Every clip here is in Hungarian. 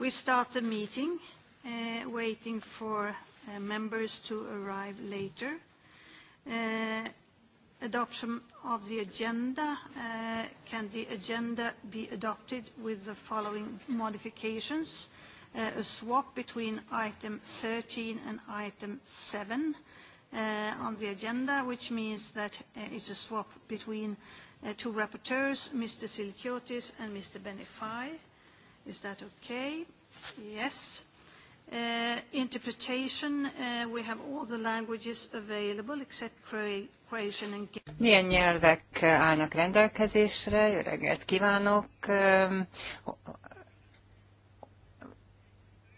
We start the meeting, uh, waiting for uh, members to arrive later. Uh, adoption of the agenda. Uh, can the agenda be adopted with the following modifications? Uh, a swap between item 13 and item 7 uh, on the agenda, which means that uh, it's a swap between uh, two rapporteurs, Mr. Silkiotis and Mr. Uh, is that okay? Yes. Uh, interpretation, uh, we have all the languages available except Croatian and Milyen nyelvek állnak rendelkezésre? Jó reggelt kívánok! Um,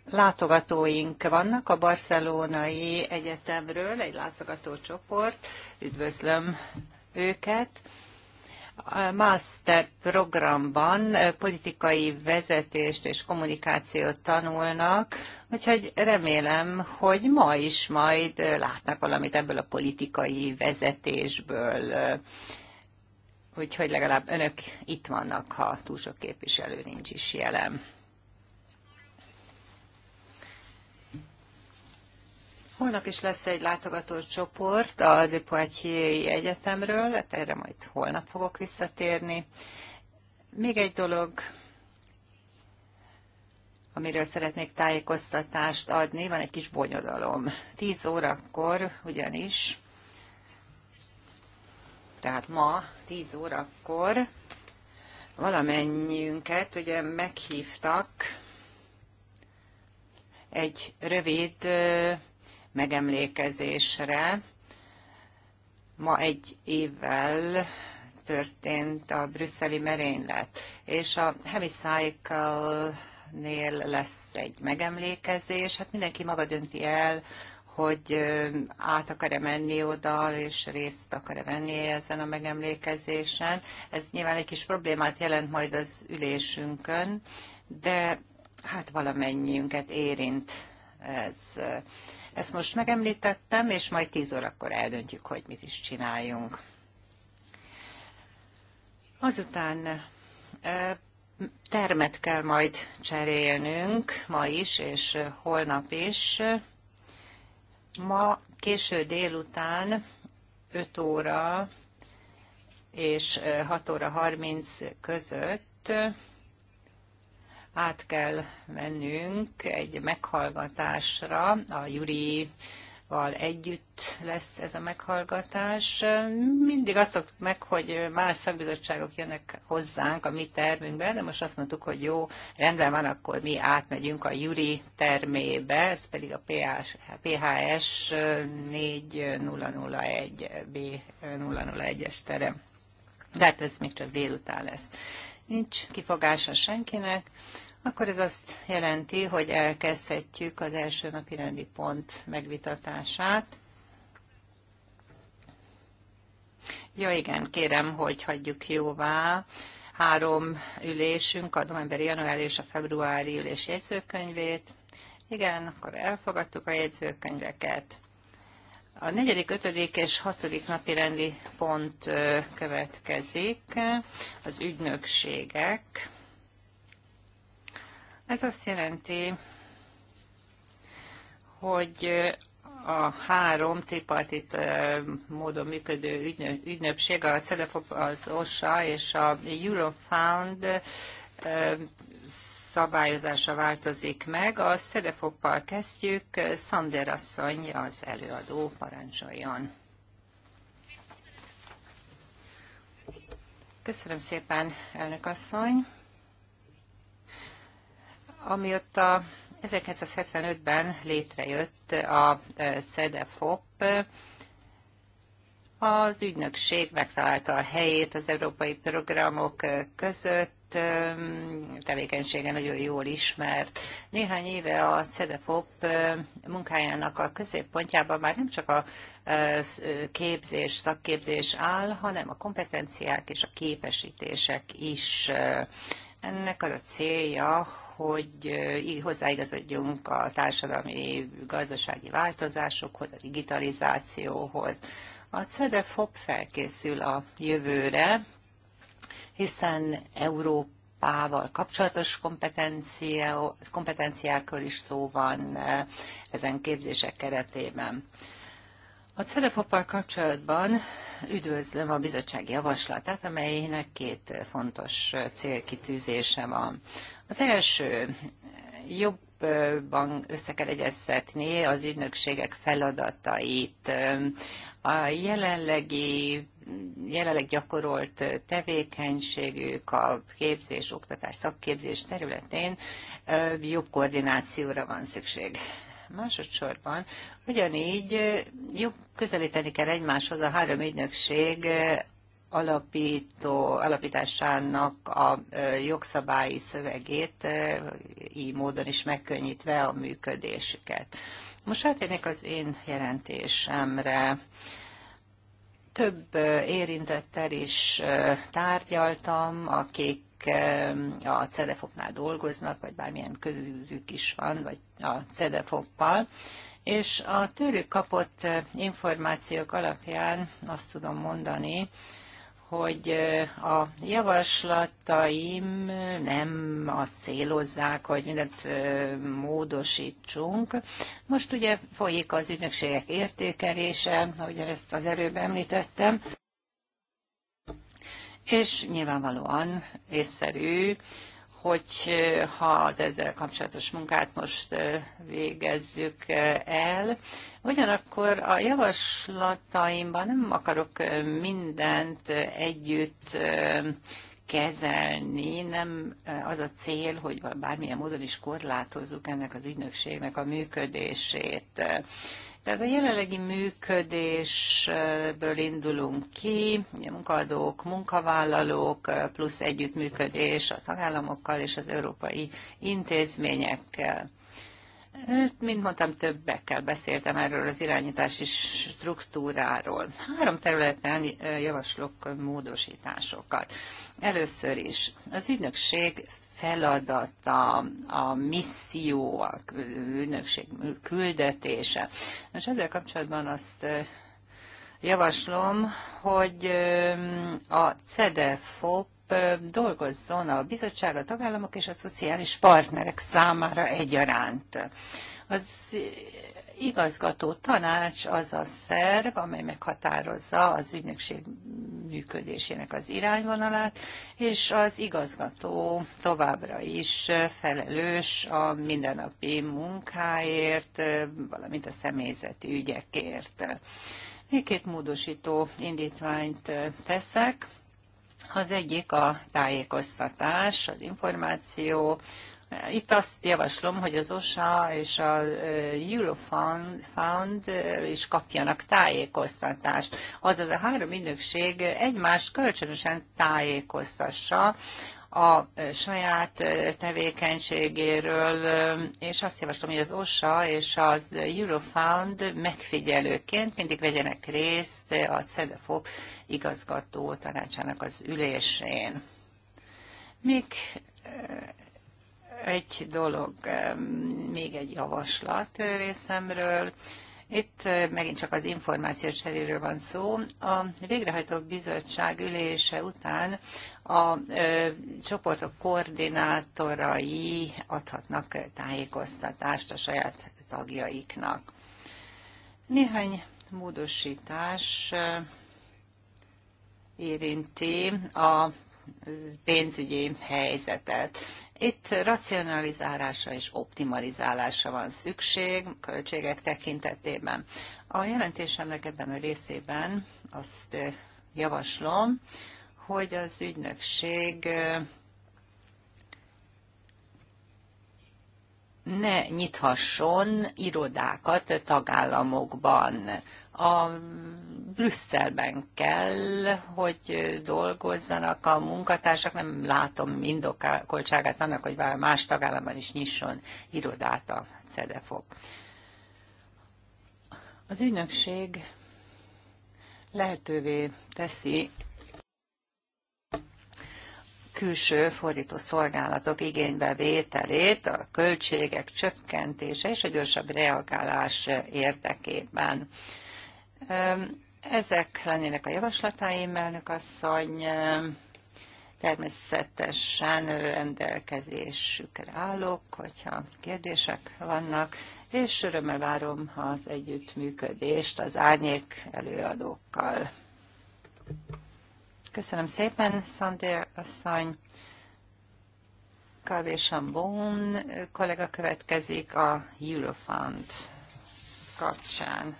látogatóink vannak a Barcelonai Egyetemről, egy látogatócsoport. Üdvözlöm őket master programban politikai vezetést és kommunikációt tanulnak, úgyhogy remélem, hogy ma is majd látnak valamit ebből a politikai vezetésből. Úgyhogy legalább önök itt vannak, ha túl sok képviselő nincs is jelen. Holnap is lesz egy látogató csoport a De Poitiers Egyetemről, hát erre majd holnap fogok visszatérni. Még egy dolog, amiről szeretnék tájékoztatást adni, van egy kis bonyodalom. 10 órakor ugyanis, tehát ma 10 órakor valamennyiünket ugye meghívtak egy rövid megemlékezésre. Ma egy évvel történt a brüsszeli merénylet, és a Heavy Cycle nél lesz egy megemlékezés, hát mindenki maga dönti el, hogy át akar-e menni oda, és részt akar-e venni ezen a megemlékezésen. Ez nyilván egy kis problémát jelent majd az ülésünkön, de hát valamennyiünket érint ez. Ezt most megemlítettem, és majd 10 órakor eldöntjük, hogy mit is csináljunk. Azután termet kell majd cserélnünk ma is, és holnap is. Ma késő délután 5 óra és 6 óra 30 között át kell mennünk egy meghallgatásra, a Juri val együtt lesz ez a meghallgatás. Mindig azt szoktuk meg, hogy más szakbizottságok jönnek hozzánk a mi termünkbe, de most azt mondtuk, hogy jó, rendben van, akkor mi átmegyünk a Juri termébe, ez pedig a PHS 4001 B001-es terem. hát ez még csak délután lesz. Nincs kifogása senkinek. Akkor ez azt jelenti, hogy elkezdhetjük az első napi rendi pont megvitatását. Ja igen, kérem, hogy hagyjuk jóvá három ülésünk, a novemberi, január és a februári ülés jegyzőkönyvét. Igen, akkor elfogadtuk a jegyzőkönyveket. A negyedik, ötödik és hatodik napi rendi pont következik, az ügynökségek. Ez azt jelenti, hogy a három tripartit módon működő ügynökség, a Szelefop, az OSA és a Eurofound szabályozása változik meg. A szedefokkal kezdjük. Szander asszony az előadó parancsoljon. Köszönöm szépen, elnök asszony. Amióta 1975-ben létrejött a e, SZEDEFOP, az ügynökség megtalálta a helyét az európai programok e, között, saját tevékenysége nagyon jól ismert. Néhány éve a CEDEFOP munkájának a középpontjában már nem csak a képzés, szakképzés áll, hanem a kompetenciák és a képesítések is. Ennek az a célja, hogy hozzáigazodjunk a társadalmi gazdasági változásokhoz, a digitalizációhoz. A CEDEFOP felkészül a jövőre, hiszen Európával kapcsolatos kompetenciákkal is szó van e, ezen képzések keretében. A Cerefoppal kapcsolatban üdvözlöm a bizottság javaslatát, amelynek két fontos célkitűzése van. Az első jobb jobban össze kell egyeztetni az ügynökségek feladatait, a jelenlegi, jelenleg gyakorolt tevékenységük a képzés, oktatás, szakképzés területén jobb koordinációra van szükség. Másodszorban ugyanígy jobb közelíteni kell egymáshoz a három ügynökség alapító, alapításának a jogszabályi szövegét, így módon is megkönnyítve a működésüket. Most átérnék az én jelentésemre. Több érintettel is tárgyaltam, akik a CEDEFOP-nál dolgoznak, vagy bármilyen közülük is van, vagy a CEDEFOP-pal, és a tőlük kapott információk alapján azt tudom mondani, hogy a javaslataim nem azt célozzák, hogy mindent módosítsunk. Most ugye folyik az ügynökségek értékelése, ahogy ezt az előbb említettem, és nyilvánvalóan észszerű hogy ha az ezzel kapcsolatos munkát most végezzük el. Ugyanakkor a javaslataimban nem akarok mindent együtt kezelni, nem az a cél, hogy bármilyen módon is korlátozzuk ennek az ügynökségnek a működését. Tehát a jelenlegi működésből indulunk ki, munkadók, munkavállalók, plusz együttműködés a tagállamokkal és az európai intézményekkel. Hát, mint mondtam, többekkel beszéltem erről az irányítási struktúráról. Három területen javaslok módosításokat. Először is az ügynökség feladata, a misszió, a ügynökség küldetése. És ezzel kapcsolatban azt javaslom, hogy a CEDEFOP dolgozzon a bizottság, a tagállamok és a szociális partnerek számára egyaránt. Az igazgató tanács az a szerv, amely meghatározza az ügynökség működésének az irányvonalát, és az igazgató továbbra is felelős a mindennapi munkáért, valamint a személyzeti ügyekért. Még két módosító indítványt teszek. Az egyik a tájékoztatás, az információ, itt azt javaslom, hogy az OSA és a Eurofound is kapjanak tájékoztatást. Azaz a három ügynökség egymást kölcsönösen tájékoztassa a saját tevékenységéről, és azt javaslom, hogy az OSA és az Eurofound megfigyelőként mindig vegyenek részt a CEDEFOP igazgató tanácsának az ülésén. Még egy dolog, még egy javaslat részemről. Itt eh, megint csak az információs cseréről van szó. A végrehajtó bizottság ülése után a ö, eh, csoportok koordinátorai adhatnak tájékoztatást a saját tagjaiknak. Néhány módosítás eh, érinti a pénzügyi helyzetet. Itt racionalizálásra és optimalizálásra van szükség költségek tekintetében. A jelentésemnek ebben a részében azt eh, javaslom, hogy az ügynökség eh, ne nyithasson irodákat tagállamokban a Brüsszelben kell, hogy dolgozzanak a munkatársak. Nem látom indokoltságát annak, hogy más tagállamban is nyisson irodát a CEDEFOP. Az ügynökség lehetővé teszi külső fordító szolgálatok igénybe vételét, a költségek csökkentése és a gyorsabb reagálás érdekében. Ezek lennének a javaslataim, elnök asszony. Természetesen rendelkezésükre állok, hogyha kérdések vannak, és örömmel várom az együttműködést az árnyék előadókkal. Köszönöm szépen, Szandér asszony. Kávé Sambon kollega következik a Eurofund kapcsán.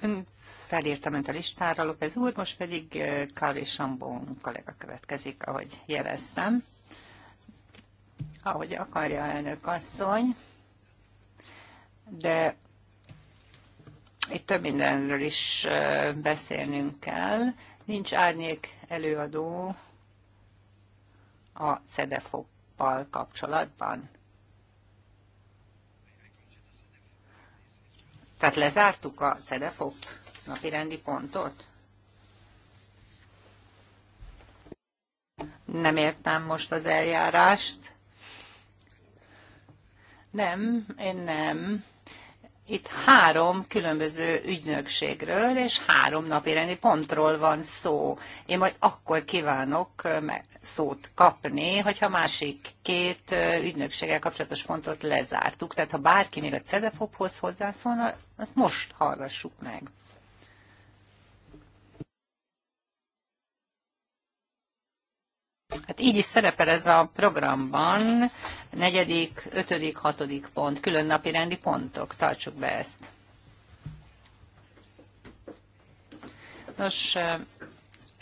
Ön felírtam önt a listára, López úr, most pedig Kári Sambon kollega következik, ahogy jeleztem. Ahogy akarja elnök asszony, de itt több mindenről is beszélnünk kell. Nincs árnyék előadó a cedefop kapcsolatban. Tehát lezártuk a napi rendi pontot? Nem értem most az eljárást. Nem, én nem. Itt három különböző ügynökségről és három napi rendi pontról van szó. Én majd akkor kívánok szót kapni, hogyha másik két ügynökséggel kapcsolatos pontot lezártuk. Tehát ha bárki még a CEDEFOP-hoz hozzászólna, azt most hallgassuk meg. Hát így is szerepel ez a programban, negyedik, ötödik, hatodik pont, külön napi rendi pontok, tartsuk be ezt. Nos, eh,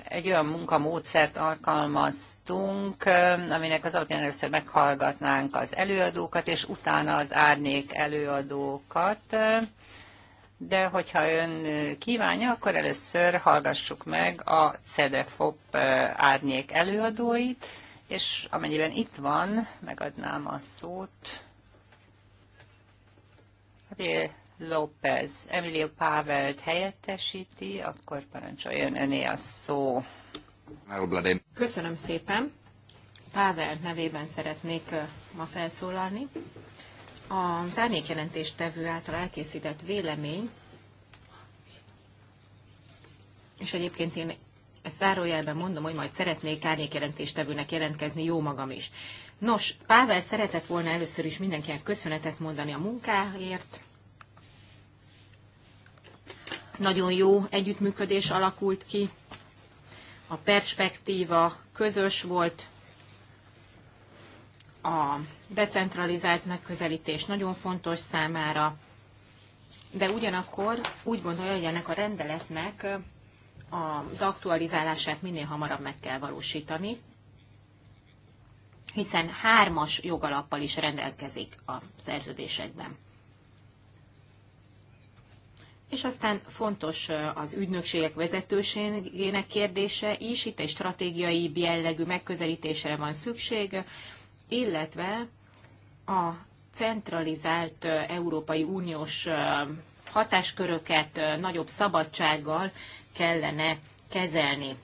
egy olyan munkamódszert alkalmaztunk, eh, aminek az alapján először meghallgatnánk az előadókat, és utána az árnyék előadókat de hogyha ön kívánja, akkor először hallgassuk meg a CEDEFOP árnyék előadóit, és amennyiben itt van, megadnám a szót. Riel López, Emilio Pávelt helyettesíti, akkor parancsoljon öné a szó. Köszönöm szépen. Pável nevében szeretnék ma felszólalni az árnyékjelentéstevő által elkészített vélemény, és egyébként én ezt zárójelben mondom, hogy majd szeretnék árnyékjelentéstevőnek jelentkezni jó magam is. Nos, Pável szeretett volna először is mindenkinek köszönetet mondani a munkáért. Nagyon jó együttműködés alakult ki. A perspektíva közös volt. A decentralizált megközelítés nagyon fontos számára, de ugyanakkor úgy gondolja, hogy ennek a rendeletnek az aktualizálását minél hamarabb meg kell valósítani, hiszen hármas jogalappal is rendelkezik a szerződésekben. És aztán fontos az ügynökségek vezetőségének kérdése is, itt egy stratégiai jellegű megközelítésre van szükség, illetve a centralizált Európai Uniós hatásköröket nagyobb szabadsággal kellene kezelni.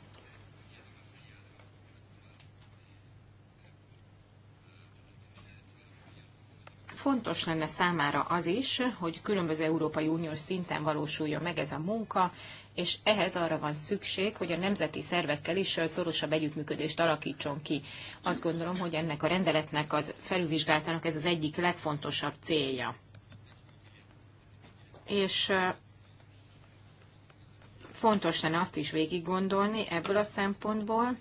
Fontos lenne számára az is, hogy különböző Európai Uniós szinten valósuljon meg ez a munka, és ehhez arra van szükség, hogy a nemzeti szervekkel is szorosabb együttműködést alakítson ki. Azt gondolom, hogy ennek a rendeletnek az felülvizsgáltának ez az egyik legfontosabb célja. És fontos lenne azt is végig gondolni ebből a szempontból,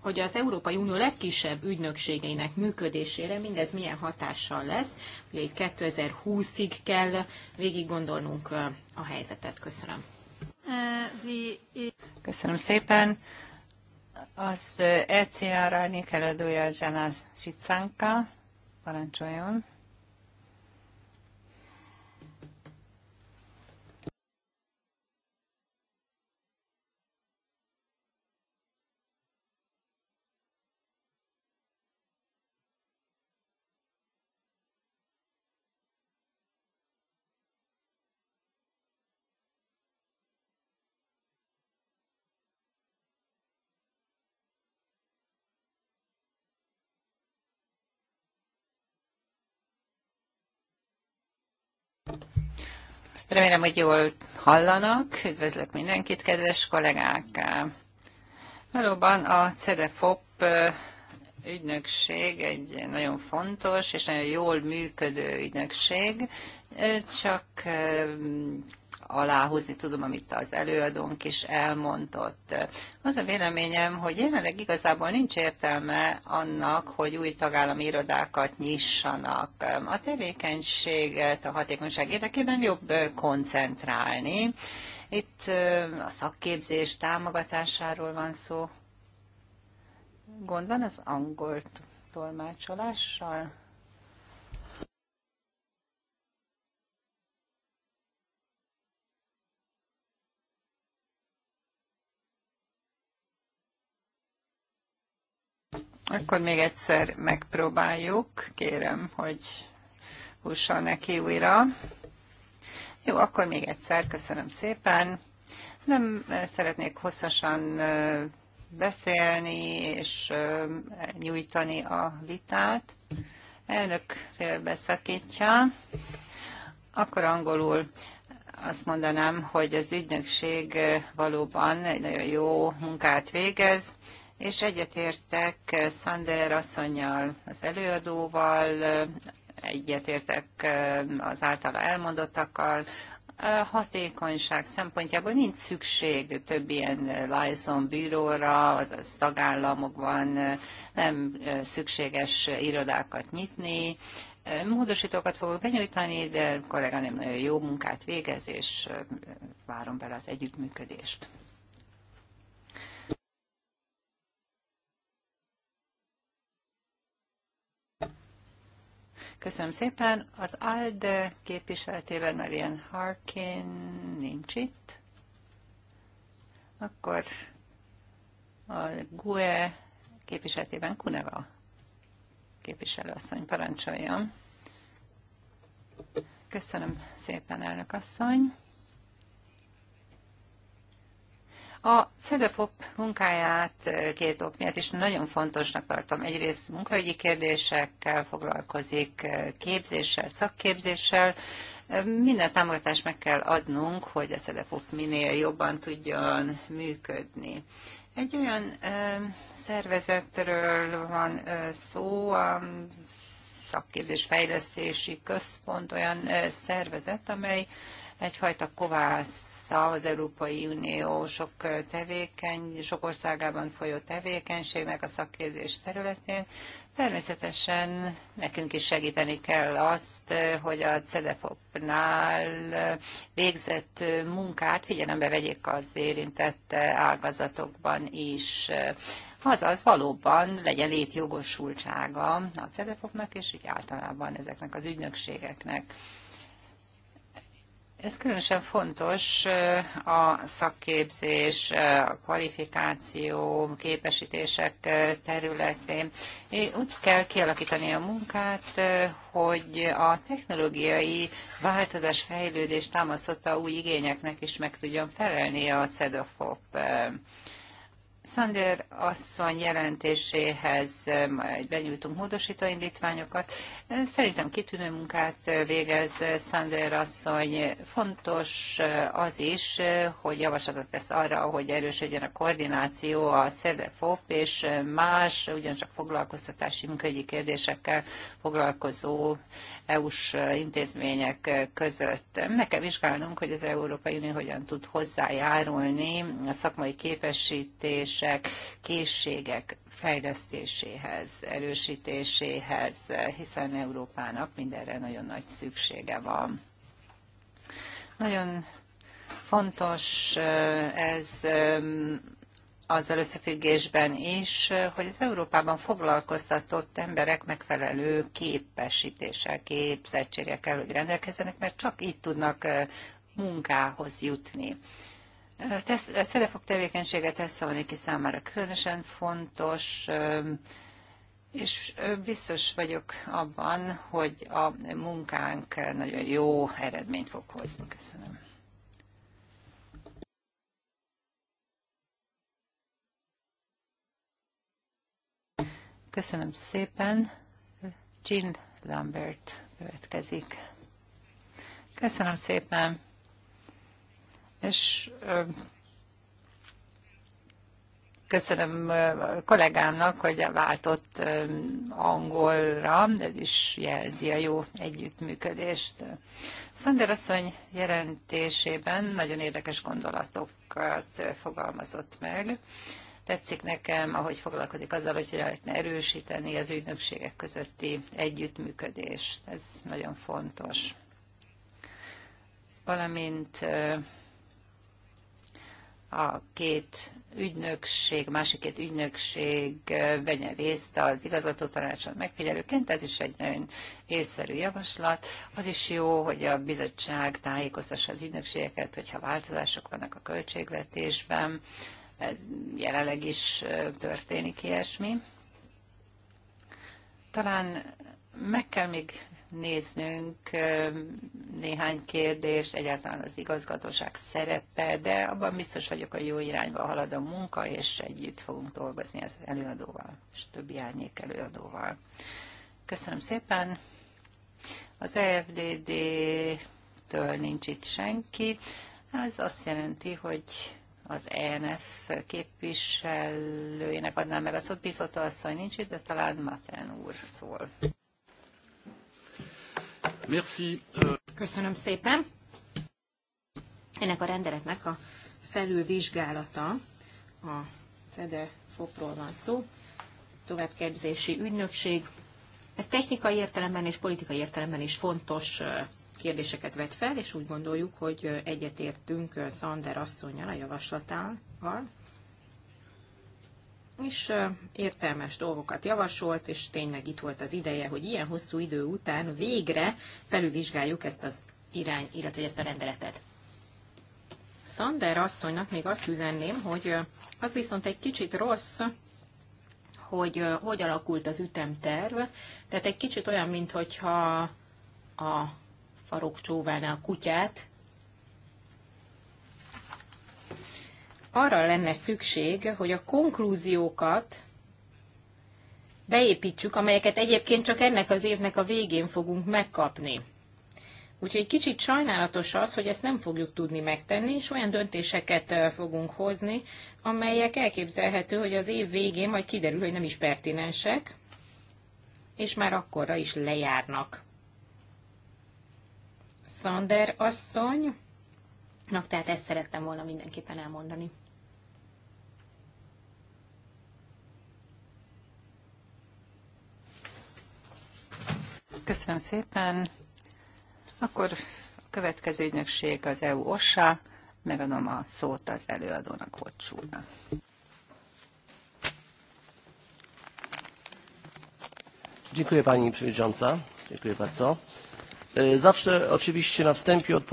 hogy az Európai Unió legkisebb ügynökségeinek működésére mindez milyen hatással lesz. Ugye 2020-ig kell végig gondolnunk a helyzetet. Köszönöm. Köszönöm szépen. Az ECR-árnyék előadója Zsana Sicánka. Parancsoljon. Remélem, hogy jól hallanak. Üdvözlök mindenkit, kedves kollégák! Valóban a CEDEFOP ügynökség egy nagyon fontos és nagyon jól működő ügynökség, csak aláhúzni tudom, amit az előadónk is elmondott. Az a véleményem, hogy jelenleg igazából nincs értelme annak, hogy új tagállami irodákat nyissanak. A tevékenységet a hatékonyság érdekében jobb koncentrálni. Itt a szakképzés támogatásáról van szó. Gond van az angolt tolmácsolással? Akkor még egyszer megpróbáljuk. Kérem, hogy hússa neki újra. Jó, akkor még egyszer köszönöm szépen. Nem eh, szeretnék hosszasan eh, beszélni és eh, nyújtani a vitát. Elnök félbeszakítja. Akkor angolul azt mondanám, hogy az ügynökség valóban egy nagyon jó munkát végez, és egyetértek Sander asszonyjal, az előadóval, egyetértek eh, az általa elmondottakkal, hatékonyság szempontjából nincs szükség több ilyen liaison bíróra, azaz tagállamokban eh, nem eh, szükséges irodákat nyitni. Módosítókat fogok benyújtani, de kolléganém nagyon jó munkát végez, és várom bele az együttműködést. Köszönöm szépen. Az ALDE képviseletében Marian Harkin nincs itt. Akkor a GUE képviseletében Kuneva képviselőasszony parancsoljon. Köszönöm szépen, elnök asszony. A CEDEPOP munkáját két ok miatt is nagyon fontosnak tartom. Egyrészt munkahogyi kérdésekkel foglalkozik, képzéssel, szakképzéssel, minden támogatást meg kell adnunk, hogy a CEDEPOP minél jobban tudjon működni. Egy olyan ö, szervezetről van ö, szó, a szakképzés fejlesztési központ olyan ö, szervezet, amely egyfajta kovász vissza az Európai Unió sok tevékeny, sok országában folyó tevékenységnek a szakképzés területén. Természetesen nekünk is segíteni kell azt, hogy a CEDEFOP-nál végzett munkát figyelembe vegyék az érintett ágazatokban is. Azaz valóban legyen létjogosultsága a CEDEFOP-nak, és így általában ezeknek az ügynökségeknek. Ez különösen fontos a szakképzés, a kvalifikáció, képesítések területén. Úgy kell kialakítani a munkát, hogy a technológiai változás, fejlődés támasztotta új igényeknek is meg tudjon felelni a CEDOFOP. Szander asszony jelentéséhez majd um, benyújtunk módosító indítványokat. Szerintem kitűnő munkát végez Szander asszony. Fontos uh, az is, uh, hogy javaslatot tesz arra, hogy erősödjön a koordináció a SZEDEFOP és uh, más, ugyancsak foglalkoztatási munkahelyi kérdésekkel foglalkozó EU-s intézmények között. Meg kell vizsgálnunk, hogy az Európai Unió hogyan tud hozzájárulni a szakmai képesítések, készségek fejlesztéséhez, erősítéséhez, hiszen Európának mindenre nagyon nagy szüksége van. Nagyon fontos ez azzal összefüggésben is, hogy az Európában foglalkoztatott emberek megfelelő képesítéssel, képzettséggel kell, hogy rendelkezzenek, mert csak így tudnak munkához jutni. Tesz, a szerefog tevékenysége Tesszaloniki számára különösen fontos, és biztos vagyok abban, hogy a munkánk nagyon jó eredményt fog hozni. Köszönöm. Köszönöm szépen. Jean Lambert következik. Köszönöm szépen. És köszönöm kollégámnak, hogy váltott angolra, ez is jelzi a jó együttműködést. Szander asszony jelentésében nagyon érdekes gondolatokat fogalmazott meg. Tetszik nekem, ahogy foglalkozik azzal, hogy lehetne erősíteni az ügynökségek közötti együttműködést. Ez nagyon fontos. Valamint a két ügynökség, másik két ügynökség vegyen részt az igazgató tanácson megfigyelőként, ez is egy nagyon észszerű javaslat. Az is jó, hogy a bizottság tájékoztassa az ügynökségeket, hogyha változások vannak a költségvetésben, jelenleg is történik ilyesmi. Talán meg kell még néznünk néhány kérdést, egyáltalán az igazgatóság szerepe, de abban biztos vagyok, hogy jó irányba halad a munka, és együtt fogunk dolgozni az előadóval, és többi árnyék előadóval. Köszönöm szépen. Az EFDD-től nincs itt senki. Ez azt jelenti, hogy az ENF képviselőjének adnám meg a szót. Biszotó asszony nincs itt, de talán Maten úr szól. Merci. Köszönöm szépen. Ennek a rendeletnek a felülvizsgálata a Fede Fopról van szó, továbbképzési ügynökség. Ez technikai értelemben és politikai értelemben is fontos kérdéseket vet fel, és úgy gondoljuk, hogy egyetértünk Szander asszonyjal a javaslatával, és értelmes dolgokat javasolt, és tényleg itt volt az ideje, hogy ilyen hosszú idő után végre felülvizsgáljuk ezt az irány, illetve ezt a rendeletet. Szander asszonynak még azt üzenném, hogy az viszont egy kicsit rossz, hogy hogy alakult az ütemterv. Tehát egy kicsit olyan, mintha a farok csóválná a kutyát. Arra lenne szükség, hogy a konklúziókat beépítsük, amelyeket egyébként csak ennek az évnek a végén fogunk megkapni. Úgyhogy kicsit sajnálatos az, hogy ezt nem fogjuk tudni megtenni, és olyan döntéseket fogunk hozni, amelyek elképzelhető, hogy az év végén majd kiderül, hogy nem is pertinensek, és már akkorra is lejárnak. Alexander asszony. Na, tehát ezt szerettem volna mindenképpen elmondani. Köszönöm szépen. Akkor a következő ügynökség az EU OSA. Megadom a szót az előadónak, Hocsúrnak. Dziękuję Pani Przewodnicząca. Dziękuję bardzo. E, Zawsze oczywiście na wstępie od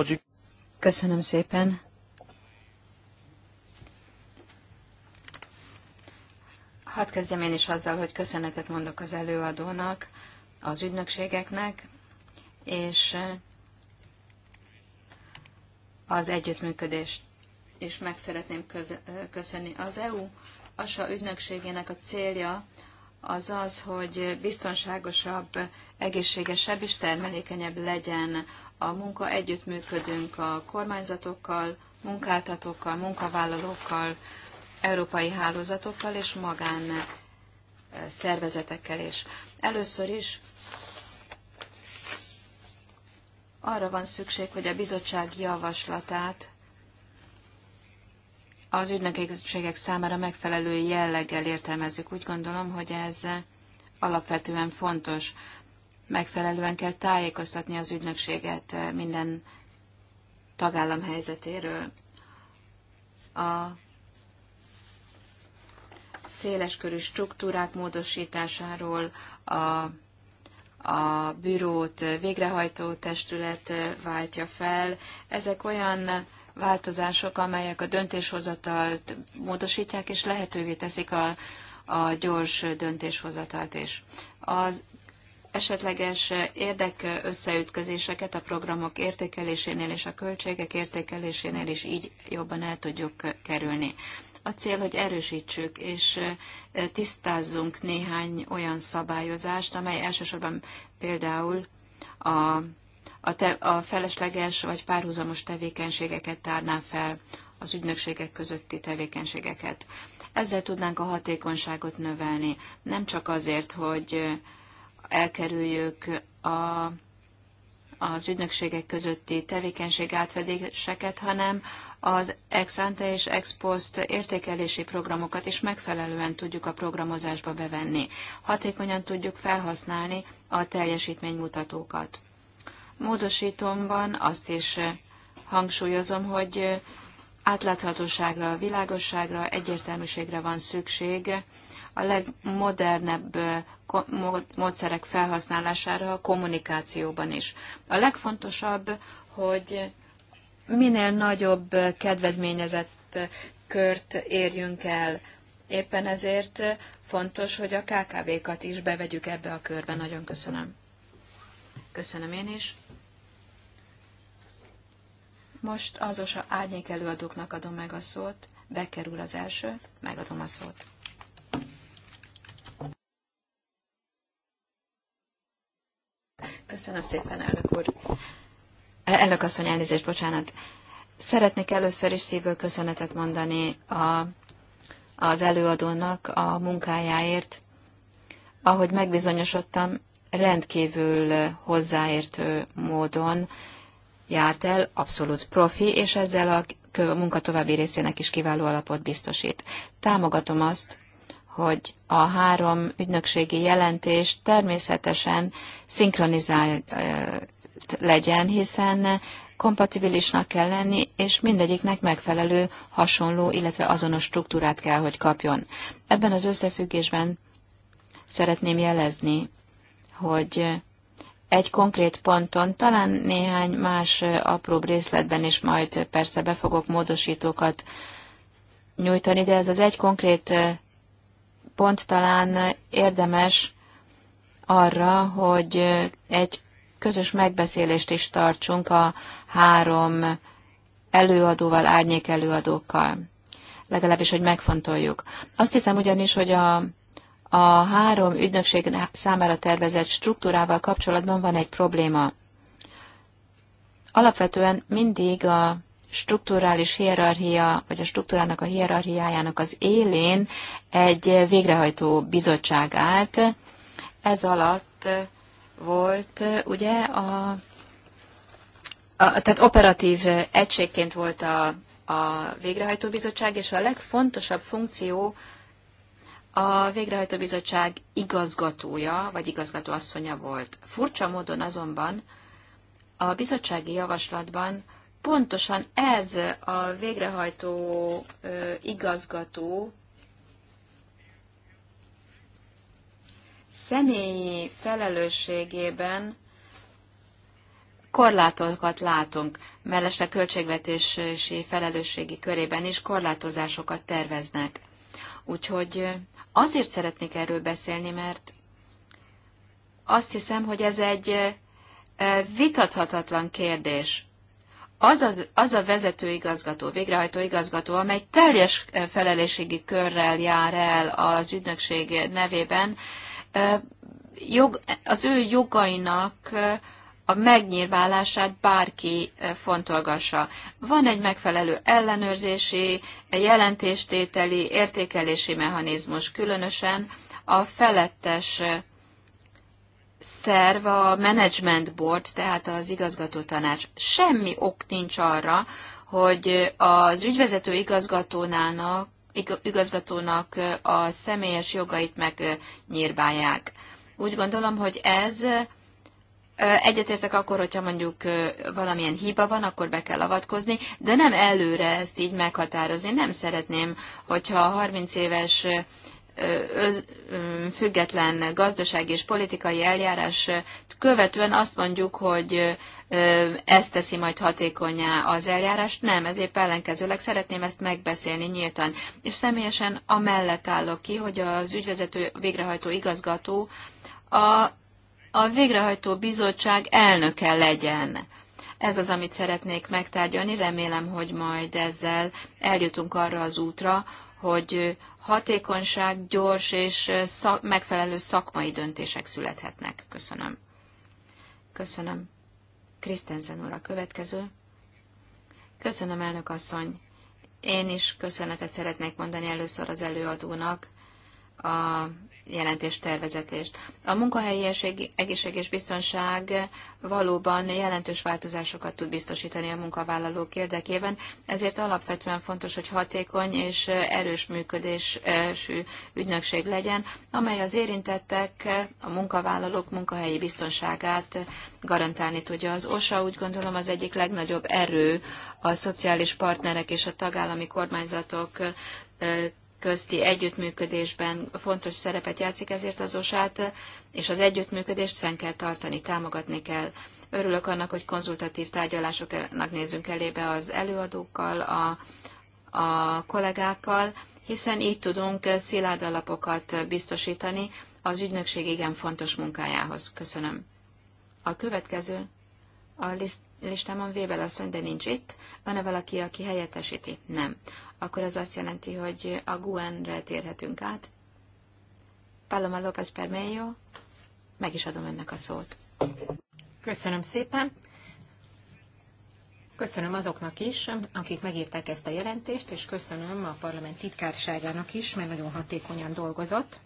Köszönöm szépen. Hadd kezdjem én is azzal, hogy köszönetet mondok az előadónak, az ügynökségeknek, és e, az együttműködést is meg szeretném köz- e, köszönni. Az EU ASA ügynökségének a célja az az, hogy biztonságosabb, egészségesebb és termelékenyebb legyen a munka. Együttműködünk a kormányzatokkal, munkáltatókkal, munkavállalókkal, európai hálózatokkal és magán eh, szervezetekkel is. Először is arra van szükség, hogy a bizottság javaslatát az ügynökségek számára megfelelő jelleggel értelmezzük. Úgy gondolom, hogy ez alapvetően fontos. Megfelelően kell tájékoztatni az ügynökséget eh, minden tagállam helyzetéről. A széleskörű struktúrák módosításáról, a a bürót eh, végrehajtó testület eh, váltja fel. Ezek olyan változások, amelyek a döntéshozatalt módosítják, és lehetővé teszik a, a gyors döntéshozatalt is. Az esetleges érdekösszeütközéseket a programok értékelésénél és a költségek értékelésénél is így jobban el tudjuk kerülni. A cél, hogy erősítsük és tisztázzunk néhány olyan szabályozást, amely elsősorban például a a, te, a felesleges vagy párhuzamos tevékenységeket tárná fel, az ügynökségek közötti tevékenységeket. Ezzel tudnánk a hatékonyságot növelni, nem csak azért, hogy elkerüljük a, az ügynökségek közötti tevékenység átfedéseket, hanem az ex ante és ex post értékelési programokat is megfelelően tudjuk a programozásba bevenni. Hatékonyan tudjuk felhasználni a teljesítménymutatókat. Módosítomban azt is eh, hangsúlyozom, hogy eh, átláthatóságra, világosságra, egyértelműségre van szükség a legmodernebb eh, módszerek felhasználására a kommunikációban is. A legfontosabb, hogy minél nagyobb kedvezményezett kört érjünk el. Éppen ezért fontos, hogy a KKV-kat is bevegyük ebbe a körbe. Nagyon köszönöm. Köszönöm én is. Most az OSA árnyék előadóknak adom meg a szót. Bekerül az első, megadom a szót. Köszönöm szépen, elnök úr. Elnök asszony, elnézést, bocsánat. Szeretnék először is szívből köszönetet mondani a, az előadónak a munkájáért. Ahogy megbizonyosodtam, rendkívül hozzáértő módon járt el, abszolút profi, és ezzel a munka további részének is kiváló alapot biztosít. Támogatom azt, hogy a három ügynökségi jelentés természetesen szinkronizált legyen, hiszen kompatibilisnak kell lenni, és mindegyiknek megfelelő, hasonló, illetve azonos struktúrát kell, hogy kapjon. Ebben az összefüggésben szeretném jelezni, hogy egy konkrét ponton, talán néhány más apróbb részletben is majd persze be fogok módosítókat nyújtani, de ez az egy konkrét pont talán érdemes arra, hogy egy közös megbeszélést is tartsunk a három előadóval, árnyék előadókkal. Legalábbis, hogy megfontoljuk. Azt hiszem ugyanis, hogy a, a három ügynökség számára tervezett struktúrával kapcsolatban van egy probléma. Alapvetően mindig a strukturális hierarchia, vagy a struktúrának a hierarchiájának az élén egy végrehajtó bizottság állt. Ez alatt volt ugye a, a tehát operatív egységként volt a, a végrehajtó bizottság, és a legfontosabb funkció a végrehajtó bizottság igazgatója, vagy igazgatóasszonya volt. Furcsa módon azonban a bizottsági javaslatban pontosan ez a végrehajtó igazgató személyi felelősségében korlátokat látunk, mellesleg költségvetési felelősségi körében is korlátozásokat terveznek. Úgyhogy Azért szeretnék erről beszélni, mert azt hiszem, hogy ez egy vitathatatlan kérdés. Az, az, az a vezető igazgató, végrehajtó igazgató, amely teljes felelősségi körrel jár el az ügynökség nevében, jog, az ő jogainak a megnyírválását bárki eh, fontolgassa. Van egy megfelelő ellenőrzési, eh, jelentéstételi, értékelési mechanizmus, különösen a felettes eh, szerv, a management board, tehát az igazgató tanács. Semmi ok nincs arra, hogy az ügyvezető igazgatónának, igazgatónak a személyes jogait megnyírbálják. Úgy gondolom, hogy ez Egyetértek akkor, hogyha mondjuk valamilyen hiba van, akkor be kell avatkozni, de nem előre ezt így meghatározni. Nem szeretném, hogyha a 30 éves független gazdasági és politikai eljárás követően azt mondjuk, hogy ez teszi majd hatékonyá az eljárást. Nem, ez épp ellenkezőleg szeretném ezt megbeszélni nyíltan. És személyesen amellett állok ki, hogy az ügyvezető végrehajtó igazgató a a végrehajtó bizottság elnöke legyen. Ez az, amit szeretnék megtárgyalni. Remélem, hogy majd ezzel eljutunk arra az útra, hogy hatékonyság, gyors és szak, megfelelő szakmai döntések születhetnek. Köszönöm. Köszönöm. Krisztenzen úr a következő. Köszönöm, elnök asszony. Én is köszönetet szeretnék mondani először az előadónak a jelentés A munkahelyi egészség és biztonság valóban jelentős változásokat tud biztosítani a munkavállalók érdekében, ezért alapvetően fontos, hogy hatékony és erős működésű ügynökség legyen, amely az érintettek, a munkavállalók munkahelyi biztonságát garantálni tudja. Az OSA úgy gondolom az egyik legnagyobb erő a szociális partnerek és a tagállami kormányzatok közti együttműködésben fontos szerepet játszik, ezért az osát és az együttműködést fenn kell tartani, támogatni kell. Örülök annak, hogy konzultatív tárgyalásoknak nézünk elébe az előadókkal, a, a kollégákkal, hiszen így tudunk szilárd alapokat biztosítani az ügynökség igen fontos munkájához. Köszönöm. A következő a list, listámon Weber asszony, de nincs itt. Van-e valaki, aki helyettesíti? Nem akkor az azt jelenti, hogy a GUEN-re térhetünk át. Paloma López Permejo, meg is adom ennek a szót. Köszönöm szépen. Köszönöm azoknak is, akik megírták ezt a jelentést, és köszönöm a parlament titkárságának is, mert nagyon hatékonyan dolgozott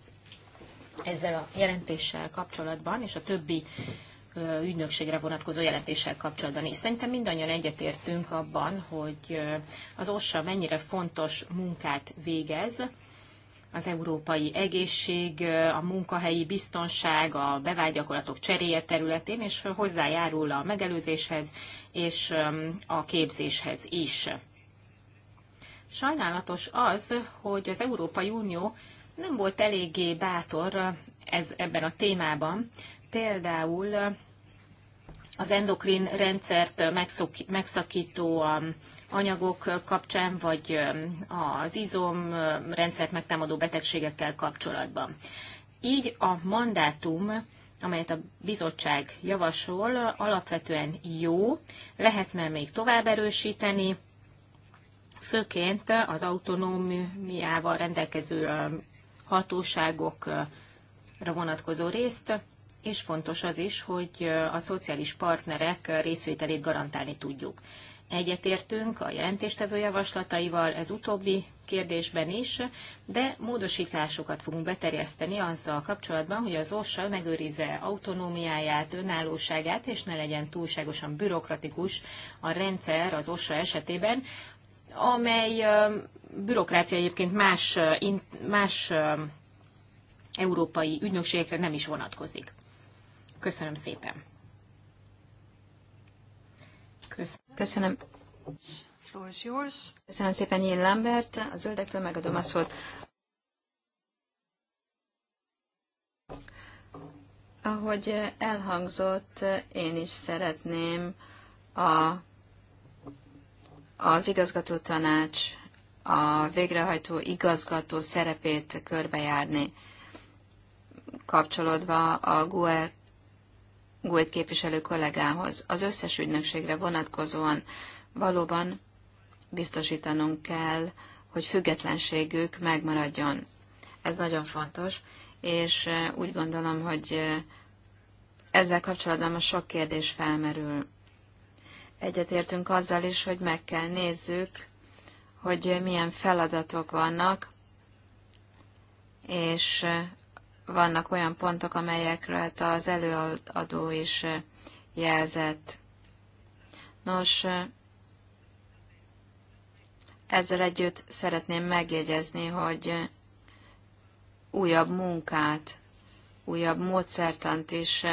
ezzel a jelentéssel kapcsolatban, és a többi ügynökségre vonatkozó jelentéssel kapcsolatban is. Szerintem mindannyian egyetértünk abban, hogy az OSSA mennyire fontos munkát végez, az európai egészség, a munkahelyi biztonság, a bevágyakorlatok cseréje területén, és hozzájárul a megelőzéshez és a képzéshez is. Sajnálatos az, hogy az Európai Unió nem volt eléggé bátor ez, ebben a témában, például az endokrin rendszert megszakító um, anyagok kapcsán, vagy um, az um, rendszert megtámadó betegségekkel kapcsolatban. Így a mandátum, amelyet a bizottság javasol, alapvetően jó, lehetne még tovább erősíteni, főként az autonómiával rendelkező hatóságokra vonatkozó részt, és fontos az is, hogy a szociális partnerek részvételét garantálni tudjuk. Egyetértünk a jelentéstevő javaslataival ez utóbbi kérdésben is, de módosításokat fogunk beterjeszteni azzal kapcsolatban, hogy az OSSA megőrizze autonómiáját, önállóságát, és ne legyen túlságosan bürokratikus a rendszer az OSSA esetében, amely bürokrácia egyébként más, más európai ügynökségekre nem is vonatkozik. Köszönöm szépen. Köszönöm. Köszönöm. szépen Jean Lambert, a zöldektől megadom a szót. Ahogy elhangzott, én is szeretném a, az igazgató tanács, a végrehajtó igazgató szerepét körbejárni, kapcsolódva a GUE Gult képviselő kollégához. Az összes ügynökségre vonatkozóan valóban biztosítanunk kell, hogy függetlenségük megmaradjon. Ez nagyon fontos, és úgy gondolom, hogy ezzel kapcsolatban most sok kérdés felmerül. Egyetértünk azzal is, hogy meg kell nézzük, hogy milyen feladatok vannak, és vannak olyan pontok, amelyekről az előadó is jelzett. Nos, ezzel együtt szeretném megjegyezni, hogy újabb munkát, újabb módszertant is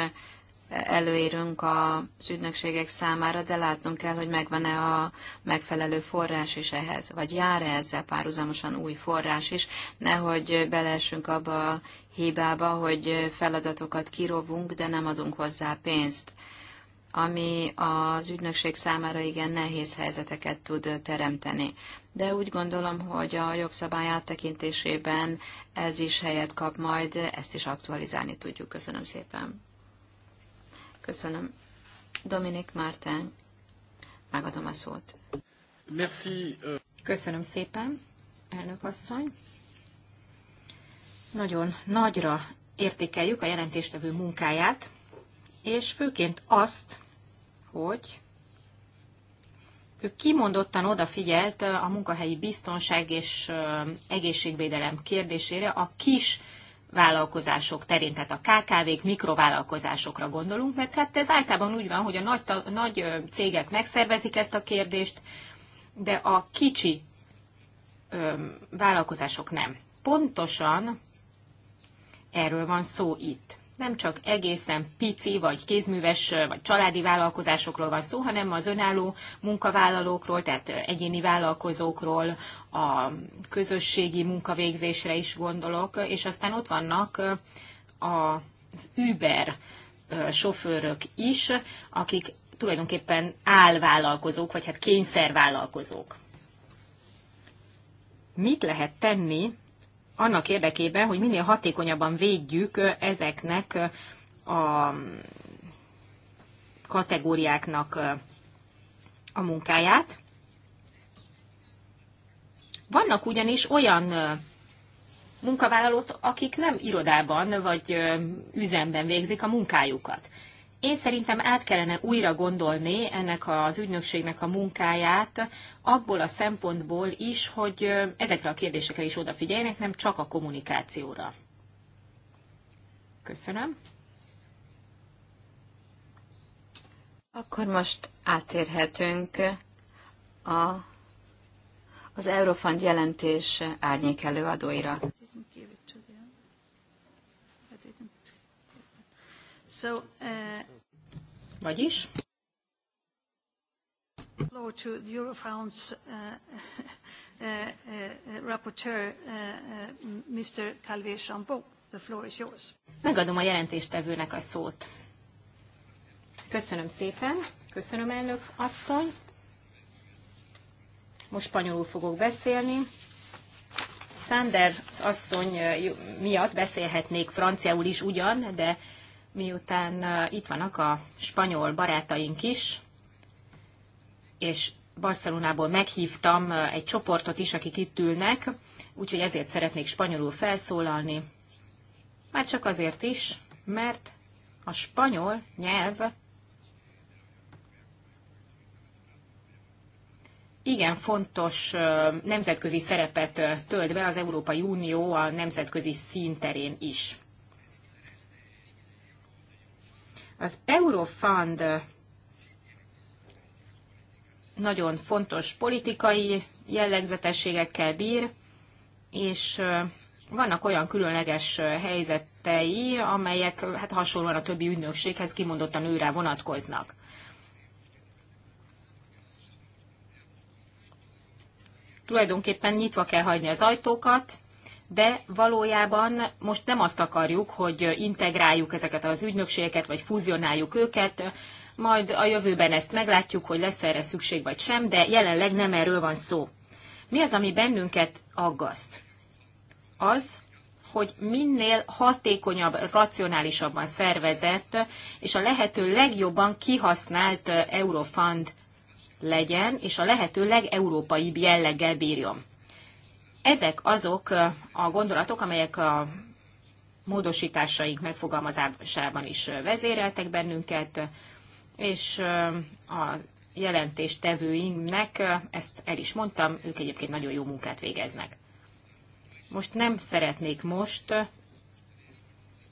előírunk az ügynökségek számára, de látnunk kell, hogy megvan-e a megfelelő forrás is ehhez, vagy jár-e ezzel párhuzamosan új forrás is, nehogy beleessünk abba a hibába, hogy feladatokat kirovunk, de nem adunk hozzá pénzt, ami az ügynökség számára igen nehéz helyzeteket tud teremteni. De úgy gondolom, hogy a jogszabály áttekintésében ez is helyet kap majd, ezt is aktualizálni tudjuk. Köszönöm szépen. Köszönöm. Dominik Márten, megadom a szót. Köszönöm szépen, elnök asszony. Nagyon nagyra értékeljük a jelentéstevő munkáját, és főként azt, hogy ő kimondottan odafigyelt a munkahelyi biztonság és egészségvédelem kérdésére a kis vállalkozások terén, tehát a KKV-k, mikrovállalkozásokra gondolunk, mert hát ez általában úgy van, hogy a nagy, nagy cégek megszervezik ezt a kérdést, de a kicsi ö, vállalkozások nem. Pontosan Erről van szó itt. Nem csak egészen pici, vagy kézműves, vagy családi vállalkozásokról van szó, hanem az önálló munkavállalókról, tehát egyéni vállalkozókról, a közösségi munkavégzésre is gondolok, és aztán ott vannak az Uber sofőrök is, akik tulajdonképpen állvállalkozók, vagy hát kényszervállalkozók. Mit lehet tenni annak érdekében, hogy minél hatékonyabban védjük ezeknek a mm, kategóriáknak a munkáját. Vannak ugyanis olyan munkavállalók, akik nem irodában vagy üzemben végzik a munkájukat. Én szerintem át kellene újra gondolni ennek az ügynökségnek a munkáját abból a szempontból is, hogy ezekre a kérdésekre is odafigyeljenek, nem csak a kommunikációra. Köszönöm. Akkor most átérhetünk a, az Eurofund jelentés árnyék előadóira. So, uh, Vagyis? Floor to Eurofound's uh, uh, uh, uh, rapporteur, uh, uh, Mr. Calvé-Chambon. The floor is yours. Megadom a jelentéstevőnek a szót. Köszönöm szépen. Köszönöm, elnök asszony. Most spanyolul fogok beszélni. Sanders asszony uh, miatt beszélhetnék franciául is ugyan, de miután itt vannak a spanyol barátaink is, és Barcelonából meghívtam egy csoportot is, akik itt ülnek, úgyhogy ezért szeretnék spanyolul felszólalni. Már csak azért is, mert a spanyol nyelv igen fontos nemzetközi szerepet tölt be az Európai Unió a nemzetközi színterén is. Az Eurofund nagyon fontos politikai jellegzetességekkel bír, és vannak olyan különleges helyzetei, amelyek hát hasonlóan a többi ügynökséghez kimondottan őre vonatkoznak. Tulajdonképpen nyitva kell hagyni az ajtókat, de valójában most nem azt akarjuk, hogy integráljuk ezeket az ügynökségeket, vagy fúzionáljuk őket, majd a jövőben ezt meglátjuk, hogy lesz erre szükség vagy sem, de jelenleg nem erről van szó. Mi az, ami bennünket aggaszt? Az, hogy minél hatékonyabb, racionálisabban szervezett, és a lehető legjobban kihasznált Eurofund legyen, és a lehető legeurópaibb jelleggel bírjon. Ezek azok a gondolatok, amelyek a módosításaink megfogalmazásában is vezéreltek bennünket, és a jelentéstevőinknek, ezt el is mondtam, ők egyébként nagyon jó munkát végeznek. Most nem szeretnék most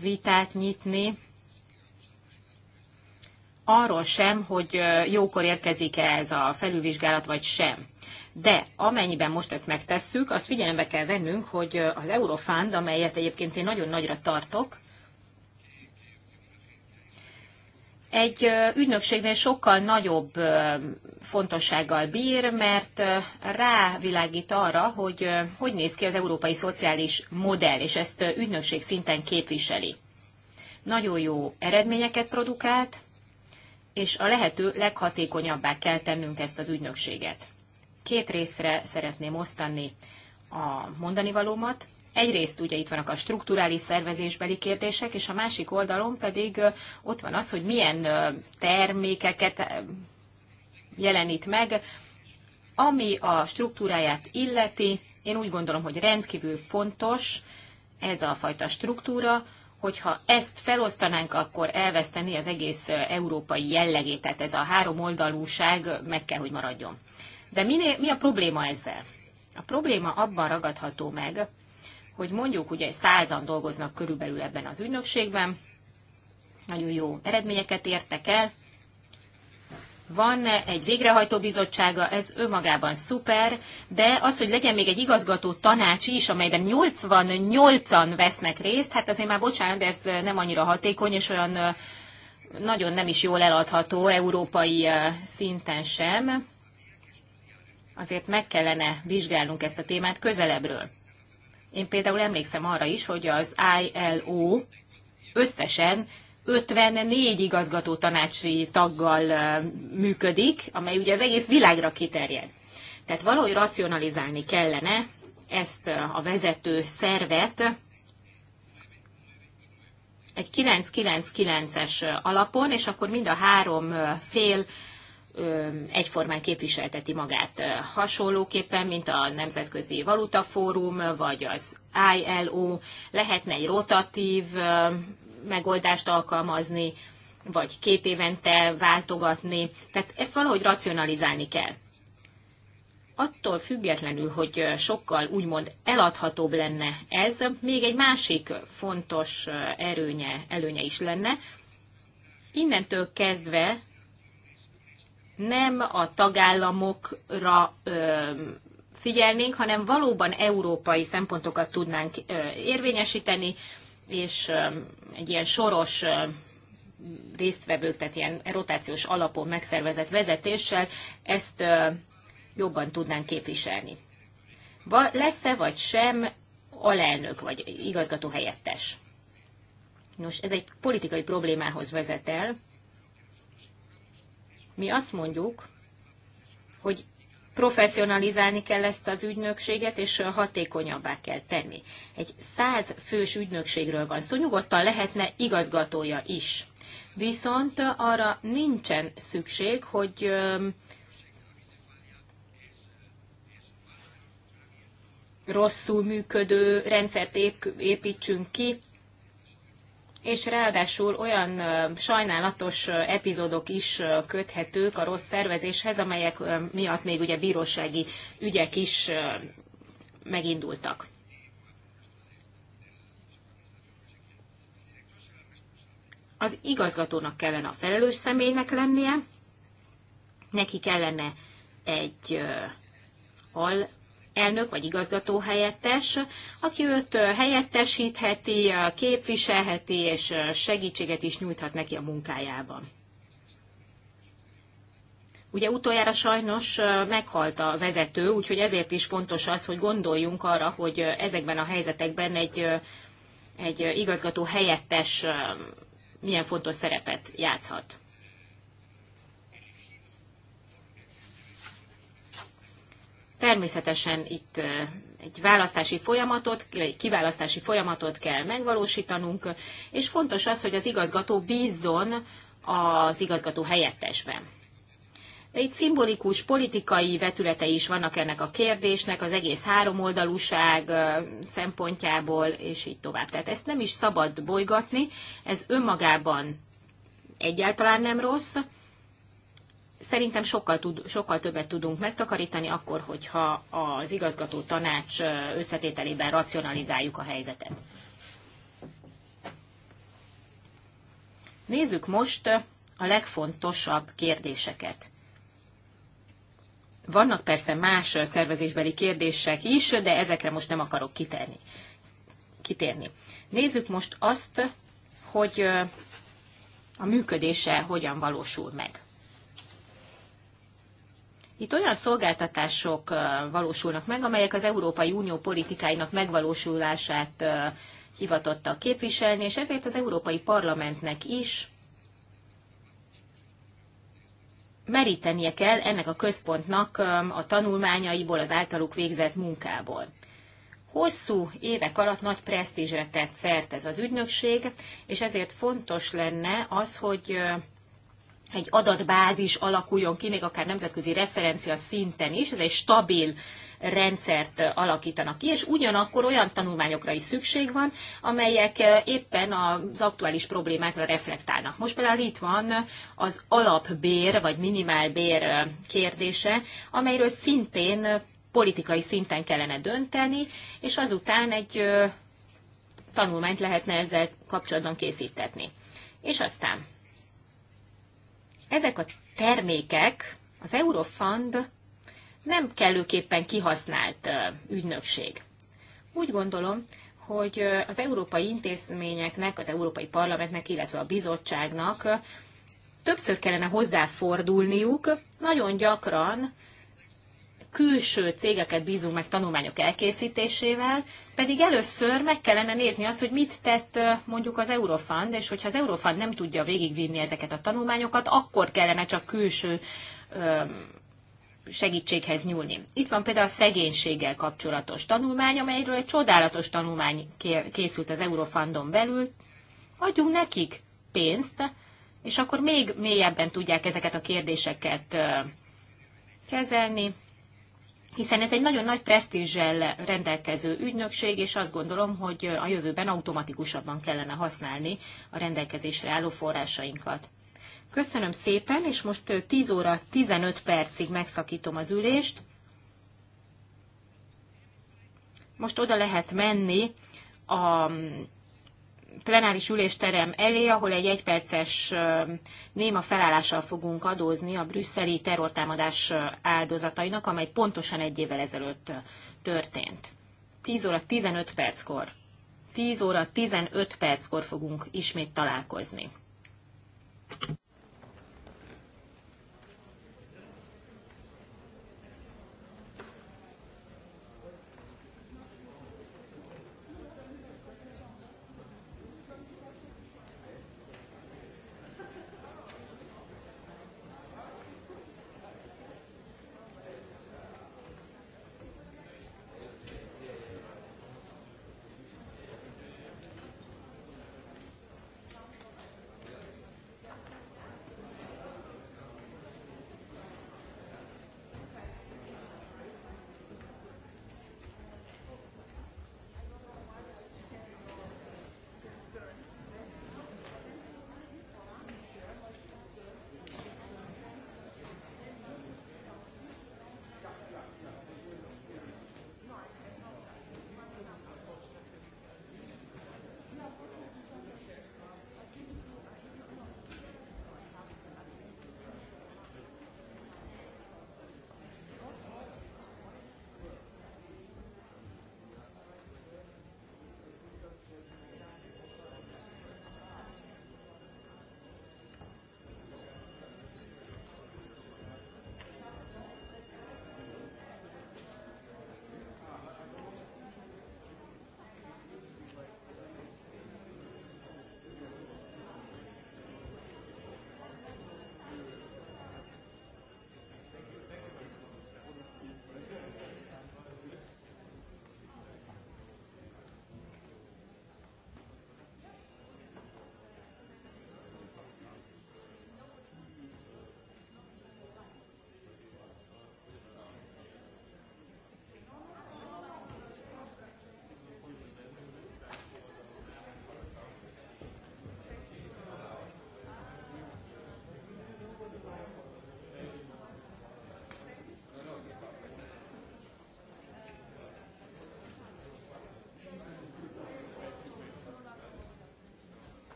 vitát nyitni, arról sem, hogy jókor érkezik-e ez a felülvizsgálat, vagy sem de amennyiben most ezt megtesszük, az figyelembe kell vennünk, hogy az Eurofund, amelyet egyébként én nagyon nagyra tartok, egy ügynökségnél sokkal nagyobb fontossággal bír, mert rávilágít arra, hogy hogy néz ki az európai szociális modell, és ezt ügynökség szinten képviseli. Nagyon jó eredményeket produkált, és a lehető leghatékonyabbá kell tennünk ezt az ügynökséget két részre szeretném osztani a mondani valómat. Egyrészt ugye itt vannak a strukturális szervezésbeli kérdések, és a másik oldalon pedig ott van az, hogy milyen termékeket jelenít meg, ami a struktúráját illeti. Én úgy gondolom, hogy rendkívül fontos ez a fajta struktúra, hogyha ezt felosztanánk, akkor elveszteni az egész európai jellegét, tehát ez a három oldalúság meg kell, hogy maradjon. De minél, mi a probléma ezzel? A probléma abban ragadható meg, hogy mondjuk ugye százan dolgoznak körülbelül ebben az ügynökségben, nagyon jó eredményeket értek el, van egy végrehajtó bizottsága, ez önmagában szuper, de az, hogy legyen még egy igazgató tanács is, amelyben 88-an vesznek részt, hát azért már bocsánat, de ez nem annyira hatékony, és olyan nagyon nem is jól eladható európai szinten sem azért meg kellene vizsgálnunk ezt a témát közelebbről. Én például emlékszem arra is, hogy az ILO összesen 54 igazgató tanácsi taggal működik, amely ugye az egész világra kiterjed. Tehát valahogy racionalizálni kellene ezt a vezető szervet egy 999-es alapon, és akkor mind a három fél egyformán képviselteti magát hasonlóképpen, mint a Nemzetközi Valutafórum, vagy az ILO, lehetne egy rotatív megoldást alkalmazni, vagy két évente váltogatni. Tehát ezt valahogy racionalizálni kell. Attól függetlenül, hogy sokkal úgymond eladhatóbb lenne ez, még egy másik fontos erőnye, előnye is lenne. Innentől kezdve nem a tagállamokra figyelnénk, hanem valóban európai szempontokat tudnánk érvényesíteni, és egy ilyen soros résztvevők, tehát ilyen rotációs alapon megszervezett vezetéssel ezt jobban tudnánk képviselni. Lesz-e vagy sem alelnök vagy igazgató helyettes? Nos, ez egy politikai problémához vezet el, mi azt mondjuk, hogy professzionalizálni kell ezt az ügynökséget, és hatékonyabbá kell tenni. Egy száz fős ügynökségről van szó, szóval nyugodtan lehetne igazgatója is. Viszont arra nincsen szükség, hogy rosszul működő rendszert építsünk ki, és ráadásul olyan sajnálatos epizódok is köthetők a rossz szervezéshez, amelyek miatt még ugye bírósági ügyek is megindultak. Az igazgatónak kellene a felelős személynek lennie, neki kellene egy al elnök vagy igazgató helyettes, aki őt helyettesítheti, képviselheti és segítséget is nyújthat neki a munkájában. Ugye utoljára sajnos meghalt a vezető, úgyhogy ezért is fontos az, hogy gondoljunk arra, hogy ezekben a helyzetekben egy, egy igazgató helyettes milyen fontos szerepet játszhat. Természetesen itt egy választási folyamatot, egy kiválasztási folyamatot kell megvalósítanunk, és fontos az, hogy az igazgató bízzon az igazgató helyettesben. De itt szimbolikus politikai vetülete is vannak ennek a kérdésnek, az egész háromoldalúság szempontjából, és így tovább. Tehát ezt nem is szabad bolygatni, ez önmagában egyáltalán nem rossz, Szerintem sokkal, tud, sokkal többet tudunk megtakarítani akkor, hogyha az igazgató tanács összetételében racionalizáljuk a helyzetet. Nézzük most a legfontosabb kérdéseket. Vannak persze más szervezésbeli kérdések is, de ezekre most nem akarok kiterni. kitérni. Nézzük most azt, hogy a működése hogyan valósul meg. Itt olyan szolgáltatások valósulnak meg, amelyek az Európai Unió politikáinak megvalósulását hivatottak képviselni, és ezért az Európai Parlamentnek is merítenie kell ennek a központnak a tanulmányaiból, az általuk végzett munkából. Hosszú évek alatt nagy presztízsre tett szert ez az ügynökség, és ezért fontos lenne az, hogy egy adatbázis alakuljon ki, még akár nemzetközi referencia szinten is, ez egy stabil rendszert alakítanak ki, és ugyanakkor olyan tanulmányokra is szükség van, amelyek eh, éppen az aktuális problémákra reflektálnak. Most például itt van az alapbér vagy minimálbér eh, kérdése, amelyről szintén eh, politikai szinten kellene dönteni, és azután egy tanulmányt lehetne ezzel kapcsolatban készítetni. És aztán ezek a termékek, az Eurofund nem kellőképpen kihasznált ügynökség. Úgy gondolom, hogy az európai intézményeknek, az Európai Parlamentnek, illetve a bizottságnak többször kellene hozzáfordulniuk, nagyon gyakran külső cégeket bízunk meg tanulmányok elkészítésével, pedig először meg kellene nézni azt, hogy mit tett mondjuk az Eurofund, és hogyha az Eurofund nem tudja végigvinni ezeket a tanulmányokat, akkor kellene csak külső segítséghez nyúlni. Itt van például a szegénységgel kapcsolatos tanulmány, amelyről egy csodálatos tanulmány készült az Eurofundon belül. Adjunk nekik pénzt, és akkor még mélyebben tudják ezeket a kérdéseket kezelni hiszen ez egy nagyon nagy presztízsel rendelkező ügynökség, és azt gondolom, hogy a jövőben automatikusabban kellene használni a rendelkezésre álló forrásainkat. Köszönöm szépen, és most 10 óra 15 percig megszakítom az ülést. Most oda lehet menni a plenáris ülésterem elé, ahol egy egyperces néma felállással fogunk adózni a brüsszeli terrortámadás áldozatainak, amely pontosan egy évvel ezelőtt történt. 10 óra 15 perckor. 10 óra 15 perckor fogunk ismét találkozni.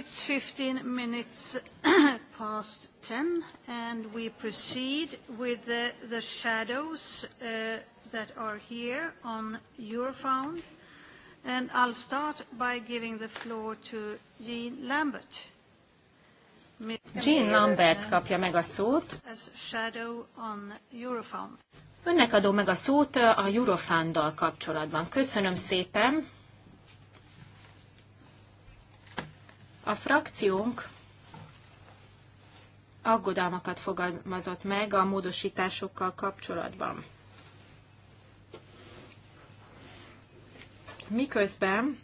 It's 15 minutes past 10, and we proceed with the, shadows uh, that are here on Eurofound. And I'll start by giving the floor to Jean Lambert. Jean Lambert uh, kapja meg a szót. As shadow on Eurofound. Önnek adom meg a szót uh, a Eurofounddal kapcsolatban. Köszönöm szépen. A frakciónk aggodalmakat fogalmazott meg a módosításokkal kapcsolatban. Miközben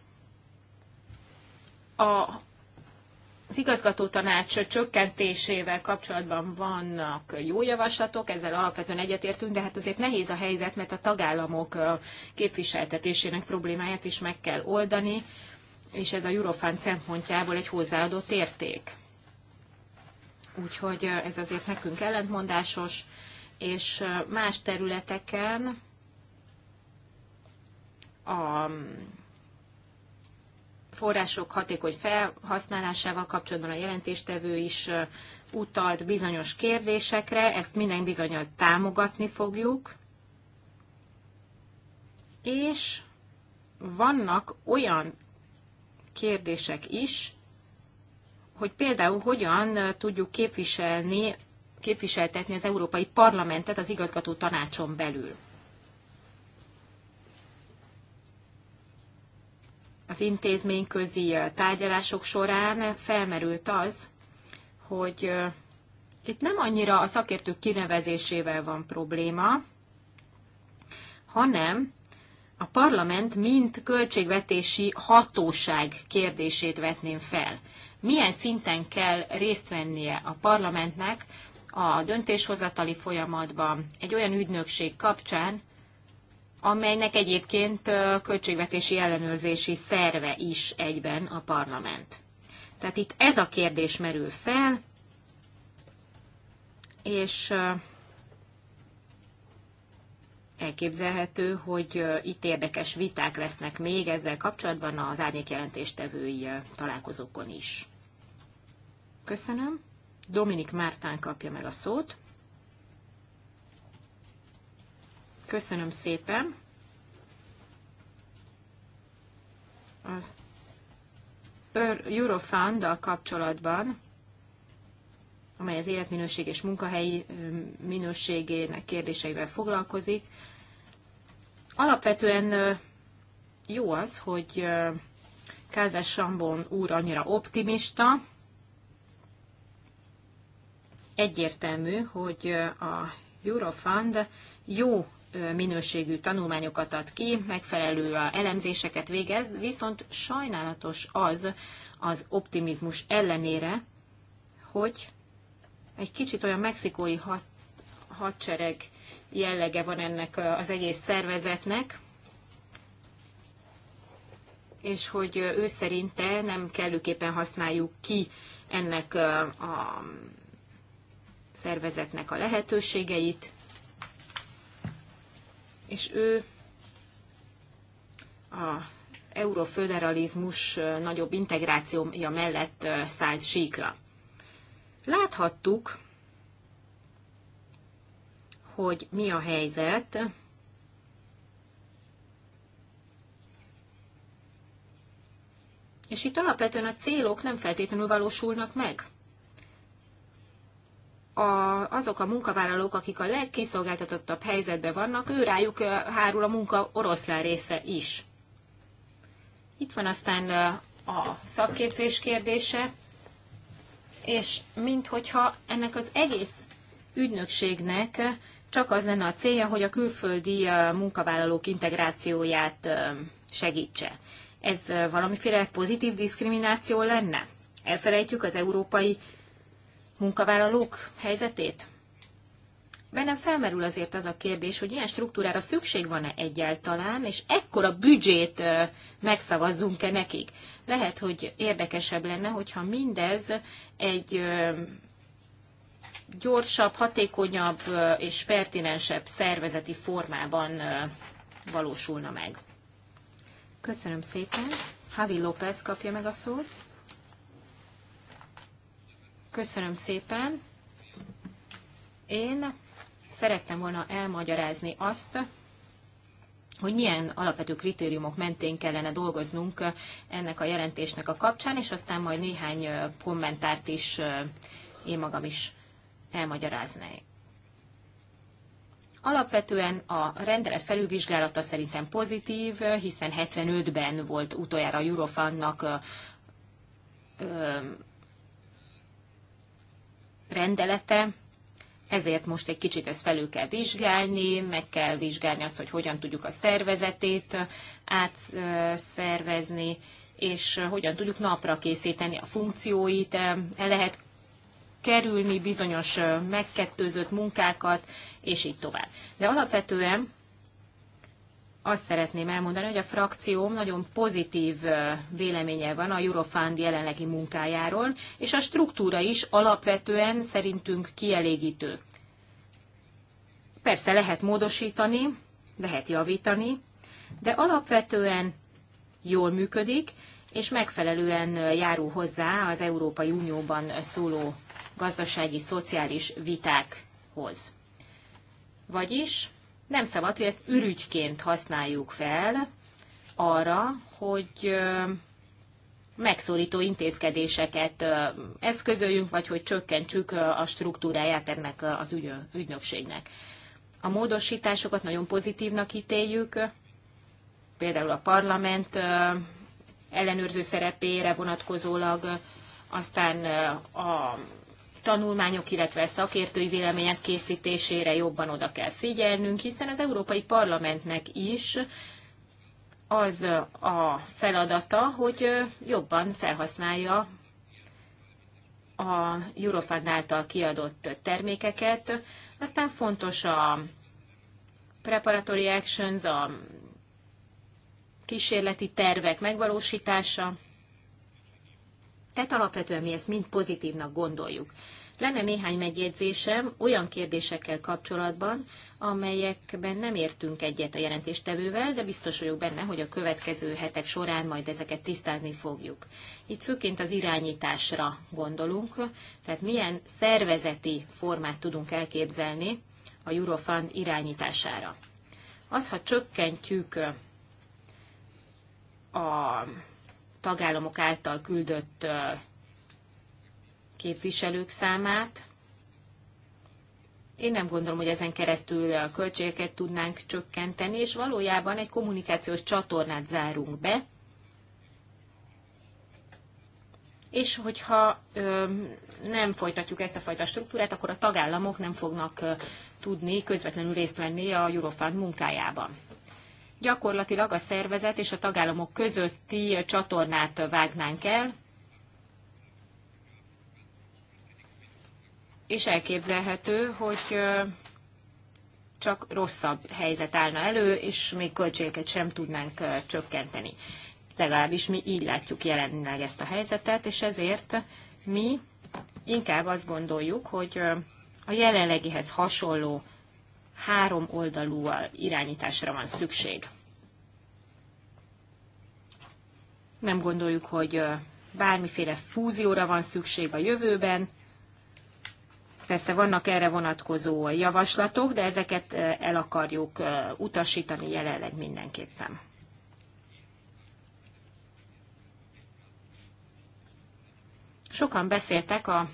a, az igazgató tanács csökkentésével kapcsolatban vannak jó javaslatok, ezzel alapvetően egyetértünk, de hát azért nehéz a helyzet, mert a tagállamok képviseltetésének problémáját is meg kell oldani és ez a Eurofán szempontjából egy hozzáadott érték. Úgyhogy ez azért nekünk ellentmondásos, és más területeken a mm, források hatékony felhasználásával kapcsolatban a jelentéstevő is utalt bizonyos kérdésekre, ezt minden bizonyal támogatni fogjuk. És vannak olyan kérdések is, hogy például hogyan tudjuk képviselni, képviseltetni az Európai Parlamentet az igazgató tanácson belül. Az intézményközi tárgyalások során felmerült az, hogy itt nem annyira a szakértők kinevezésével van probléma, hanem a parlament mint költségvetési hatóság kérdését vetném fel. Milyen szinten kell részt vennie a parlamentnek a döntéshozatali folyamatban egy olyan ügynökség kapcsán, amelynek egyébként költségvetési ellenőrzési szerve is egyben a parlament. Tehát itt ez a kérdés merül fel, és elképzelhető, hogy itt érdekes viták lesznek még ezzel kapcsolatban az árnyékjelentéstevői találkozókon is. Köszönöm. Dominik Mártán kapja meg a szót. Köszönöm szépen. Az eurofund a kapcsolatban, amely az életminőség és munkahelyi minőségének kérdéseivel foglalkozik, Alapvetően jó az, hogy Kálves Sambon úr annyira optimista, egyértelmű, hogy a Eurofund jó minőségű tanulmányokat ad ki, megfelelő elemzéseket végez, viszont sajnálatos az az optimizmus ellenére, hogy egy kicsit olyan mexikói hat, hadsereg jellege van ennek az egész szervezetnek, és hogy ő szerinte nem kellőképpen használjuk ki ennek a szervezetnek a lehetőségeit, és ő a euroföderalizmus nagyobb integrációja mellett szállt síkra. Láthattuk hogy mi a helyzet. És itt alapvetően a célok nem feltétlenül valósulnak meg. A, azok a munkavállalók, akik a legkiszolgáltatottabb helyzetben vannak, ő rájuk hárul a munka oroszlán része is. Itt van aztán a szakképzés kérdése, és minthogyha ennek az egész ügynökségnek csak az lenne a célja, hogy a külföldi munkavállalók integrációját segítse. Ez valamiféle pozitív diszkrimináció lenne? Elfelejtjük az európai munkavállalók helyzetét? Bennem felmerül azért az a kérdés, hogy ilyen struktúrára szükség van-e egyáltalán, és ekkora büdzsét megszavazzunk-e nekik. Lehet, hogy érdekesebb lenne, hogyha mindez egy gyorsabb, hatékonyabb és pertinensebb szervezeti formában valósulna meg. Köszönöm szépen. Javi López kapja meg a szót. Köszönöm szépen. Én szerettem volna elmagyarázni azt, hogy milyen alapvető kritériumok mentén kellene dolgoznunk ennek a jelentésnek a kapcsán, és aztán majd néhány kommentárt is én magam is elmagyarázná. Alapvetően a rendelet felülvizsgálata szerintem pozitív, hiszen 75-ben volt utoljára a Eurofannak rendelete, ezért most egy kicsit ezt felül kell vizsgálni, meg kell vizsgálni azt, hogy hogyan tudjuk a szervezetét átszervezni, és hogyan tudjuk napra készíteni a funkcióit, el lehet kerülni bizonyos megkettőzött munkákat, és így tovább. De alapvetően azt szeretném elmondani, hogy a frakcióm nagyon pozitív véleménye van a Eurofund jelenlegi munkájáról, és a struktúra is alapvetően szerintünk kielégítő. Persze lehet módosítani, lehet javítani, de alapvetően jól működik, és megfelelően járul hozzá az Európai Unióban szóló gazdasági, szociális vitákhoz. Vagyis nem szabad, hogy ezt ürügyként használjuk fel arra, hogy megszorító intézkedéseket eszközöljünk, vagy hogy csökkentsük a struktúráját ennek az ügynökségnek. A módosításokat nagyon pozitívnak ítéljük, például a parlament ellenőrző szerepére vonatkozólag, aztán a tanulmányok, illetve szakértői vélemények készítésére jobban oda kell figyelnünk, hiszen az Európai Parlamentnek is az a feladata, hogy jobban felhasználja a Eurofund által kiadott termékeket. Aztán fontos a preparatory actions, a kísérleti tervek megvalósítása, tehát alapvetően mi ezt mind pozitívnak gondoljuk. Lenne néhány megjegyzésem olyan kérdésekkel kapcsolatban, amelyekben nem értünk egyet a jelentéstevővel, de biztos vagyok benne, hogy a következő hetek során majd ezeket tisztázni fogjuk. Itt főként az irányításra gondolunk, tehát milyen szervezeti formát tudunk elképzelni a Eurofund irányítására. Az, ha csökkentjük a tagállamok által küldött képviselők számát. Én nem gondolom, hogy ezen keresztül a költségeket tudnánk csökkenteni, és valójában egy kommunikációs csatornát zárunk be. És hogyha ö, nem folytatjuk ezt a fajta struktúrát, akkor a tagállamok nem fognak ö, tudni közvetlenül részt venni a Eurofund munkájában gyakorlatilag a szervezet és a tagállamok közötti csatornát vágnánk el, és elképzelhető, hogy csak rosszabb helyzet állna elő, és még költségeket sem tudnánk csökkenteni. Legalábbis mi így látjuk jelenleg ezt a helyzetet, és ezért mi inkább azt gondoljuk, hogy a jelenlegihez hasonló három oldalú irányításra van szükség. Nem gondoljuk, hogy bármiféle fúzióra van szükség a jövőben. Persze vannak erre vonatkozó javaslatok, de ezeket el akarjuk utasítani jelenleg mindenképpen. Sokan beszéltek a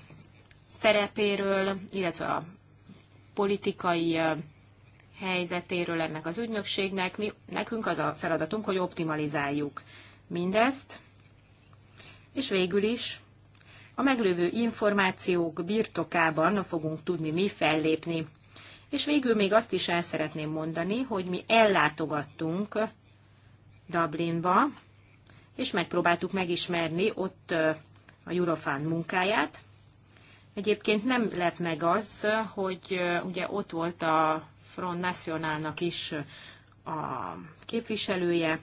szerepéről, illetve a politikai helyzetéről ennek az ügynökségnek. Mi, nekünk az a feladatunk, hogy optimalizáljuk mindezt, és végül is a meglévő információk birtokában fogunk tudni mi fellépni. És végül még azt is el szeretném mondani, hogy mi ellátogattunk Dublinba, és megpróbáltuk megismerni ott a Eurofund munkáját. Egyébként nem lett meg az, hogy ugye ott volt a Front Nationalnak is a képviselője,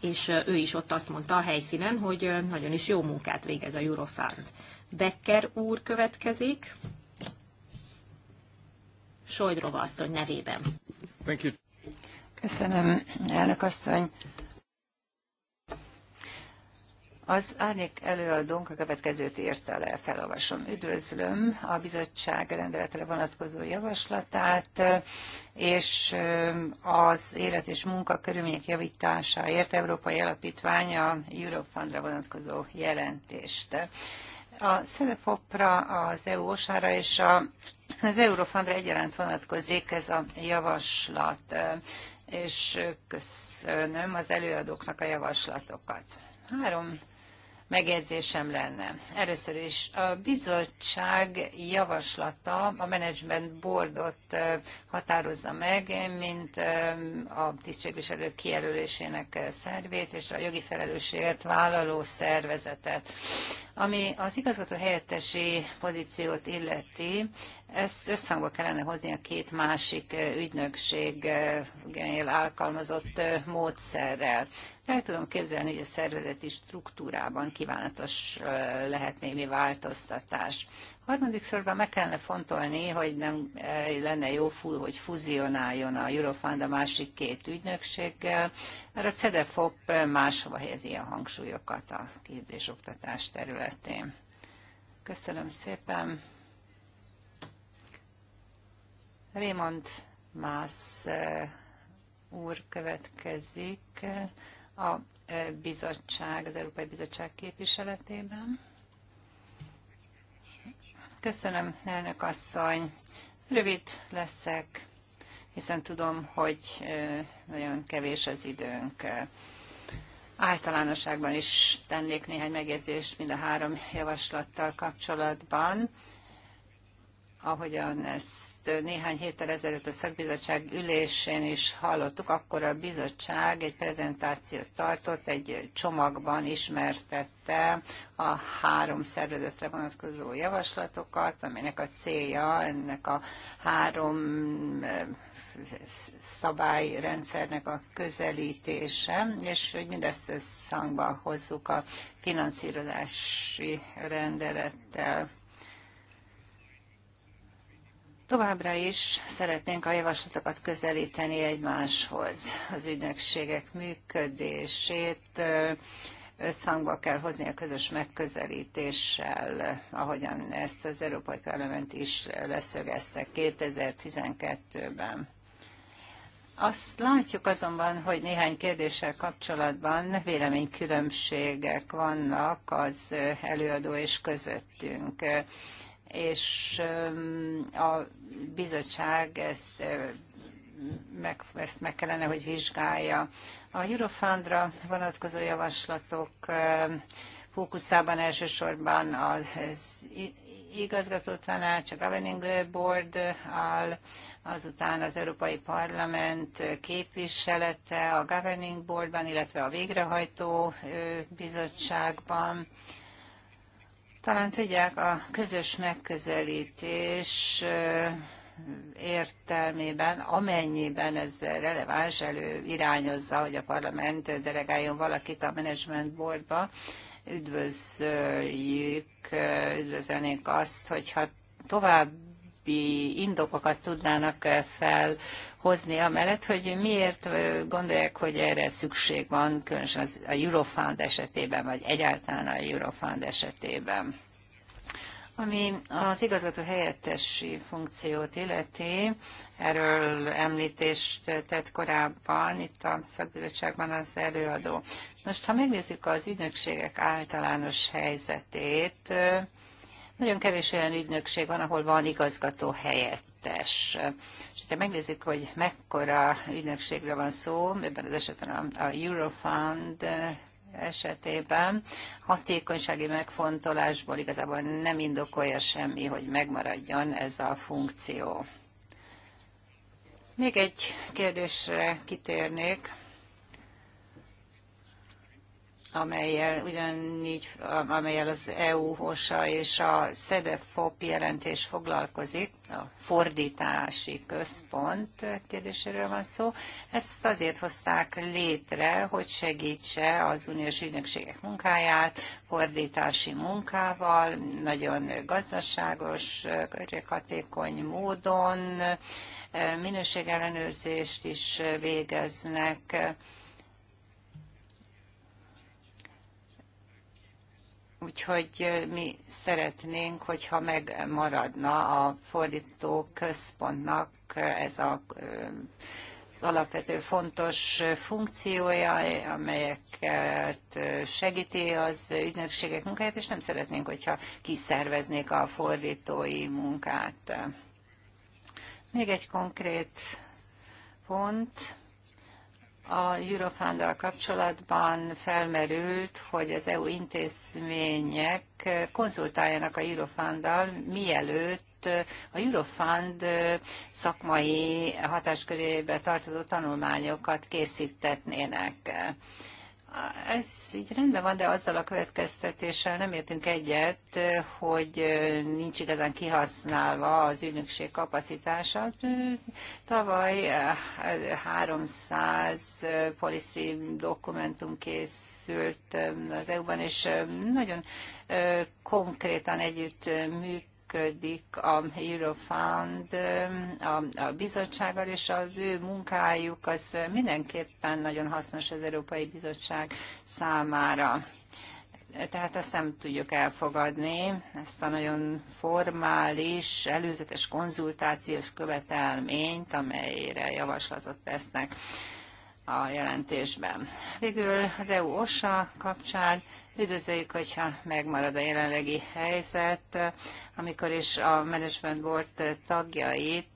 és ő is ott azt mondta a helyszínen, hogy nagyon is jó munkát végez a Eurofund. Becker úr következik. Sojdrova asszony nevében. Thank you. Köszönöm, elnök asszony. Az árnyék előadónk a következőt írta le, felolvasom. Üdvözlöm a bizottság rendeletre vonatkozó javaslatát, és az élet és körülmények javításáért Európai Alapítvány a Fundra vonatkozó jelentést. A Szelepopra, az EU osára és a az Eurofundra egyaránt vonatkozik ez a javaslat, és köszönöm az előadóknak a javaslatokat. Három megjegyzésem lenne. Először is a bizottság javaslata a Management Boardot határozza meg, mint a tisztségviselők kijelölésének szervét és a jogi felelősséget vállaló szervezetet. Ami az igazgató helyettesi pozíciót illeti, ezt összhangba kellene hozni a két másik ügynökségnél alkalmazott módszerrel. El tudom képzelni, hogy a szervezeti struktúrában kívánatos lehet némi változtatás. Harmadik sorban meg kellene fontolni, hogy nem eh, lenne jó, hogy fuzionáljon a Eurofund a másik két ügynökséggel, mert a CEDEFOP máshova helyezi a hangsúlyokat a képzésoktatás területén. Köszönöm szépen. Raymond Mász eh, úr következik eh, a bizottság, az Európai Bizottság képviseletében. Köszönöm, elnök asszony. Rövid leszek, hiszen tudom, hogy nagyon kevés az időnk. Általánosságban is tennék néhány megjegyzést mind a három javaslattal kapcsolatban ahogyan ezt néhány héttel ezelőtt a szakbizottság ülésén is hallottuk, akkor a bizottság egy prezentációt tartott, egy csomagban ismertette a három szervezetre vonatkozó javaslatokat, aminek a célja ennek a három eh, szabályrendszernek a közelítése, és hogy mindezt összhangba hozzuk a finanszírozási rendelettel. Továbbra is szeretnénk a javaslatokat közelíteni egymáshoz. Az ügynökségek működését összhangba kell hozni a közös megközelítéssel, ahogyan ezt az Európai Parlament is leszögezte 2012-ben. Azt látjuk azonban, hogy néhány kérdéssel kapcsolatban véleménykülönbségek vannak az előadó és közöttünk és a bizottság ezt meg, ezt meg kellene, hogy vizsgálja. A Eurofundra vonatkozó javaslatok fókuszában elsősorban az igazgató tanács, a governing board áll, azután az Európai Parlament képviselete a governing boardban, illetve a végrehajtó bizottságban. Talán tudják, a közös megközelítés értelmében, amennyiben ez releváns, elő irányozza, hogy a parlament delegáljon valakit a management boardba. Üdvözöljük, üdvözölnénk azt, hogyha tovább indokokat tudnának fel hozni, amellett, hogy miért gondolják, hogy erre szükség van, különösen az, a Eurofund esetében, vagy egyáltalán a Eurofund esetében. Ami az igazgató helyettesi funkciót illeti, erről említést tett korábban itt a szakbizottságban az előadó. Most, ha megnézzük az ügynökségek általános helyzetét, nagyon kevés olyan ügynökség van, ahol van igazgató helyett kettes. És ha megnézzük, hogy mekkora ügynökségre van szó, ebben az esetben a, a Eurofund esetében hatékonysági megfontolásból igazából nem indokolja semmi, hogy megmaradjon ez a funkció. Még egy kérdésre kitérnék amelyel ugyanígy, amelyel az EU HOSA és a SZEBEFOP jelentés foglalkozik, a fordítási központ kérdéséről van szó. Ezt azért hozták létre, hogy segítse az uniós ügynökségek munkáját, fordítási munkával, nagyon gazdaságos, költséghatékony módon, minőségellenőrzést is végeznek, Úgyhogy mi szeretnénk, hogyha megmaradna a fordító központnak ez a az alapvető fontos funkciója, amelyeket segíti az ügynökségek munkáját, és nem szeretnénk, hogyha kiszerveznék a fordítói munkát. Még egy konkrét pont. A Eurofunddal kapcsolatban felmerült, hogy az EU intézmények konzultáljanak a Eurofunddal, mielőtt a Eurofund szakmai hatáskörébe tartozó tanulmányokat készítetnének. Ez így rendben van, de azzal a következtetéssel nem értünk egyet, hogy nincs igazán kihasználva az ügynökség kapacitása. Tavaly 300 eh, policy dokumentum készült eh, az EU-ban, és eh, nagyon konkrétan együtt működik működik a Eurofund a, a bizottsággal, és az ő munkájuk az mindenképpen nagyon hasznos az Európai Bizottság számára. Tehát azt nem tudjuk elfogadni, ezt a nagyon formális, előzetes konzultációs követelményt, amelyre javaslatot tesznek a jelentésben. Végül az EU OSA kapcsán üdvözöljük, hogyha megmarad a jelenlegi helyzet, amikor is a Management Board tagjait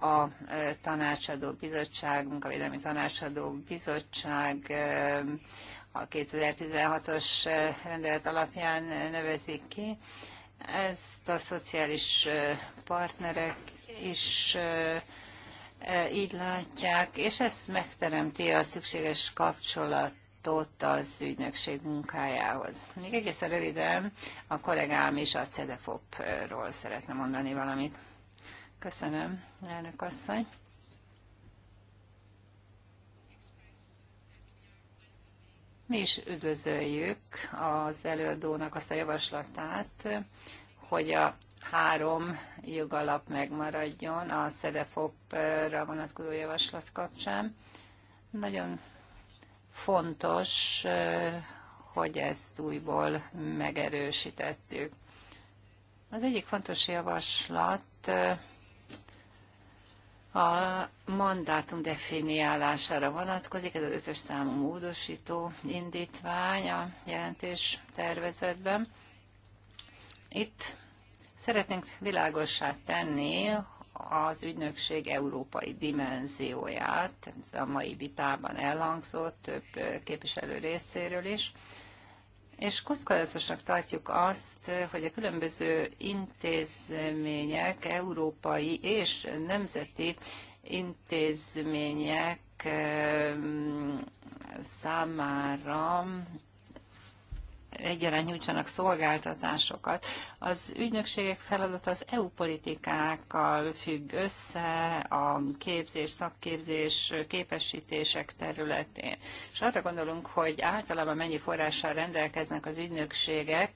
a e, tanácsadó bizottság, munkavédelmi tanácsadó bizottság a 2016-os e, rendelet alapján nevezik ki. Ezt a szociális e, partnerek is E, így látják, és ez megteremti a szükséges kapcsolatot az ügynökség munkájához. Még egészen röviden a kollégám is a CEDEFOP-ról szeretne mondani valamit. Köszönöm, elnök asszony. Mi is üdvözöljük az előadónak azt a javaslatát, hogy a három jogalap megmaradjon a SZEDEFOP-ra vonatkozó javaslat kapcsán. Nagyon fontos, hogy ezt újból megerősítettük. Az egyik fontos javaslat a mandátum definiálására vonatkozik, ez az ötös számú módosító indítvány a jelentés tervezetben. Itt Szeretnénk világossá tenni az ügynökség európai dimenzióját, ez a mai vitában elhangzott több képviselő részéről is, és kockázatosnak tartjuk azt, hogy a különböző intézmények, európai és nemzeti intézmények ehm, számára egyaránt nyújtsanak szolgáltatásokat. Az ügynökségek feladata az EU politikákkal függ össze a képzés, szakképzés, képesítések területén. És arra gondolunk, hogy általában mennyi forrással rendelkeznek az ügynökségek,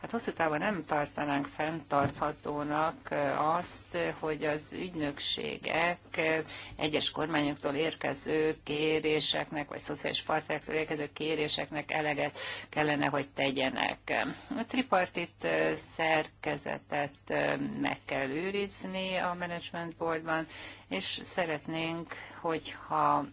hát hosszú távon nem tartanánk fenntarthatónak azt, hogy az ügynökségek egyes kormányoktól érkező kéréseknek, vagy szociális partnerektől érkező kéréseknek eleget kellene, hogy hogy tegyenek. A tripartit szerkezetet meg kell őrizni a Management Boardban, és szeretnénk, hogyha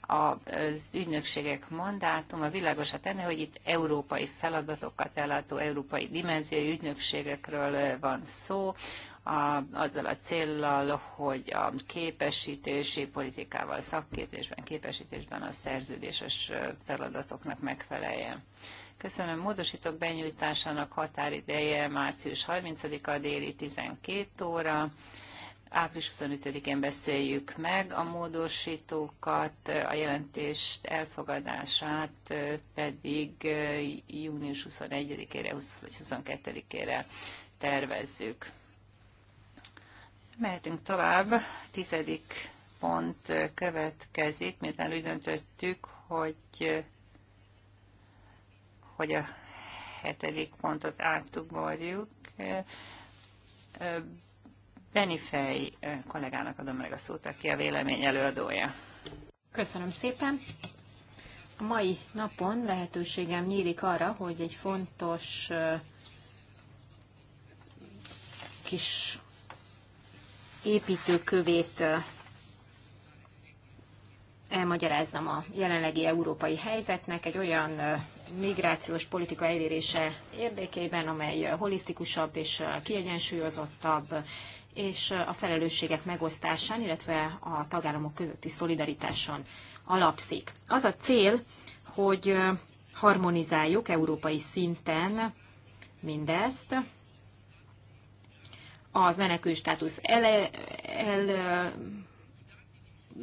az ügynökségek mandátuma világosat tenni, hogy itt európai feladatokat ellátó európai dimenziói ügynökségekről van szó, a, azzal a céllal, hogy a képesítési politikával, szakképzésben, képesítésben a szerződéses feladatoknak megfeleljen. Köszönöm. Módosítok benyújtásának határideje március 30-a déli 12 óra. Április 25-én beszéljük meg a módosítókat, a jelentést elfogadását pedig június 21-ére vagy 22-ére tervezzük. Mehetünk tovább. Tizedik pont következik, miután úgy döntöttük, hogy hogy a hetedik pontot átugorjuk. Fej kollégának adom meg a szót, aki a vélemény előadója. Köszönöm szépen. A mai napon lehetőségem nyílik arra, hogy egy fontos kis építőkövét elmagyarázzam a jelenlegi európai helyzetnek, egy olyan migrációs politika elérése érdekében, amely holisztikusabb és kiegyensúlyozottabb, és a felelősségek megosztásán, illetve a tagállamok közötti szolidaritáson alapszik. Az a cél, hogy harmonizáljuk európai szinten mindezt, az menekül státusz ele, el,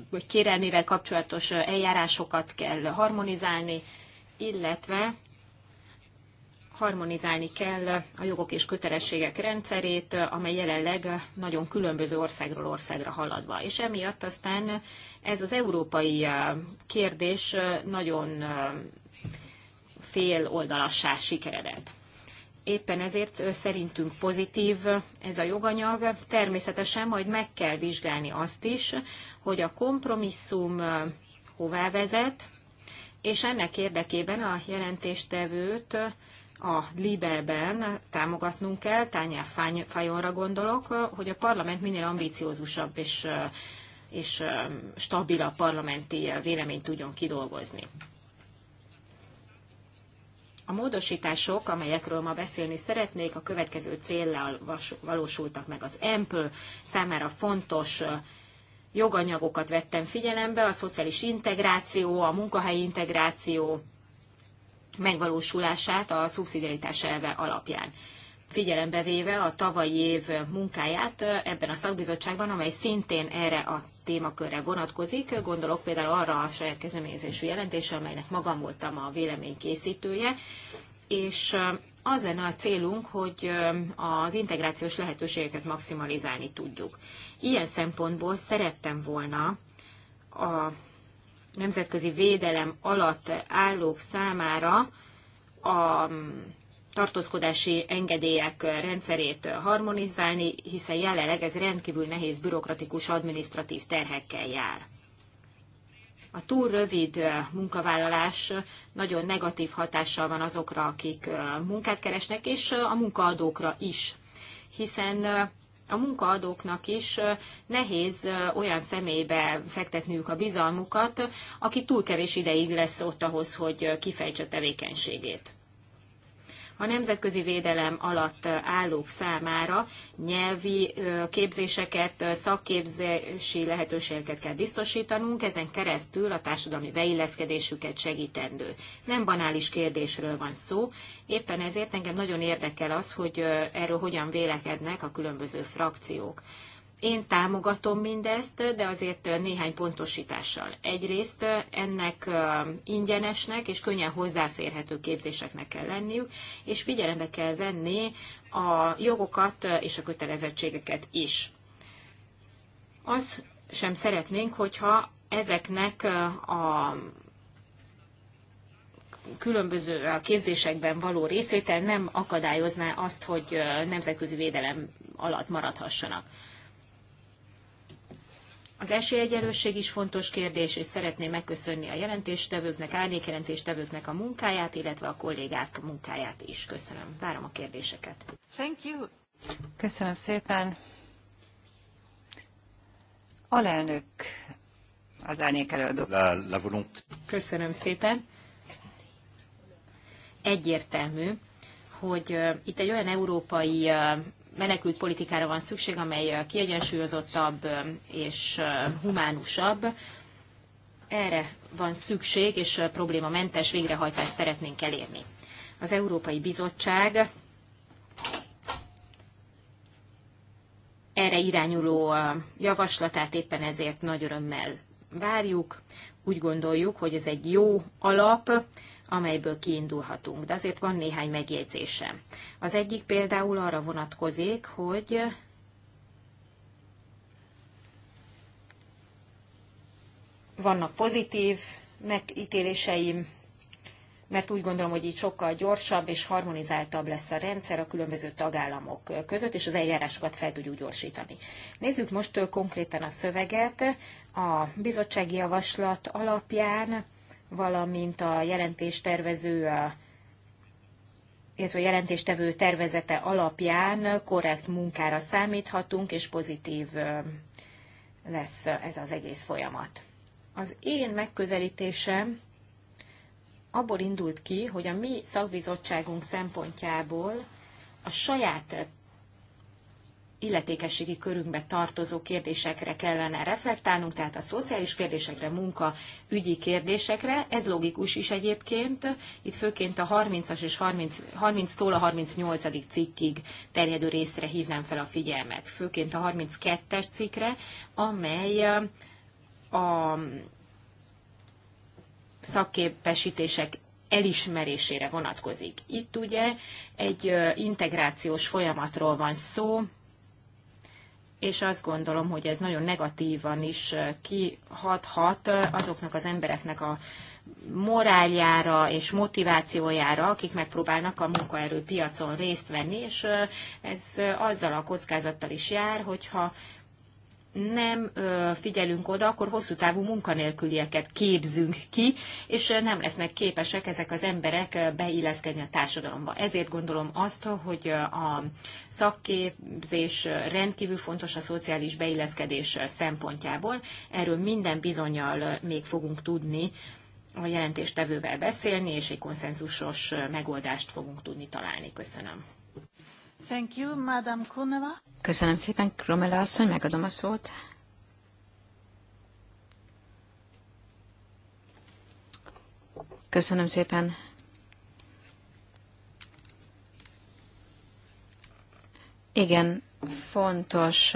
vagy kérelmével kapcsolatos eljárásokat kell harmonizálni, illetve harmonizálni kell a jogok és kötelességek rendszerét, amely jelenleg nagyon különböző országról országra haladva. És emiatt aztán ez az európai kérdés nagyon fél oldalassá sikeredett. Éppen ezért szerintünk pozitív ez a joganyag. Természetesen majd meg kell vizsgálni azt is, hogy a kompromisszum hová vezet, és ennek érdekében a jelentéstevőt a Libe-ben támogatnunk kell, Tányá Fajonra gondolok, hogy a parlament minél ambiciózusabb és, és um, stabilabb parlamenti véleményt tudjon kidolgozni. A módosítások, amelyekről ma beszélni szeretnék, a következő céllal valósultak meg az EMP számára fontos joganyagokat vettem figyelembe, a szociális integráció, a munkahelyi integráció megvalósulását a szubszidiaritás elve alapján. Figyelembe véve a tavalyi év munkáját ebben a szakbizottságban, amely szintén erre a témakörre vonatkozik. Gondolok például arra a saját kezdeményezésű jelentésre, amelynek magam voltam a véleménykészítője, és az lenne a célunk, hogy az integrációs lehetőségeket maximalizálni tudjuk. Ilyen szempontból szerettem volna a nemzetközi védelem alatt állók számára a tartózkodási engedélyek rendszerét harmonizálni, hiszen jelenleg ez rendkívül nehéz bürokratikus adminisztratív terhekkel jár. A túl rövid munkavállalás nagyon negatív hatással van azokra, akik munkát keresnek, és a munkaadókra is. Hiszen a munkaadóknak is nehéz olyan személybe fektetniük a bizalmukat, aki túl kevés ideig lesz ott ahhoz, hogy kifejtse tevékenységét a nemzetközi védelem alatt állók számára nyelvi képzéseket, szakképzési lehetőségeket kell biztosítanunk, ezen keresztül a társadalmi beilleszkedésüket segítendő. Nem banális kérdésről van szó, éppen ezért engem nagyon érdekel az, hogy erről hogyan vélekednek a különböző frakciók. Én támogatom mindezt, de azért néhány pontosítással. Egyrészt ennek ingyenesnek és könnyen hozzáférhető képzéseknek kell lenniük, és figyelembe kell venni a jogokat és a kötelezettségeket is. Az sem szeretnénk, hogyha ezeknek a különböző képzésekben való részvétel nem akadályozná azt, hogy nemzetközi védelem alatt maradhassanak. Az esélyegyenlőség is fontos kérdés, és szeretném megköszönni a jelentéstevőknek, árnyékjelentéstevőknek a munkáját, illetve a kollégák munkáját is. Köszönöm. Várom a kérdéseket. Thank you. Köszönöm szépen. Alelnök az árnyék előadó. La, la Köszönöm szépen. Egyértelmű, hogy itt egy olyan európai menekült politikára van szükség, amely kiegyensúlyozottabb és humánusabb. Erre van szükség, és problémamentes végrehajtást szeretnénk elérni. Az Európai Bizottság erre irányuló javaslatát éppen ezért nagy örömmel várjuk. Úgy gondoljuk, hogy ez egy jó alap, amelyből kiindulhatunk. De azért van néhány megjegyzésem. Az egyik például arra vonatkozik, hogy vannak pozitív megítéléseim, mert úgy gondolom, hogy így sokkal gyorsabb és harmonizáltabb lesz a rendszer a különböző tagállamok között, és az eljárásokat fel tudjuk gyorsítani. Nézzük most konkrétan a szöveget. A bizottsági javaslat alapján valamint a jelentéstervező illetve a jelentéstevő tervezete alapján korrekt munkára számíthatunk, és pozitív lesz ez az egész folyamat. Az én megközelítésem abból indult ki, hogy a mi szakbizottságunk szempontjából a saját illetékességi körünkbe tartozó kérdésekre kellene reflektálnunk, tehát a szociális kérdésekre, munka, ügyi kérdésekre. Ez logikus is egyébként. Itt főként a 30-as és 30, 30-tól a 38. cikkig terjedő részre hívnám fel a figyelmet. Főként a 32-es cikkre, amely a szakképesítések elismerésére vonatkozik. Itt ugye egy integrációs folyamatról van szó, és azt gondolom, hogy ez nagyon negatívan is kihathat azoknak az embereknek a moráljára és motivációjára, akik megpróbálnak a munkaerőpiacon részt venni, és ez azzal a kockázattal is jár, hogyha nem figyelünk oda, akkor hosszú távú munkanélkülieket képzünk ki, és nem lesznek képesek ezek az emberek beilleszkedni a társadalomba. Ezért gondolom azt, hogy a szakképzés rendkívül fontos a szociális beilleszkedés szempontjából. Erről minden bizonyal még fogunk tudni a jelentéstevővel beszélni, és egy konszenzusos megoldást fogunk tudni találni. Köszönöm. Thank you, Madam Kuneva. Köszönöm szépen, Kromela asszony, megadom a szót. Köszönöm szépen. Igen, fontos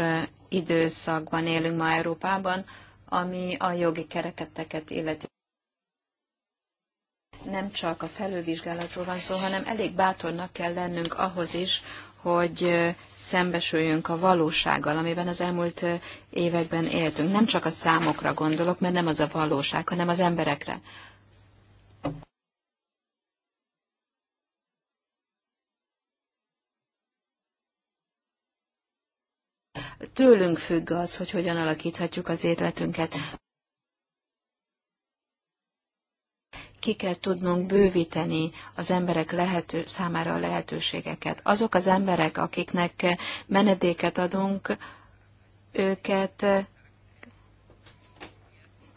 időszakban élünk ma Európában, ami a jogi kereketeket illeti. Nem csak a felővizsgálatról van szó, hanem elég bátornak kell lennünk ahhoz is, hogy szembesüljünk a valósággal, amiben az elmúlt években éltünk. Nem csak a számokra gondolok, mert nem az a valóság, hanem az emberekre. Tőlünk függ az, hogy hogyan alakíthatjuk az életünket. ki kell tudnunk bővíteni az emberek lehető, számára a lehetőségeket. Azok az emberek, akiknek menedéket adunk, őket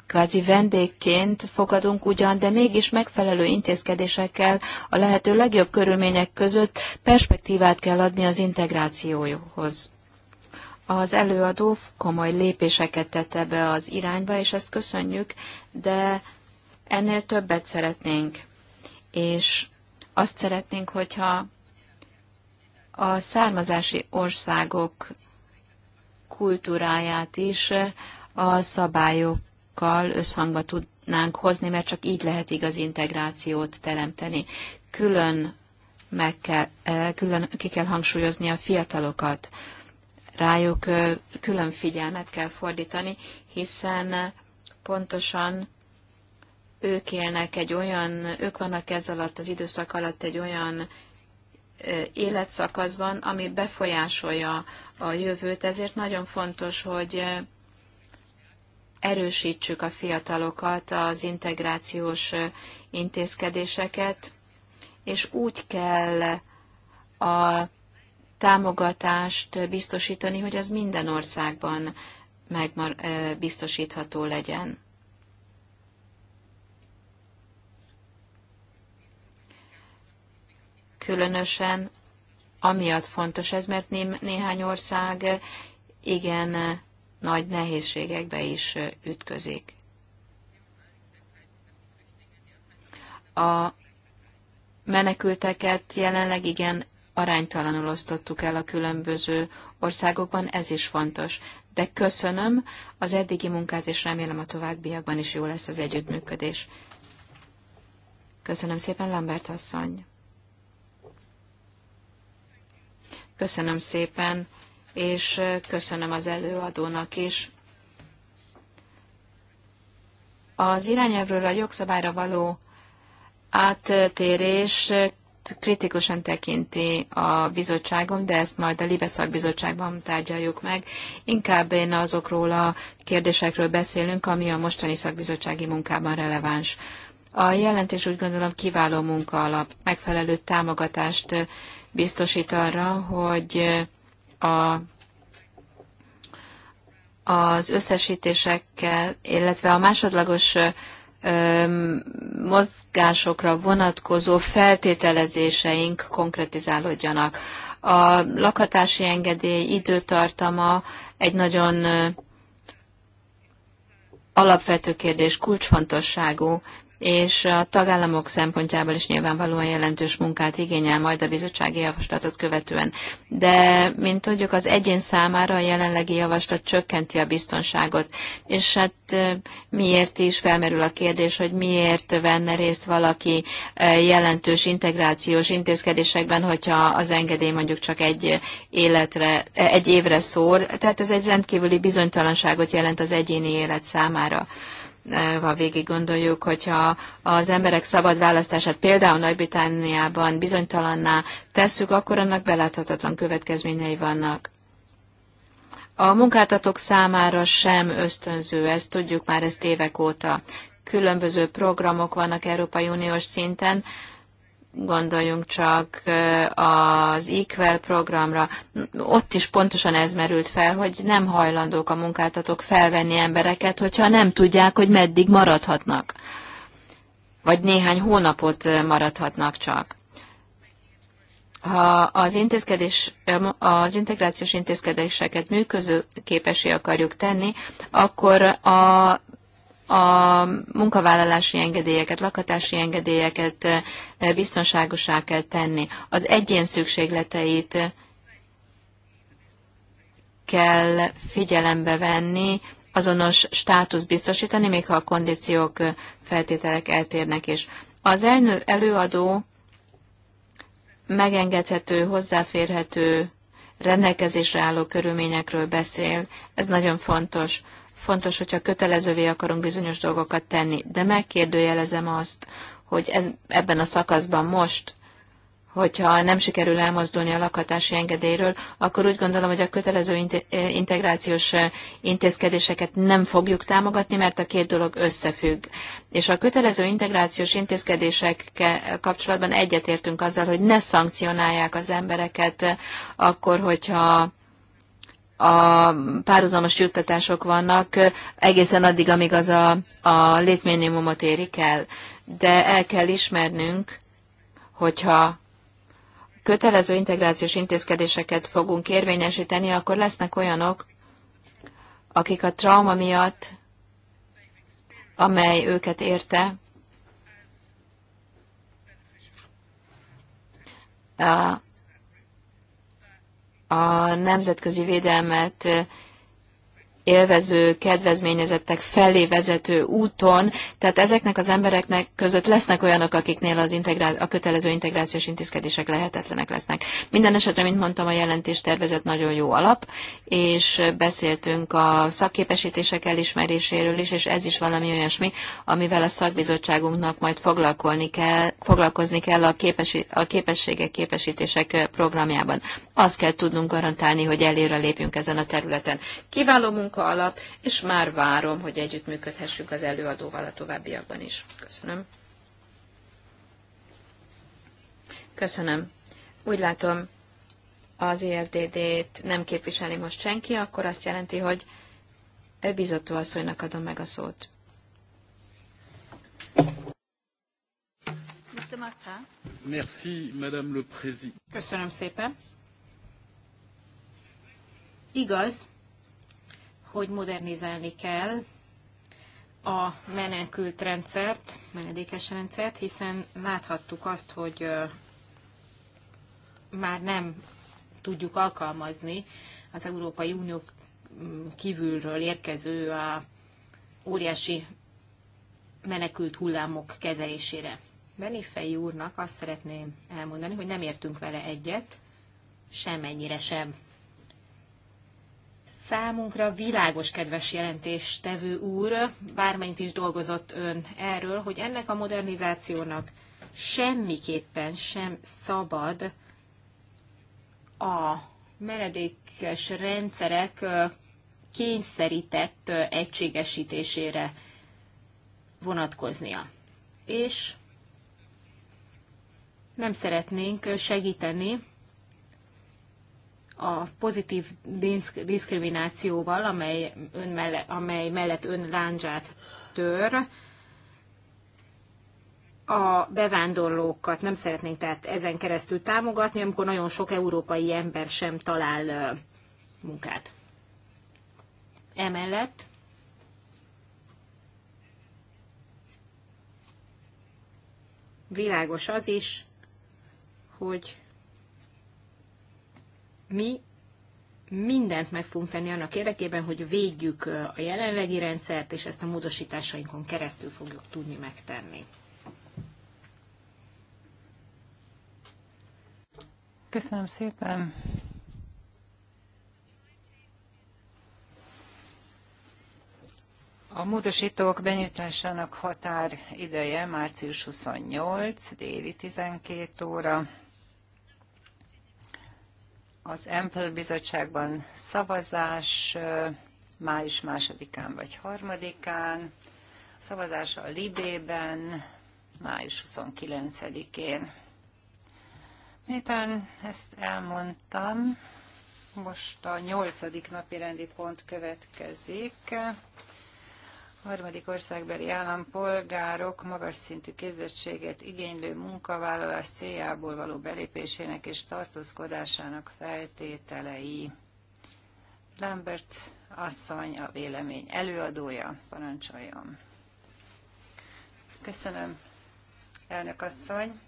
kvázi vendégként fogadunk ugyan, de mégis megfelelő intézkedésekkel a lehető legjobb körülmények között perspektívát kell adni az integrációhoz. Az előadó komoly lépéseket tette be az irányba, és ezt köszönjük, de Ennél többet szeretnénk, és azt szeretnénk, hogyha a származási országok kultúráját is a szabályokkal összhangba tudnánk hozni, mert csak így lehet igaz integrációt teremteni. Külön, meg kell, eh, külön ki kell hangsúlyozni a fiatalokat, rájuk eh, külön figyelmet kell fordítani, hiszen pontosan ők élnek egy olyan, ők vannak ez alatt az időszak alatt egy olyan életszakaszban, ami befolyásolja a jövőt, ezért nagyon fontos, hogy erősítsük a fiatalokat, az integrációs intézkedéseket, és úgy kell a támogatást biztosítani, hogy az minden országban megbiztosítható legyen. Különösen amiatt fontos ez, mert né- néhány ország igen nagy nehézségekbe is ütközik. A menekülteket jelenleg igen aránytalanul osztottuk el a különböző országokban, ez is fontos. De köszönöm az eddigi munkát, és remélem a továbbiakban is jó lesz az együttműködés. Köszönöm szépen, Lambert asszony! Köszönöm szépen, és köszönöm az előadónak is. Az irányelvről a jogszabályra való áttérés kritikusan tekinti a bizottságom, de ezt majd a Libeszak bizottságban tárgyaljuk meg. Inkább én azokról a kérdésekről beszélünk, ami a mostani szakbizottsági munkában releváns. A jelentés úgy gondolom kiváló munka alap, megfelelő támogatást biztosít arra, hogy a, az összesítésekkel, illetve a másodlagos mozgásokra vonatkozó feltételezéseink konkretizálódjanak. A lakhatási engedély időtartama egy nagyon alapvető kérdés, kulcsfontosságú, és a tagállamok szempontjából is nyilvánvalóan jelentős munkát igényel majd a bizottsági javaslatot követően. De, mint tudjuk, az egyén számára a jelenlegi javaslat csökkenti a biztonságot, és hát miért is felmerül a kérdés, hogy miért venne részt valaki jelentős integrációs intézkedésekben, hogyha az engedély mondjuk csak egy életre, egy évre szór. Tehát ez egy rendkívüli bizonytalanságot jelent az egyéni élet számára ha végig gondoljuk, hogyha az emberek szabad választását például Nagy-Britániában bizonytalanná tesszük, akkor annak beláthatatlan következményei vannak. A munkáltatók számára sem ösztönző, ezt tudjuk már ezt évek óta. Különböző programok vannak Európai Uniós szinten, Gondoljunk csak az Equal programra. Ott is pontosan ez merült fel, hogy nem hajlandók a munkáltatók felvenni embereket, hogyha nem tudják, hogy meddig maradhatnak. Vagy néhány hónapot maradhatnak csak ha az, intézkedés, az integrációs intézkedéseket működő képesé akarjuk tenni, akkor a a munkavállalási engedélyeket, lakatási engedélyeket eh, biztonságosá kell tenni, az egyén szükségleteit kell figyelembe venni, azonos státusz biztosítani, még ha a kondíciók, eh, feltételek eltérnek is. Az elnő, előadó megengedhető, hozzáférhető, rendelkezésre álló körülményekről beszél. Ez nagyon fontos. Fontos, hogyha kötelezővé akarunk bizonyos dolgokat tenni, de megkérdőjelezem azt, hogy ez, ebben a szakaszban most, hogyha nem sikerül elmozdulni a lakhatási engedélyről, akkor úgy gondolom, hogy a kötelező eh, integrációs eh, intézkedéseket nem fogjuk támogatni, mert a két dolog összefügg. És a kötelező integrációs intézkedésekkel kapcsolatban egyetértünk azzal, hogy ne szankcionálják az embereket eh, akkor, hogyha a párhuzamos juttatások vannak egészen addig, amíg az a, a létminimumot érik el. De el kell ismernünk, hogyha kötelező integrációs intézkedéseket fogunk érvényesíteni, akkor lesznek olyanok, akik a trauma miatt, amely őket érte, a nemzetközi védelmet élvező kedvezményezettek felé vezető úton, tehát ezeknek az embereknek között lesznek olyanok, akiknél az integrá- a kötelező integrációs intézkedések lehetetlenek lesznek. Minden esetre, mint mondtam, a jelentés tervezet nagyon jó alap, és beszéltünk a szakképesítések elismeréséről is, és ez is valami olyasmi, amivel a szakbizottságunknak majd foglalkozni kell, foglalkozni kell a, képesi- a képességek képesítések programjában. Azt kell tudnunk garantálni, hogy előre lépjünk ezen a területen. Kiváló munkaalap, és már várom, hogy együttműködhessünk az előadóval a továbbiakban is. Köszönöm. Köszönöm. Úgy látom, az irdd e t nem képviseli most senki, akkor azt jelenti, hogy bizottó asszonynak adom meg a szót. Merci, Madame le Président. Köszönöm szépen. Igaz, hogy modernizálni kell a menekült rendszert, menedékes rendszert, hiszen láthattuk azt, hogy már nem tudjuk alkalmazni az Európai Unió kívülről érkező a óriási menekült hullámok kezelésére. Benifei úrnak azt szeretném elmondani, hogy nem értünk vele egyet, semennyire sem. Számunkra világos, kedves jelentéstevő úr, bármennyit is dolgozott ön erről, hogy ennek a modernizációnak semmiképpen sem szabad a menedékes rendszerek kényszerített egységesítésére vonatkoznia. És nem szeretnénk segíteni a pozitív diszkriminációval, amely, ön melle, amely mellett ön láncsát tör, a bevándorlókat nem szeretnénk tehát ezen keresztül támogatni, amikor nagyon sok európai ember sem talál munkát. Emellett világos az is, hogy mi mindent meg fogunk tenni annak érdekében, hogy védjük a jelenlegi rendszert, és ezt a módosításainkon keresztül fogjuk tudni megtenni. Köszönöm szépen! A módosítók benyújtásának határideje március 28, déli 12 óra az Ample bizottságban szavazás május másodikán vagy harmadikán, szavazás a Libében május 29-én. Miután ezt elmondtam, most a nyolcadik napi rendi pont következik harmadik országbeli állampolgárok magas szintű képzettséget igénylő munkavállalás céljából való belépésének és tartózkodásának feltételei. Lambert asszony a vélemény előadója, parancsoljon. Köszönöm, elnök asszony.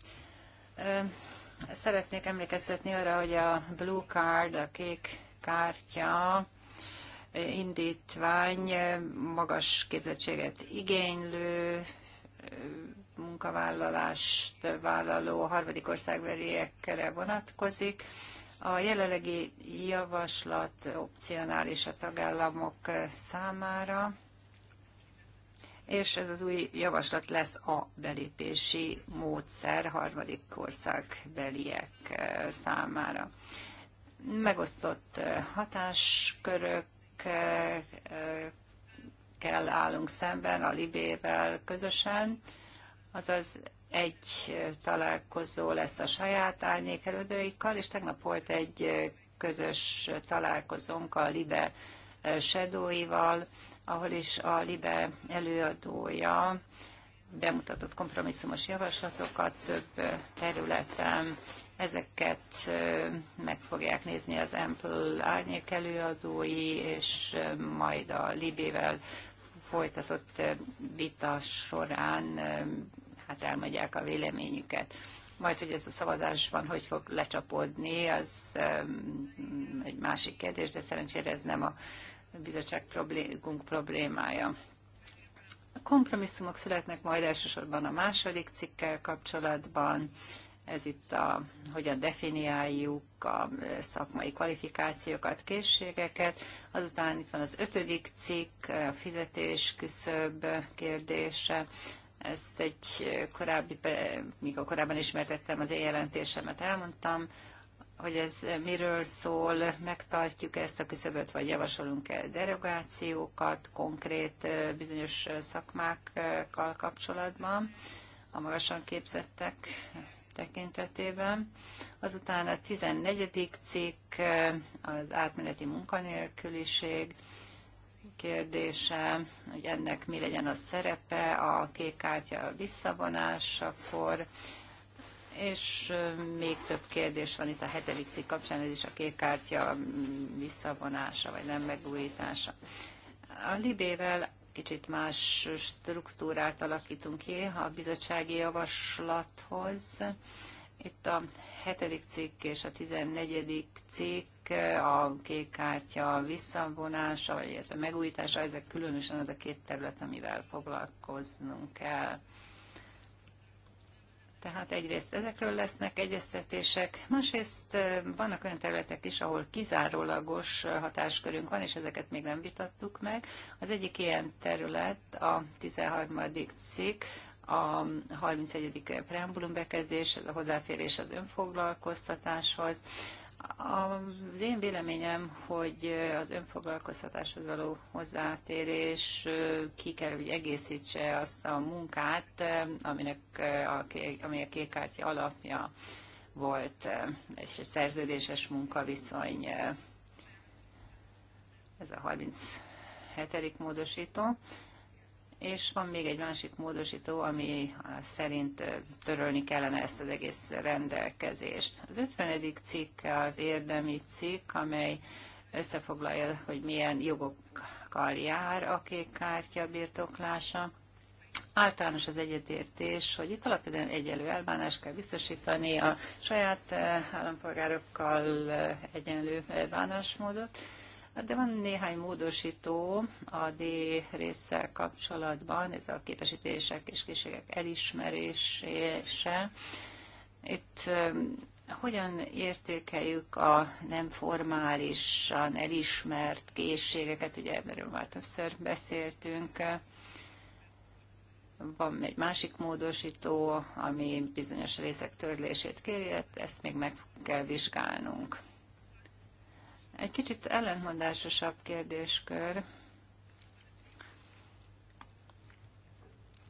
Szeretnék emlékeztetni arra, hogy a Blue Card, a kék kártya indítvány magas képzettséget igénylő munkavállalást vállaló harmadik országbeliekre vonatkozik. A jelenlegi javaslat opcionális a tagállamok számára, és ez az új javaslat lesz a belépési módszer harmadik országbeliek számára megosztott hatáskörök kell állunk szemben, a Libével közösen, azaz egy találkozó lesz a saját árnyékelődőikkal, és tegnap volt egy közös találkozónk a Libe sedóival, ahol is a Libe előadója bemutatott kompromisszumos javaslatokat több területen, Ezeket meg fogják nézni az Ample árnyék előadói, és majd a Libével folytatott vita során hát elmondják a véleményüket. Majd, hogy ez a szavazás van, hogy fog lecsapódni, az egy másik kérdés, de szerencsére ez nem a bizottság problémunk problémája. A kompromisszumok születnek majd elsősorban a második cikkel kapcsolatban, ez itt a, hogyan definiáljuk a eh, szakmai kvalifikációkat, készségeket. Azután itt van az ötödik cikk, a fizetés küszöbb kérdése. Ezt egy eh, korábbi, mikor korábban ismertettem az én jelentésemet, elmondtam, hogy ez eh, miről szól, megtartjuk ezt a küszöböt, vagy javasolunk-e derogációkat konkrét bizonyos szakmákkal kapcsolatban a magasan képzettek tekintetében. Azután a 14. cikk, az átmeneti munkanélküliség kérdése, hogy ennek mi legyen a szerepe, a kék kártya visszavonásakor, és még több kérdés van itt a hetedik cikk kapcsán, ez is a kék kártya visszavonása, vagy nem megújítása. A Libével kicsit más struktúrát alakítunk ki a bizottsági javaslathoz. Itt a hetedik cikk és a tizennegyedik cikk, a kék kártya visszavonása, vagy illetve megújítása, ezek különösen az a két terület, amivel foglalkoznunk kell. Tehát egyrészt ezekről lesznek egyeztetések, másrészt vannak olyan területek is, ahol kizárólagos hatáskörünk van, és ezeket még nem vitattuk meg. Az egyik ilyen terület a 13. cikk, a 31. preambulum bekezdés, a hozzáférés az önfoglalkoztatáshoz. Az én véleményem, hogy az önfoglalkoztatáshoz való hozzátérés ki kell, hogy egészítse azt a munkát, aminek a, ami a kékkártya alapja volt, és egy szerződéses munkaviszony. Ez a 37. módosító és van még egy másik módosító, ami szerint törölni kellene ezt az egész rendelkezést. Az 50. cikk az érdemi cikk, amely összefoglalja, hogy milyen jogokkal jár a kék kártya birtoklása. Általános az egyetértés, hogy itt alapvetően egyenlő elbánást kell biztosítani a saját eh, állampolgárokkal eh, egyenlő bánásmódot, de van néhány módosító a D résszel kapcsolatban, ez a képesítések és készségek elismerése. Itt hogyan értékeljük a nem formálisan elismert készségeket, ugye erről már többször beszéltünk, van egy másik módosító, ami bizonyos részek törlését kéri, ezt még meg kell vizsgálnunk. Egy kicsit ellentmondásosabb kérdéskör,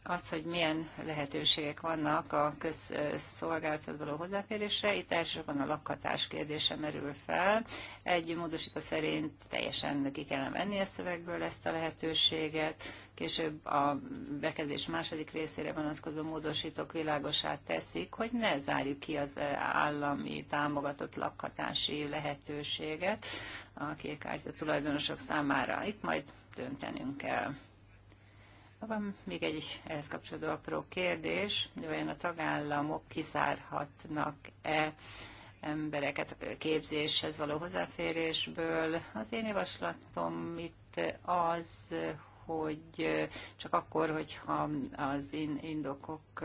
az, hogy milyen lehetőségek vannak a közszolgáltat való hozzáférésre. Itt elsősorban a lakhatás kérdése merül fel. Egy módosító szerint teljesen ki kellene venni a szövegből ezt a lehetőséget. Később a bekezdés második részére vonatkozó módosítók világosát teszik, hogy ne zárjuk ki az állami támogatott lakhatási lehetőséget a kékágyta tulajdonosok számára. Itt majd döntenünk kell. Van még egy ehhez kapcsolódó apró kérdés, hogy vajon a tagállamok kizárhatnak-e embereket a képzéshez való hozzáférésből. Az én javaslatom itt az, hogy csak akkor, hogyha az indokok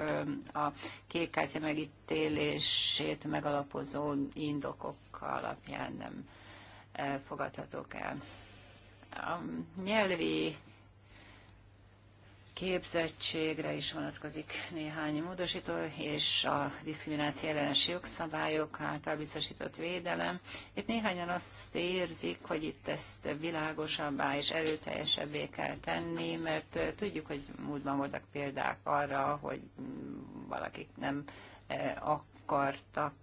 a kékkártya megítélését megalapozó indokok alapján nem fogadhatók el. A nyelvi képzettségre is vonatkozik néhány módosító, és a diszkrimináció ellenes jogszabályok által biztosított védelem. Itt néhányan azt érzik, hogy itt ezt világosabbá és erőteljesebbé kell tenni, mert tudjuk, hogy múltban voltak példák arra, hogy valakik nem eh, akartak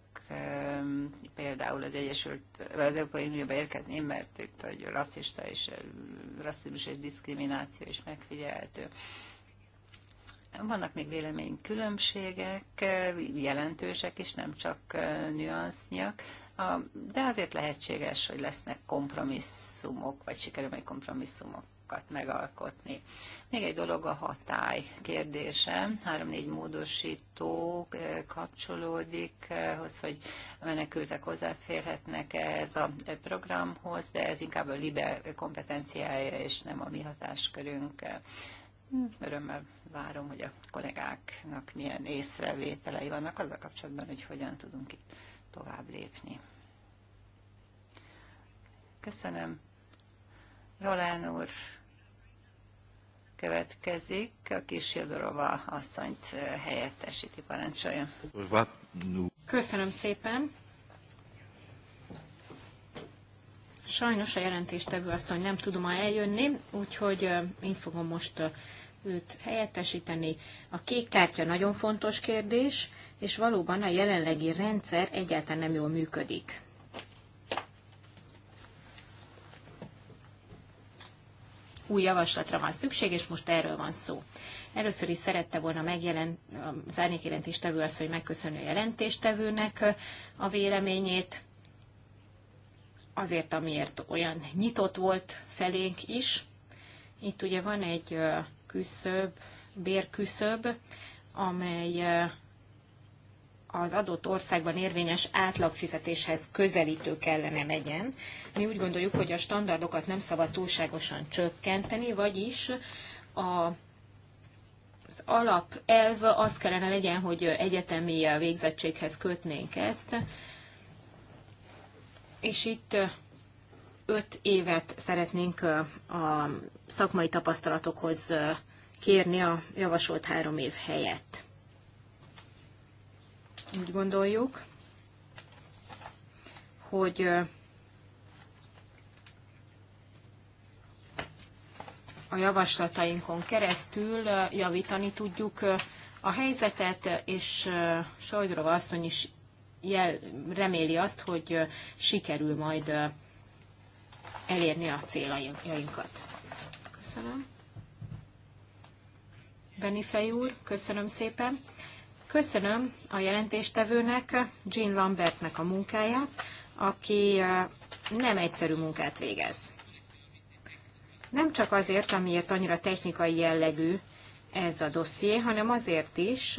például az Egyesült, vagy az Európai Unióba érkezni, mert itt hogy rasszista és rasszizmus és diszkrimináció is megfigyelhető. Vannak még véleménykülönbségek, jelentősek is, nem csak nüansznyak, de azért lehetséges, hogy lesznek kompromisszumok, vagy sikerül majd kompromisszumok javaslatokat megalkotni. Még egy dolog a hatály kérdése. Három-négy módosító eh, kapcsolódik, eh, hoz, hogy a menekültek hozzáférhetnek ez a programhoz, de ez inkább a liber kompetenciája, és nem a mi hatáskörünk. Örömmel várom, hogy a kollégáknak milyen észrevételei vannak azzal kapcsolatban, hogy hogyan tudunk itt tovább lépni. Köszönöm. Roland úr, következik. A kis Jodorova asszonyt helyettesíti, parancsolja. Köszönöm szépen. Sajnos a jelentéstevő asszony nem tud ma eljönni, úgyhogy én fogom most őt helyettesíteni. A kék kártya nagyon fontos kérdés, és valóban a jelenlegi rendszer egyáltalán nem jól működik. új javaslatra van szükség, és most erről van szó. Először is szerette volna megjelent, az árnyékjelentéstevő azt, hogy megköszönő a jelentéstevőnek a véleményét, azért, amiért olyan nyitott volt felénk is. Itt ugye van egy küszöb, bérküszöb, amely az adott országban érvényes átlagfizetéshez közelítő kellene legyen. Mi úgy gondoljuk, hogy a standardokat nem szabad túlságosan csökkenteni, vagyis a az elv az kellene legyen, hogy egyetemi végzettséghez kötnénk ezt, és itt öt évet szeretnénk a szakmai tapasztalatokhoz kérni a javasolt három év helyett úgy gondoljuk, hogy a javaslatainkon keresztül javítani tudjuk a helyzetet, és Sajdrova asszony is jel, reméli azt, hogy sikerül majd elérni a céljainkat. Köszönöm. Benifej úr, köszönöm szépen. Köszönöm a jelentéstevőnek, Jean Lambertnek a munkáját, aki nem egyszerű munkát végez. Nem csak azért, amiért annyira technikai jellegű ez a dosszié, hanem azért is,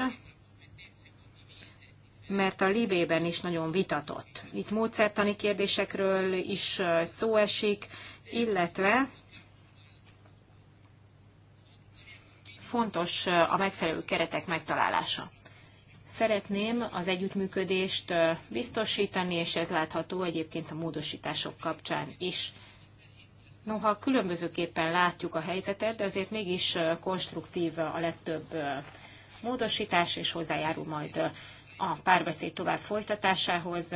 mert a Libében is nagyon vitatott. Itt módszertani kérdésekről is szó esik, illetve fontos a megfelelő keretek megtalálása. Szeretném az együttműködést biztosítani, és ez látható egyébként a módosítások kapcsán is. Noha különbözőképpen látjuk a helyzetet, de azért mégis konstruktív a legtöbb módosítás, és hozzájárul majd a párbeszéd tovább folytatásához.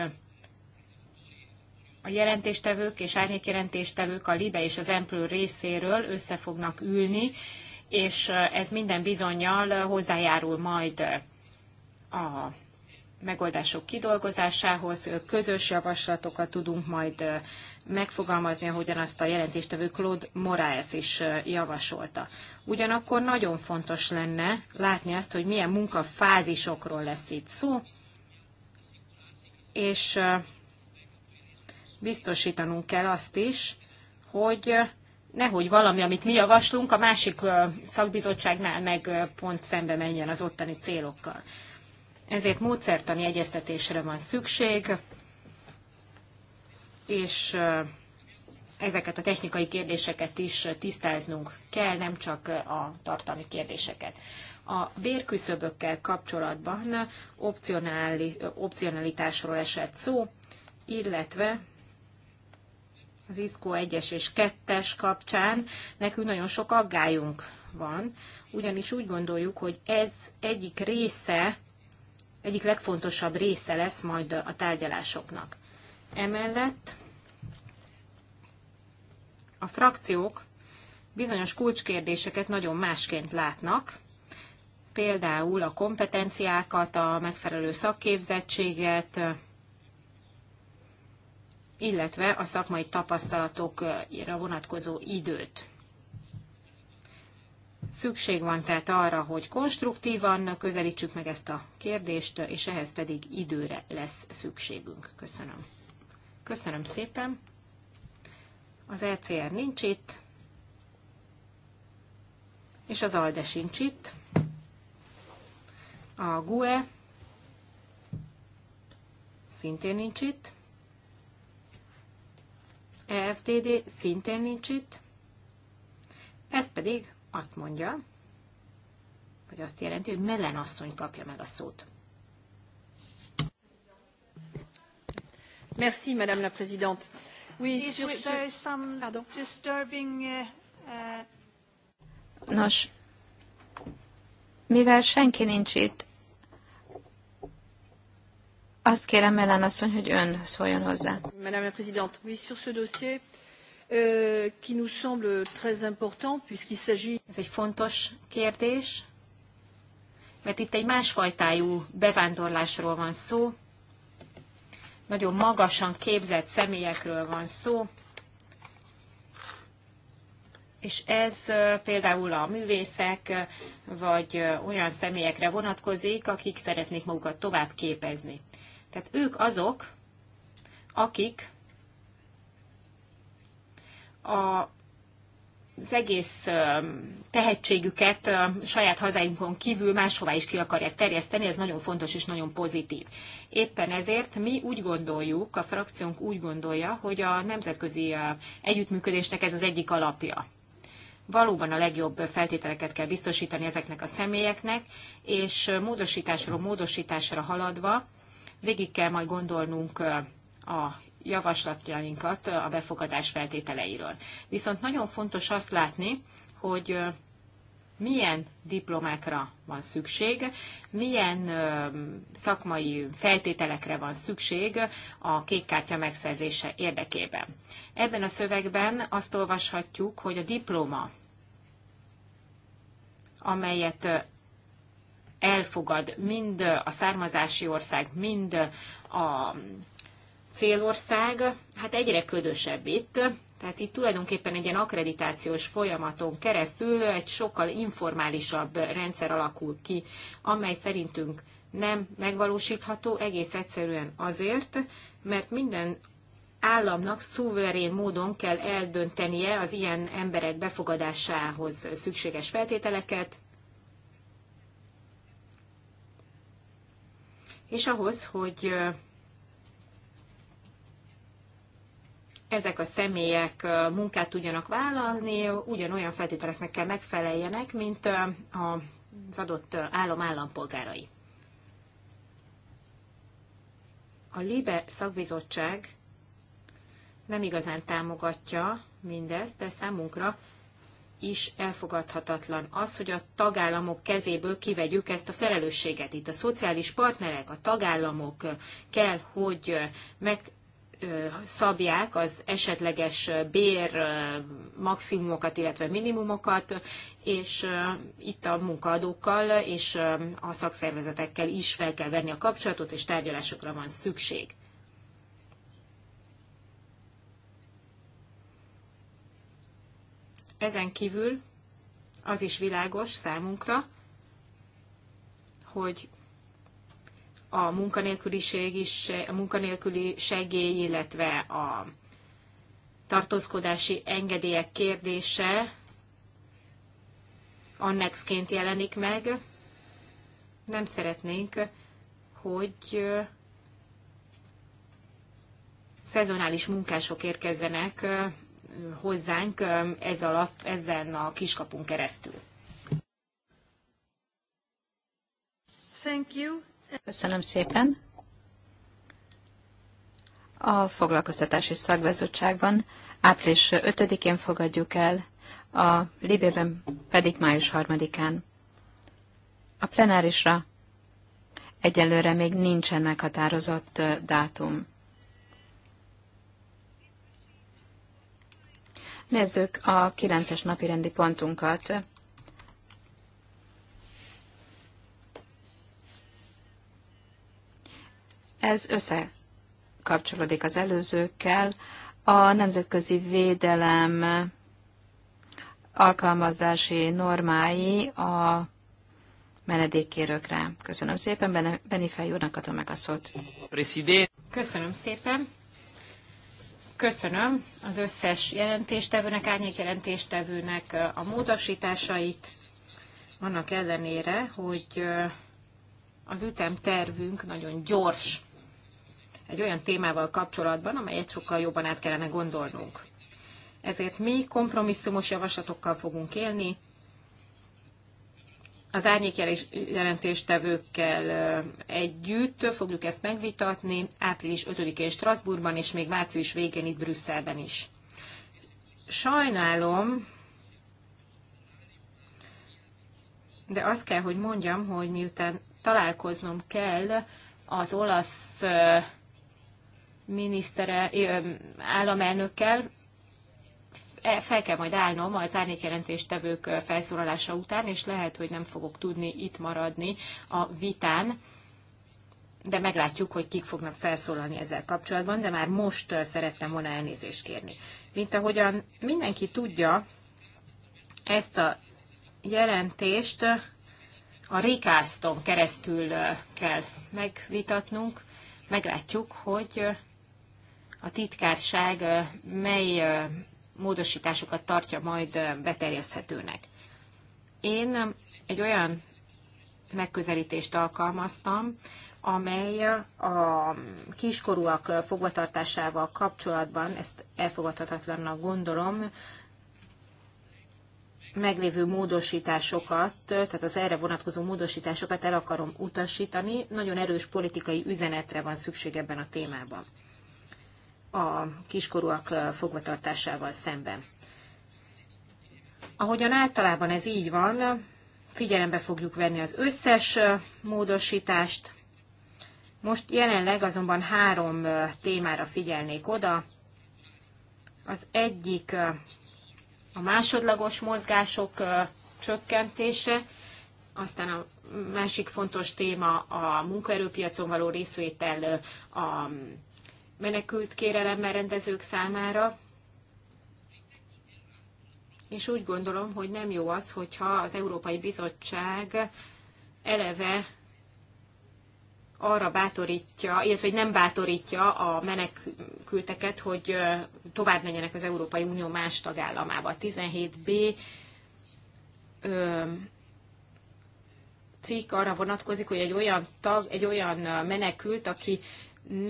A jelentéstevők és árnyékjelentéstevők a LIBE és az EMPLÖ részéről össze fognak ülni, és ez minden bizonyal hozzájárul majd a megoldások kidolgozásához közös javaslatokat tudunk majd megfogalmazni, ahogyan azt a jelentéstevő Claude Moraes is javasolta. Ugyanakkor nagyon fontos lenne látni azt, hogy milyen munkafázisokról lesz itt szó, és biztosítanunk kell azt is, hogy nehogy valami, amit mi javaslunk, a másik szakbizottságnál meg pont szembe menjen az ottani célokkal ezért módszertani egyeztetésre van szükség, és ezeket a technikai kérdéseket is tisztáznunk kell, nem csak a tartalmi kérdéseket. A bérküszöbökkel kapcsolatban opcionáli, opcionalitásról esett szó, illetve az ISZKO 1-es és 2-es kapcsán nekünk nagyon sok aggályunk van, ugyanis úgy gondoljuk, hogy ez egyik része egyik legfontosabb része lesz majd a tárgyalásoknak. Emellett a frakciók bizonyos kulcskérdéseket nagyon másként látnak, például a kompetenciákat, a megfelelő szakképzettséget, illetve a szakmai tapasztalatokra vonatkozó időt. Szükség van tehát arra, hogy konstruktívan közelítsük meg ezt a kérdést, és ehhez pedig időre lesz szükségünk. Köszönöm. Köszönöm szépen. Az ECR nincs itt, és az ALDE sincs itt. A GUE szintén nincs itt. EFTD szintén nincs itt. Ez pedig azt mondja, vagy azt jelenti, hogy Melen asszony kapja meg a szót. Merci, Madame la Présidente. Oui, sur ce... some Pardon. disturbing... Uh, uh... Nos, mivel senki nincs itt, azt kérem Melen asszony, hogy ön szóljon hozzá. Madame la Présidente, oui, sur ce dossier, Euh, qui nous semble très important puisqu'il s'agit... Ez egy fontos kérdés, mert itt egy másfajtájú bevándorlásról van szó, nagyon magasan képzett személyekről van szó, és ez például a művészek, vagy olyan személyekre vonatkozik, akik szeretnék magukat tovább képezni. Tehát ők azok, akik a az egész tehetségüket saját hazáinkon kívül máshová is ki akarják terjeszteni, ez nagyon fontos és nagyon pozitív. Éppen ezért mi úgy gondoljuk, a frakciónk úgy gondolja, hogy a nemzetközi együttműködésnek ez az egyik alapja. Valóban a legjobb feltételeket kell biztosítani ezeknek a személyeknek, és módosításról módosításra haladva végig kell majd gondolnunk a javaslatjainkat a befogadás feltételeiről. Viszont nagyon fontos azt látni, hogy milyen diplomákra van szükség, milyen szakmai feltételekre van szükség a kékkártya megszerzése érdekében. Ebben a szövegben azt olvashatjuk, hogy a diploma, amelyet elfogad mind a származási ország, mind a célország, hát egyre ködösebb itt, tehát itt tulajdonképpen egy ilyen akkreditációs folyamaton keresztül egy sokkal informálisabb rendszer alakul ki, amely szerintünk nem megvalósítható egész egyszerűen azért, mert minden államnak szuverén módon kell eldöntenie az ilyen emberek befogadásához szükséges feltételeket, és ahhoz, hogy ezek a személyek munkát tudjanak vállalni, ugyanolyan feltételeknek kell megfeleljenek, mint az adott állam állampolgárai. A LIBE szakbizottság nem igazán támogatja mindezt, de számunkra is elfogadhatatlan az, hogy a tagállamok kezéből kivegyük ezt a felelősséget. Itt a szociális partnerek, a tagállamok kell, hogy meg szabják az esetleges bér maximumokat, illetve minimumokat, és itt a munkaadókkal és a szakszervezetekkel is fel kell venni a kapcsolatot, és tárgyalásokra van szükség. Ezen kívül az is világos számunkra, hogy a munkanélküliség is, a munkanélküli segély, illetve a tartózkodási engedélyek kérdése annexként jelenik meg. Nem szeretnénk, hogy szezonális munkások érkezzenek hozzánk ez alatt, ezen a kiskapunk keresztül. Thank you. Köszönöm szépen. A foglalkoztatási szakbizottságban április 5-én fogadjuk el, a Libében pedig május 3-án. A plenárisra egyelőre még nincsen meghatározott dátum. Nézzük a 9-es napi rendi pontunkat. Ez összekapcsolódik az előzőkkel. A nemzetközi védelem alkalmazási normái a menedékkérőkre. Köszönöm szépen, Beni Fejúrnak adom meg a szót. Köszönöm szépen. Köszönöm az összes jelentéstevőnek, árnyék jelentéstevőnek a módosításait. Annak ellenére, hogy az ütemtervünk nagyon gyors egy olyan témával kapcsolatban, amelyet sokkal jobban át kellene gondolnunk. Ezért mi kompromisszumos javaslatokkal fogunk élni, az árnyék jelentéstevőkkel együtt fogjuk ezt megvitatni április 5-én Strasbourgban, és még március végén itt Brüsszelben is. Sajnálom, de azt kell, hogy mondjam, hogy miután találkoznom kell az olasz minisztere, államelnökkel, e, fel kell majd állnom az árnyékjelentéstevők felszólalása után, és lehet, hogy nem fogok tudni itt maradni a vitán, de meglátjuk, hogy kik fognak felszólalni ezzel kapcsolatban, de már most szerettem volna elnézést kérni. Mint ahogyan mindenki tudja, ezt a jelentést a Rikászton keresztül kell megvitatnunk, meglátjuk, hogy a titkárság mely módosításokat tartja majd beterjeszthetőnek. Én egy olyan megközelítést alkalmaztam, amely a kiskorúak fogvatartásával kapcsolatban, ezt elfogadhatatlannak gondolom, meglévő módosításokat, tehát az erre vonatkozó módosításokat el akarom utasítani. Nagyon erős politikai üzenetre van szükség ebben a témában a kiskorúak fogvatartásával szemben. Ahogyan általában ez így van, figyelembe fogjuk venni az összes módosítást. Most jelenleg azonban három témára figyelnék oda. Az egyik a másodlagos mozgások csökkentése, aztán a másik fontos téma a munkaerőpiacon való részvétel a menekült kérelemmel rendezők számára, és úgy gondolom, hogy nem jó az, hogyha az Európai Bizottság eleve arra bátorítja, illetve hogy nem bátorítja a menekülteket, hogy tovább menjenek az Európai Unió más tagállamába. 17b cikk arra vonatkozik, hogy egy olyan tag, egy olyan menekült, aki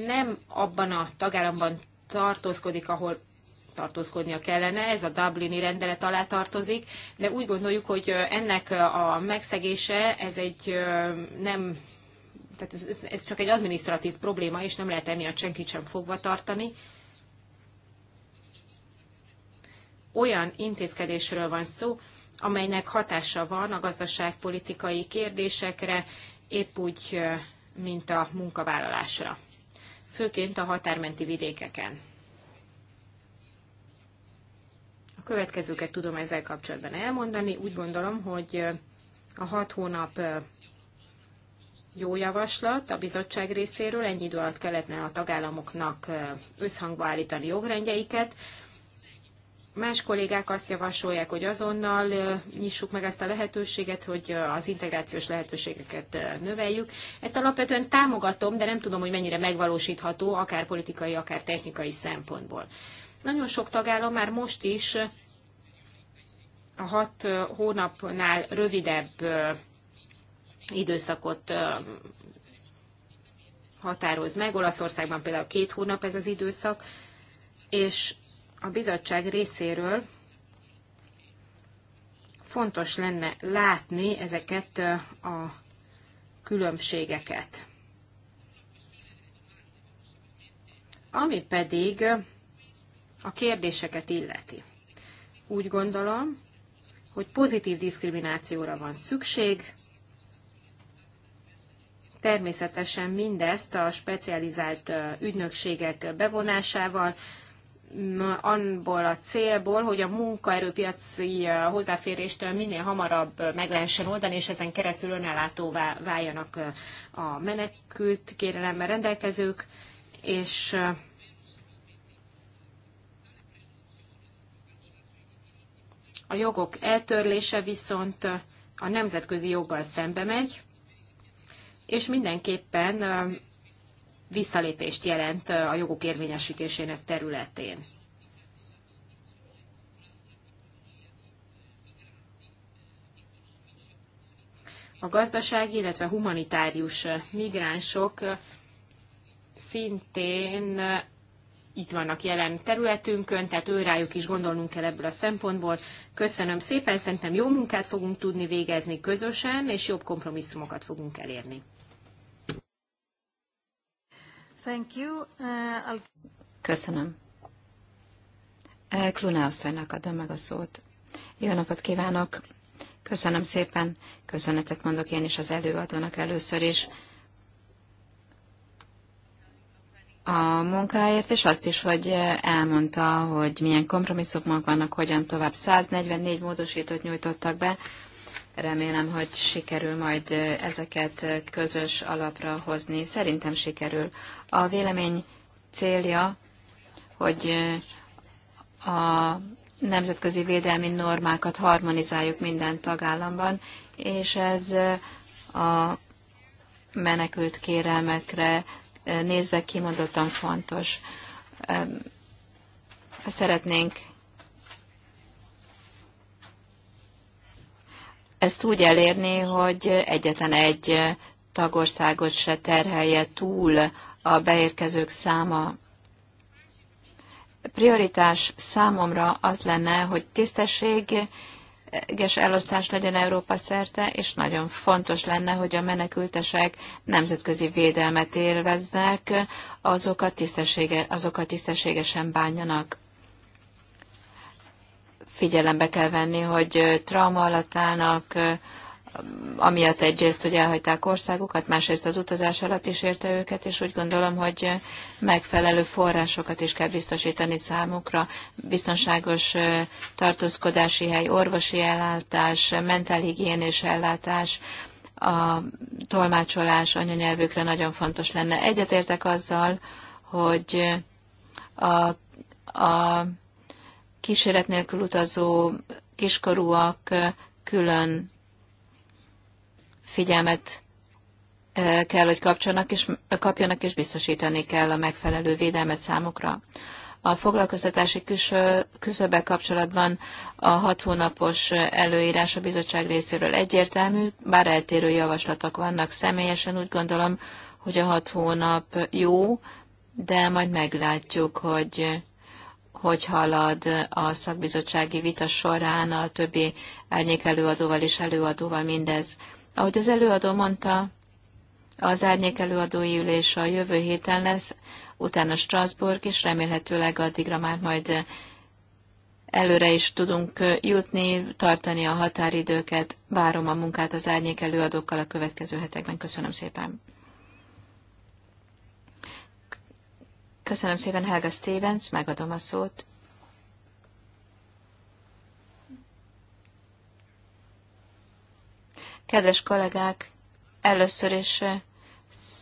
nem abban a tagállamban tartózkodik, ahol tartózkodnia kellene, ez a Dublini rendelet alá tartozik, de úgy gondoljuk, hogy ennek a megszegése ez egy nem, tehát ez, ez csak egy administratív probléma, és nem lehet emiatt senkit sem fogva tartani. Olyan intézkedésről van szó, amelynek hatása van a gazdaságpolitikai kérdésekre, épp úgy, mint a munkavállalásra főként a határmenti vidékeken. A következőket tudom ezzel kapcsolatban elmondani. Úgy gondolom, hogy a hat hónap jó javaslat a bizottság részéről, ennyi idő alatt kellettne a tagállamoknak összhangba állítani jogrendjeiket, Más kollégák azt javasolják, hogy azonnal nyissuk meg ezt a lehetőséget, hogy az integrációs lehetőségeket növeljük. Ezt alapvetően támogatom, de nem tudom, hogy mennyire megvalósítható, akár politikai, akár technikai szempontból. Nagyon sok tagállam már most is a hat hónapnál rövidebb időszakot határoz meg. Olaszországban például két hónap ez az időszak, és a bizottság részéről fontos lenne látni ezeket a különbségeket. Ami pedig a kérdéseket illeti. Úgy gondolom, hogy pozitív diszkriminációra van szükség. Természetesen mindezt a specializált ügynökségek bevonásával, abból a célból, hogy a munkaerőpiaci hozzáférést minél hamarabb meg lehessen oldani, és ezen keresztül önállátóvá váljanak a menekült kérelemmel rendelkezők, és a jogok eltörlése viszont a nemzetközi joggal szembe megy, és mindenképpen visszalépést jelent a jogok érvényesítésének területén. A gazdasági, illetve humanitárius migránsok szintén itt vannak jelen területünkön, tehát őrájuk is gondolnunk kell ebből a szempontból. Köszönöm szépen, szerintem jó munkát fogunk tudni végezni közösen, és jobb kompromisszumokat fogunk elérni. Thank you. Uh, Köszönöm. Eh, Kluna asszonynak adom meg a szót. Jó napot kívánok! Köszönöm szépen, köszönetet mondok én is az előadónak először is a munkáért, és azt is, hogy elmondta, hogy milyen kompromisszumok vannak, hogyan tovább. 144 módosítót nyújtottak be, Remélem, hogy sikerül majd ezeket közös alapra hozni. Szerintem sikerül. A vélemény célja, hogy a nemzetközi védelmi normákat harmonizáljuk minden tagállamban, és ez a menekült kérelmekre nézve kimondottan fontos. Szeretnénk ezt úgy elérni, hogy egyetlen egy tagországot se terhelje túl a beérkezők száma. Prioritás számomra az lenne, hogy és elosztás legyen Európa szerte, és nagyon fontos lenne, hogy a menekültesek nemzetközi védelmet élveznek, azokat, tisztessége, azokat tisztességesen bánjanak figyelembe kell venni, hogy trauma alatt állnak, amiatt egyrészt, hogy elhagyták országukat, másrészt az utazás alatt is érte őket, és úgy gondolom, hogy megfelelő forrásokat is kell biztosítani számukra, biztonságos tartózkodási hely, orvosi ellátás, mentálhigiénés ellátás, a tolmácsolás anyanyelvükre nagyon fontos lenne. Egyetértek azzal, hogy a, a kísérlet nélkül utazó kiskorúak külön figyelmet kell, hogy kapcsolnak és, kapjanak, és biztosítani kell a megfelelő védelmet számukra. A foglalkoztatási küszöbe kapcsolatban a hat hónapos előírás a bizottság részéről egyértelmű, bár eltérő javaslatok vannak. Személyesen úgy gondolom, hogy a hat hónap jó, de majd meglátjuk, hogy hogy halad a szakbizottsági vita során a többi árnyék előadóval és előadóval mindez. Ahogy az előadó mondta, az árnyék előadói ülés a jövő héten lesz, utána Strasbourg, és remélhetőleg addigra már majd előre is tudunk jutni, tartani a határidőket. Várom a munkát az árnyék előadókkal a következő hetekben. Köszönöm szépen. Köszönöm szépen, Helga Stevens, megadom a szót. Kedves kollégák, először is eh,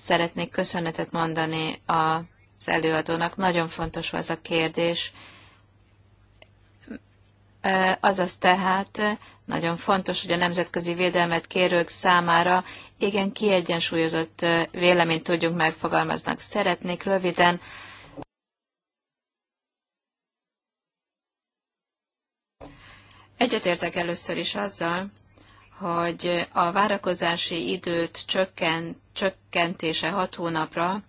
szeretnék köszönetet mondani az előadónak. Nagyon fontos az a kérdés. Eh, azaz tehát eh, nagyon fontos, hogy a nemzetközi védelmet kérők számára igen kiegyensúlyozott véleményt tudjunk megfogalmaznak. Szeretnék röviden Egyetértek először is azzal, hogy a várakozási időt csökken, csökkentése hat hónapra,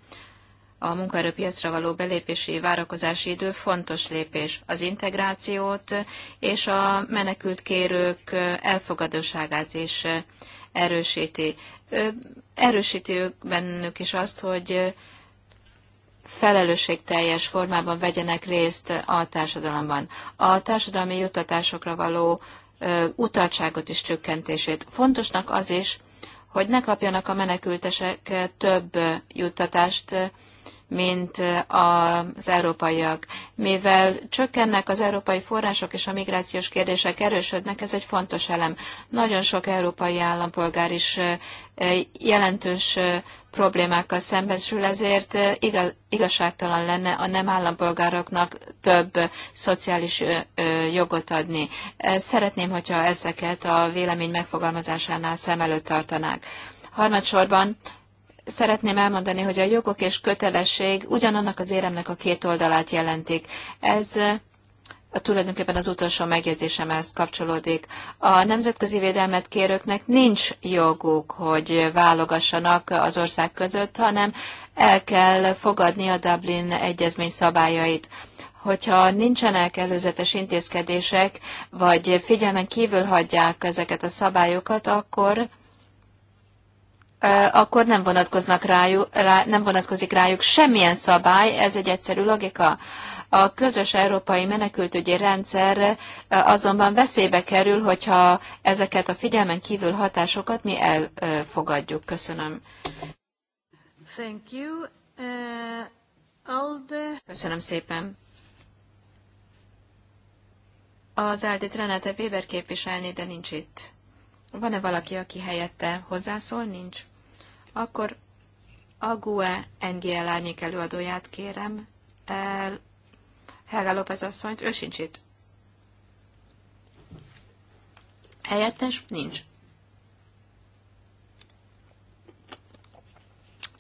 a munkaerőpiacra való belépési várakozási idő fontos lépés. Az integrációt és a menekült kérők elfogadóságát is erősíti. Erősíti bennük is azt, hogy felelősségteljes formában vegyenek részt a társadalomban. A társadalmi juttatásokra való utaltságot is csökkentését. Fontosnak az is, hogy ne kapjanak a menekültesek több juttatást, mint az európaiak. Mivel csökkennek az európai források és a migrációs kérdések erősödnek, ez egy fontos elem. Nagyon sok európai állampolgár is jelentős problémákkal szembesül, ezért eh, igaz, igazságtalan lenne a nem állampolgároknak több szociális eh, eh, jogot adni. Szeretném, hogyha ezeket a vélemény megfogalmazásánál szem előtt tartanák. Harmadsorban szeretném elmondani, hogy a jogok és kötelesség ugyanannak az éremnek a két oldalát jelentik. Ez tulajdonképpen az utolsó megjegyzésemhez kapcsolódik. A nemzetközi védelmet kérőknek nincs joguk, hogy válogassanak az ország között, hanem el kell fogadni a Dublin egyezmény szabályait. Hogyha nincsenek előzetes intézkedések, vagy figyelmen kívül hagyják ezeket a szabályokat, akkor eh, akkor nem, vonatkoznak rájuk, rá, nem vonatkozik rájuk semmilyen szabály, ez egy egyszerű logika a közös európai menekültügyi rendszer eh, azonban veszélybe kerül, hogyha ezeket a figyelmen kívül hatásokat mi elfogadjuk. Eh, Köszönöm. Thank you. Uh, eh, the... Köszönöm szépen. Az Áldit Renate Weber képviselni, de nincs itt. Van-e valaki, aki helyette hozzászól? Nincs. Akkor Ague NGL árnyék előadóját kérem el Helga López asszonyt, ő sincs itt. Helyettes? Nincs.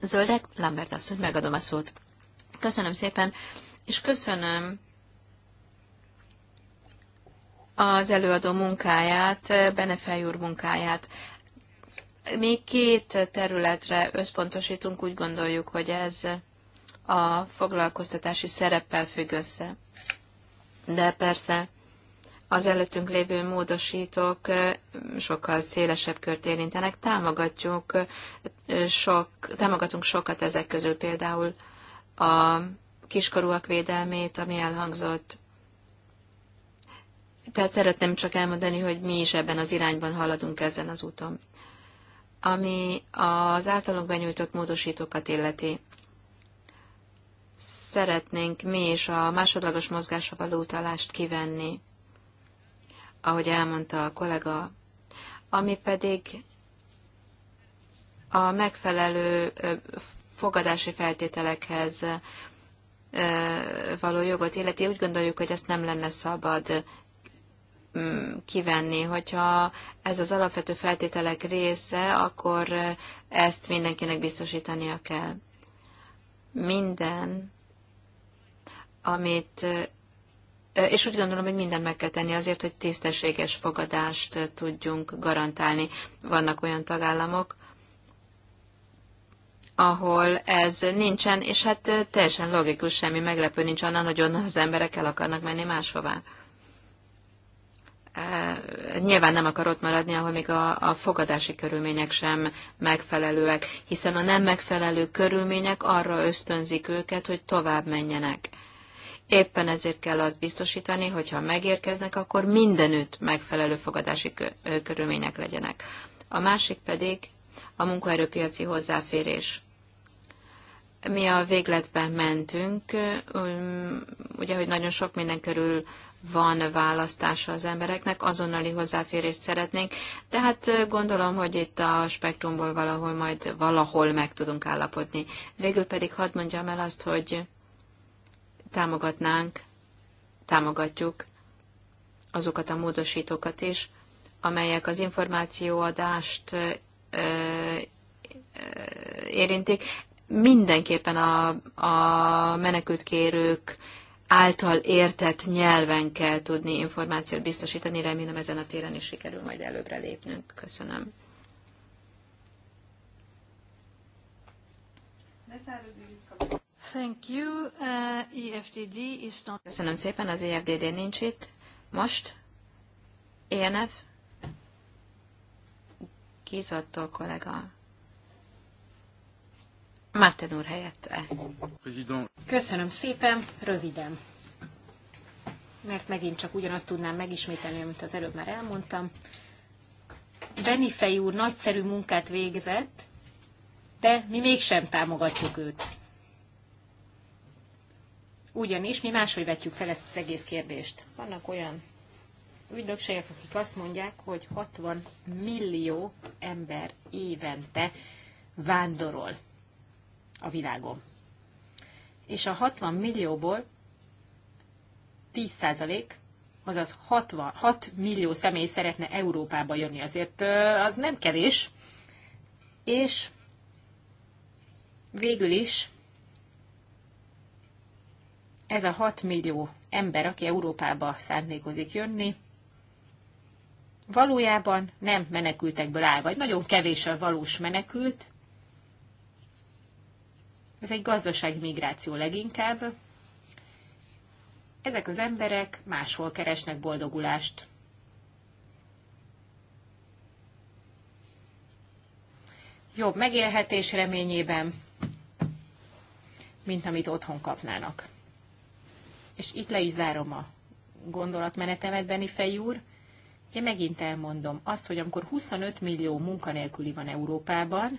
Zöldek, Lambert asszony, megadom a szót. Köszönöm szépen, és köszönöm az előadó munkáját, Benefej úr munkáját. Mi két területre összpontosítunk, úgy gondoljuk, hogy ez a foglalkoztatási szereppel függ össze. De persze az előttünk lévő módosítók sokkal szélesebb kört érintenek. Támogatjuk sok, támogatunk sokat ezek közül, például a kiskorúak védelmét, ami elhangzott. Tehát szeretném csak elmondani, hogy mi is ebben az irányban haladunk ezen az úton. Ami az általunk benyújtott módosítókat illeti szeretnénk mi is a másodlagos mozgásra való utalást kivenni, ahogy elmondta a kollega, ami pedig a megfelelő fogadási feltételekhez való jogot illeti, úgy gondoljuk, hogy ezt nem lenne szabad mm, kivenni. Hogyha ez az alapvető feltételek része, akkor ezt mindenkinek biztosítania kell minden, amit és úgy gondolom, hogy mindent meg kell tenni azért, hogy tisztességes fogadást tudjunk garantálni. Vannak olyan tagállamok, ahol ez nincsen, és hát teljesen logikus, semmi meglepő nincs annan, hogy onnan az emberek el akarnak menni máshová nyilván nem akar ott maradni, ahol még a, a fogadási körülmények sem megfelelőek, hiszen a nem megfelelő körülmények arra ösztönzik őket, hogy tovább menjenek. Éppen ezért kell azt biztosítani, hogyha megérkeznek, akkor mindenütt megfelelő fogadási körülmények legyenek. A másik pedig a munkaerőpiaci hozzáférés. Mi a végletben mentünk, ugye, hogy nagyon sok minden körül van választása az embereknek, azonnali hozzáférést szeretnénk, de hát gondolom, hogy itt a spektrumból valahol majd valahol meg tudunk állapodni. Végül pedig hadd mondjam el azt, hogy támogatnánk, támogatjuk azokat a módosítókat is, amelyek az információadást érintik. Mindenképpen a, a menekültkérők kérők által értett nyelven kell tudni információt biztosítani. Remélem ezen a téren is sikerül majd előbbre lépnünk. Köszönöm. Thank you. Uh, EFDD is not... Köszönöm szépen, az EFDD nincs itt. Most? ENF? Gizottól kollega. Máten úr helyette. Köszönöm szépen, röviden. Mert megint csak ugyanazt tudnám megismételni, amit az előbb már elmondtam. Benifej úr nagyszerű munkát végzett, de mi mégsem támogatjuk őt. Ugyanis mi máshogy vetjük fel ezt az egész kérdést. Vannak olyan ügynökségek, akik azt mondják, hogy 60 millió ember évente vándorol a világon. És a 60 millióból 10 százalék, azaz 60, 6 millió személy szeretne Európába jönni. Azért az nem kevés. És végül is ez a 6 millió ember, aki Európába szándékozik jönni, valójában nem menekültekből áll, vagy nagyon kevés a valós menekült, ez egy gazdasági migráció leginkább. Ezek az emberek máshol keresnek boldogulást. Jobb megélhetés reményében, mint amit otthon kapnának. És itt le is zárom a gondolatmenetemet, Beni Fej úr. Én megint elmondom azt, hogy amikor 25 millió munkanélküli van Európában,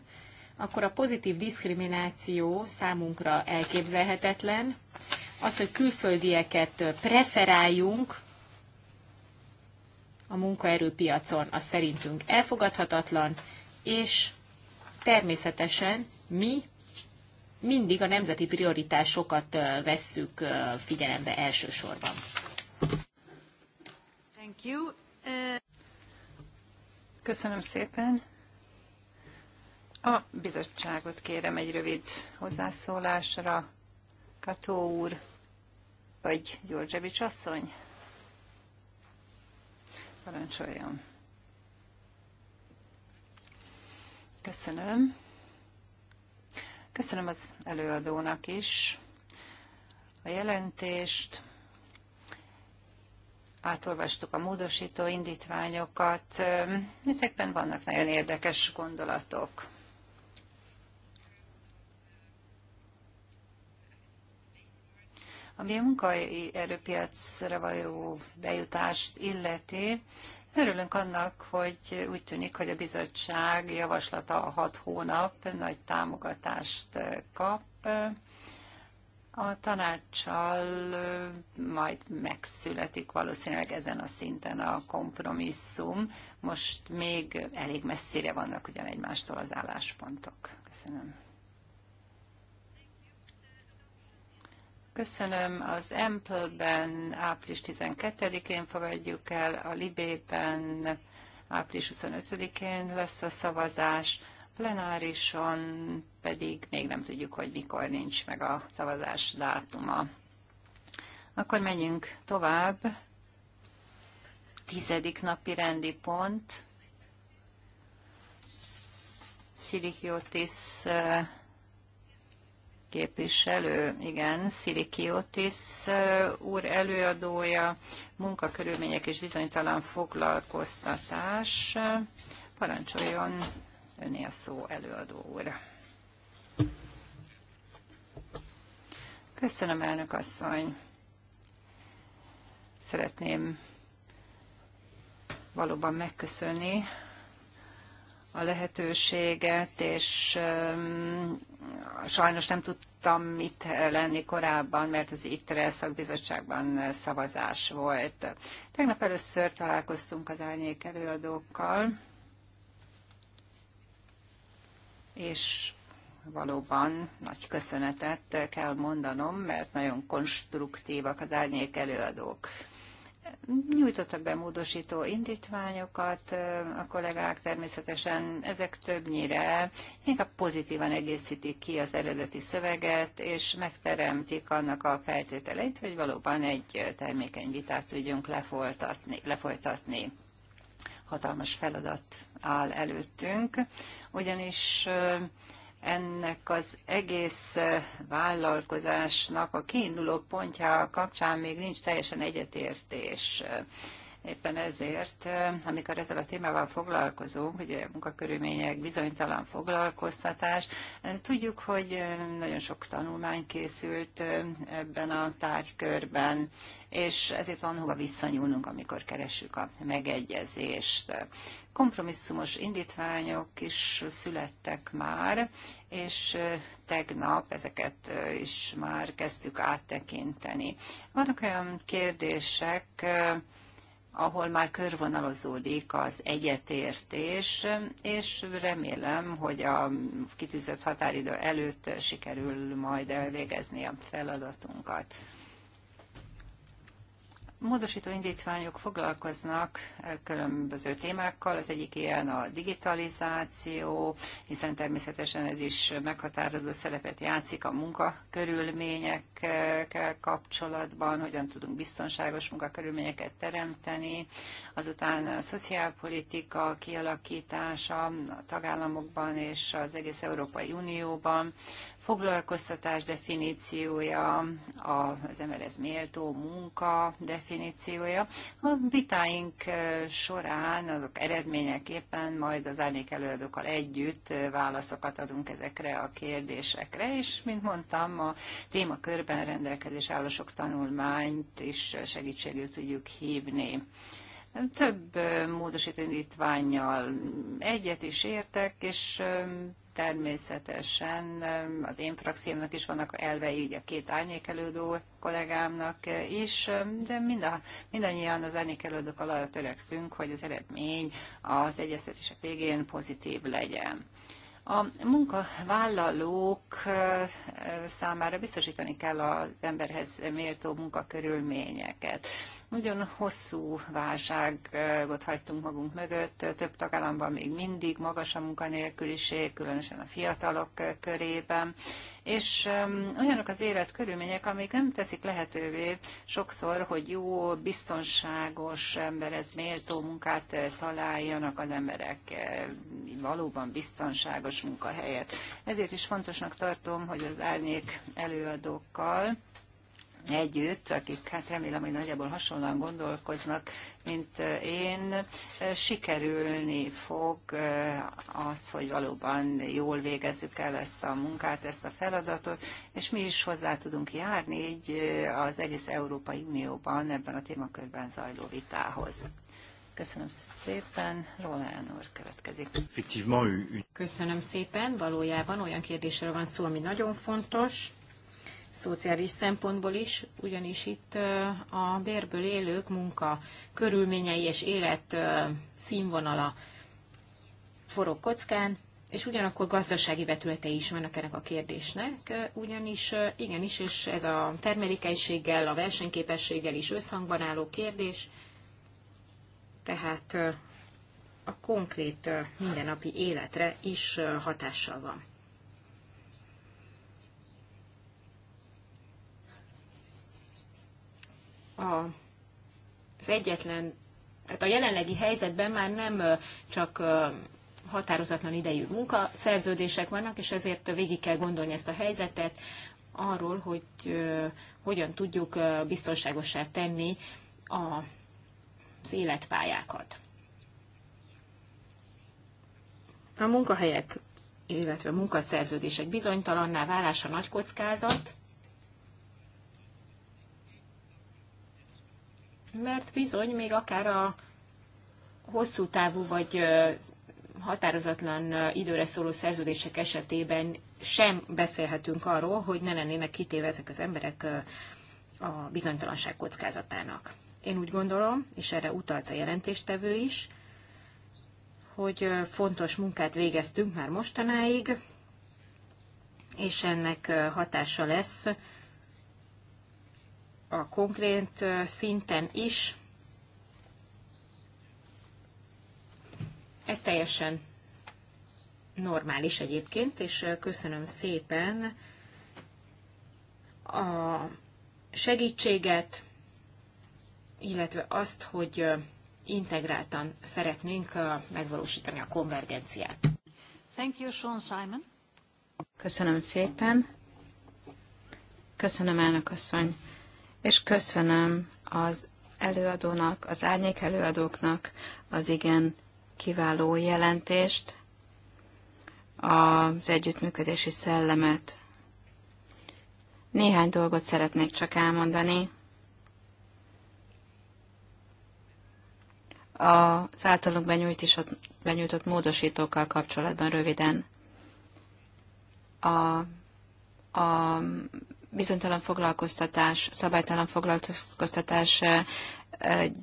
akkor a pozitív diszkrimináció számunkra elképzelhetetlen. Az, hogy külföldieket preferáljunk a munkaerőpiacon, az szerintünk elfogadhatatlan, és természetesen mi mindig a nemzeti prioritásokat vesszük figyelembe elsősorban. Thank you. Köszönöm szépen. A bizottságot kérem egy rövid hozzászólásra. Kató úr, vagy Gyurgyevics asszony? Parancsoljon. Köszönöm. Köszönöm az előadónak is a jelentést. Átolvastuk a módosító indítványokat. Ezekben vannak nagyon érdekes gondolatok. Ami a erőpiacra való bejutást illeti, örülünk annak, hogy úgy tűnik, hogy a bizottság javaslata a hat hónap nagy támogatást kap. A tanácssal majd megszületik valószínűleg ezen a szinten a kompromisszum. Most még elég messzire vannak ugyan egymástól az álláspontok. Köszönöm. Köszönöm. Az Ample-ben április 12-én fogadjuk el, a Libében április 25-én lesz a szavazás, plenárison pedig még nem tudjuk, hogy mikor nincs meg a szavazás dátuma. Akkor menjünk tovább. Tizedik napi rendi pont. Sirikiotis eh, képviselő, igen, Szili Kiotis úr előadója, munkakörülmények és bizonytalan foglalkoztatás. Parancsoljon öné a szó előadó úr. Köszönöm, elnök asszony. Szeretném valóban megköszönni a lehetőséget, és sajnos nem tudtam itt lenni korábban, mert az ITRE szakbizottságban szavazás volt. Tegnap először találkoztunk az árnyék előadókkal, és valóban nagy köszönetet kell mondanom, mert nagyon konstruktívak az árnyék előadók. Nyújtottak be módosító indítványokat a kollégák, természetesen ezek többnyire inkább pozitívan egészítik ki az eredeti szöveget, és megteremtik annak a feltételeit, hogy valóban egy termékeny vitát tudjunk lefolytatni. Hatalmas feladat áll előttünk, ugyanis ennek az egész vállalkozásnak a kiinduló pontja kapcsán még nincs teljesen egyetértés. Éppen ezért, amikor ezzel a témával foglalkozunk, ugye munkakörülmények, bizonytalan foglalkoztatás, tudjuk, hogy nagyon sok tanulmány készült ebben a tárgykörben, és ezért van hova visszanyúlnunk, amikor keressük a megegyezést. Kompromisszumos indítványok is születtek már, és tegnap ezeket is már kezdtük áttekinteni. Vannak olyan kérdések, ahol már körvonalozódik az egyetértés, és remélem, hogy a kitűzött határidő előtt sikerül majd elvégezni a feladatunkat módosító indítványok foglalkoznak különböző témákkal. Az egyik ilyen a digitalizáció, hiszen természetesen ez is meghatározó szerepet játszik a munkakörülményekkel kapcsolatban, hogyan tudunk biztonságos munkakörülményeket teremteni. Azután a szociálpolitika kialakítása a tagállamokban és az egész Európai Unióban, foglalkoztatás definíciója, az emelez méltó munka definíciója. A vitáink során azok eredményeképpen majd az árnyék előadókkal együtt válaszokat adunk ezekre a kérdésekre, és mint mondtam, a témakörben rendelkezés álló sok tanulmányt is segítségül tudjuk hívni több módosító indítványjal egyet is értek, és természetesen az én frakciómnak is vannak elvei, ugye a két árnyékelődő kollégámnak is, de mind a, mindannyian az árnyékelődők alatt törekszünk, hogy az eredmény az egyeztetések végén pozitív legyen. A munkavállalók számára biztosítani kell az emberhez méltó munkakörülményeket. Nagyon hosszú válságot hagytunk magunk mögött, több tagállamban még mindig magas a munkanélküliség, különösen a fiatalok körében, és um, olyanok az életkörülmények, amik nem teszik lehetővé sokszor, hogy jó, biztonságos emberhez méltó munkát találjanak az emberek, eh, valóban biztonságos munkahelyet. Ezért is fontosnak tartom, hogy az árnyék előadókkal, együtt, akik hát remélem, hogy nagyjából hasonlóan gondolkoznak, mint én, sikerülni fog az, hogy valóban jól végezzük el ezt a munkát, ezt a feladatot, és mi is hozzá tudunk járni így az egész Európai Unióban ebben a témakörben zajló vitához. Köszönöm szépen. Lolán úr következik. Köszönöm szépen. Valójában olyan kérdésről van szó, ami nagyon fontos szociális szempontból is, ugyanis itt a bérből élők munka körülményei és élet színvonala forog kockán, és ugyanakkor gazdasági vetülete is vannak ennek a kérdésnek, ugyanis igenis, és ez a termelékenységgel, a versenyképességgel is összhangban álló kérdés, tehát a konkrét mindennapi életre is hatással van. a, az egyetlen, tehát a jelenlegi helyzetben már nem csak határozatlan idejű munkaszerződések vannak, és ezért végig kell gondolni ezt a helyzetet arról, hogy hogyan tudjuk biztonságosá tenni a az életpályákat. A munkahelyek, illetve a munkaszerződések bizonytalanná válása nagy kockázat, mert bizony még akár a hosszú távú vagy határozatlan időre szóló szerződések esetében sem beszélhetünk arról, hogy ne lennének kitéve ezek az emberek a bizonytalanság kockázatának. Én úgy gondolom, és erre utalt a jelentéstevő is, hogy fontos munkát végeztünk már mostanáig, és ennek hatása lesz a konkrét szinten is. Ez teljesen normális egyébként, és köszönöm szépen a segítséget, illetve azt, hogy integráltan szeretnénk megvalósítani a konvergenciát. Thank you, Sean Simon. Köszönöm szépen. Köszönöm, elnök asszony és köszönöm az előadónak, az árnyék előadóknak az igen kiváló jelentést, az együttműködési szellemet. Néhány dolgot szeretnék csak elmondani. Az általunk benyújtott, benyújtott módosítókkal kapcsolatban röviden. A, a bizonytalan foglalkoztatás, szabálytalan foglalkoztatás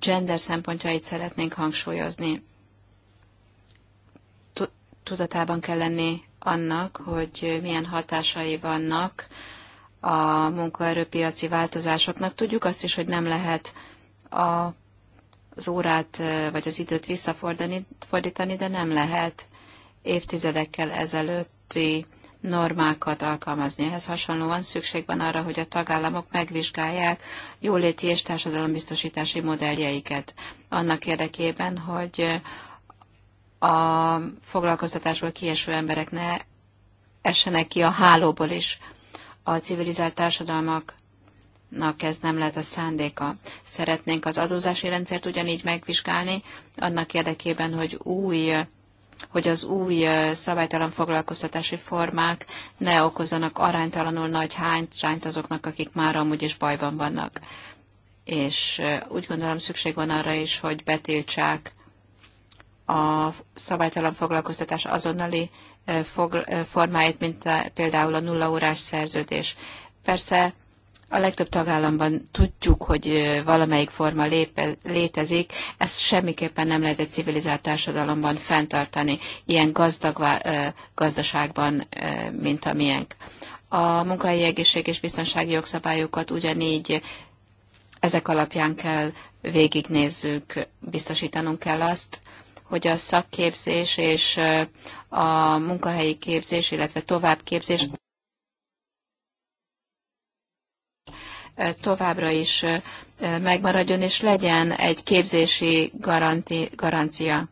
gender szempontjait szeretnénk hangsúlyozni. Tudatában kell lenni annak, hogy milyen hatásai vannak a munkaerőpiaci változásoknak. Tudjuk azt is, hogy nem lehet a, az órát vagy az időt visszafordítani, de nem lehet évtizedekkel ezelőtti normákat alkalmazni. Ehhez hasonlóan szükség van arra, hogy a tagállamok megvizsgálják jóléti és társadalombiztosítási modelljeiket annak érdekében, hogy a foglalkoztatásból kieső emberek ne essenek ki a hálóból is. A civilizált társadalmak ez nem lehet a szándéka. Szeretnénk az adózási rendszert ugyanígy megvizsgálni, annak érdekében, hogy új hogy az új szabálytalan foglalkoztatási formák ne okozzanak aránytalanul nagy hányt, azoknak, akik már amúgy is bajban vannak. És úgy gondolom szükség van arra is, hogy betiltsák a szabálytalan foglalkoztatás azonnali formáit, mint például a nulla órás szerződés. Persze a legtöbb tagállamban tudjuk, hogy valamelyik forma lépe, létezik, ezt semmiképpen nem lehet egy civilizált társadalomban fenntartani, ilyen gazdag gazdaságban, mint a miénk. A munkahelyi egészség és biztonsági jogszabályokat ugyanígy ezek alapján kell végignézzük, biztosítanunk kell azt, hogy a szakképzés és a munkahelyi képzés, illetve továbbképzés továbbra is megmaradjon, és legyen egy képzési garanti, garancia.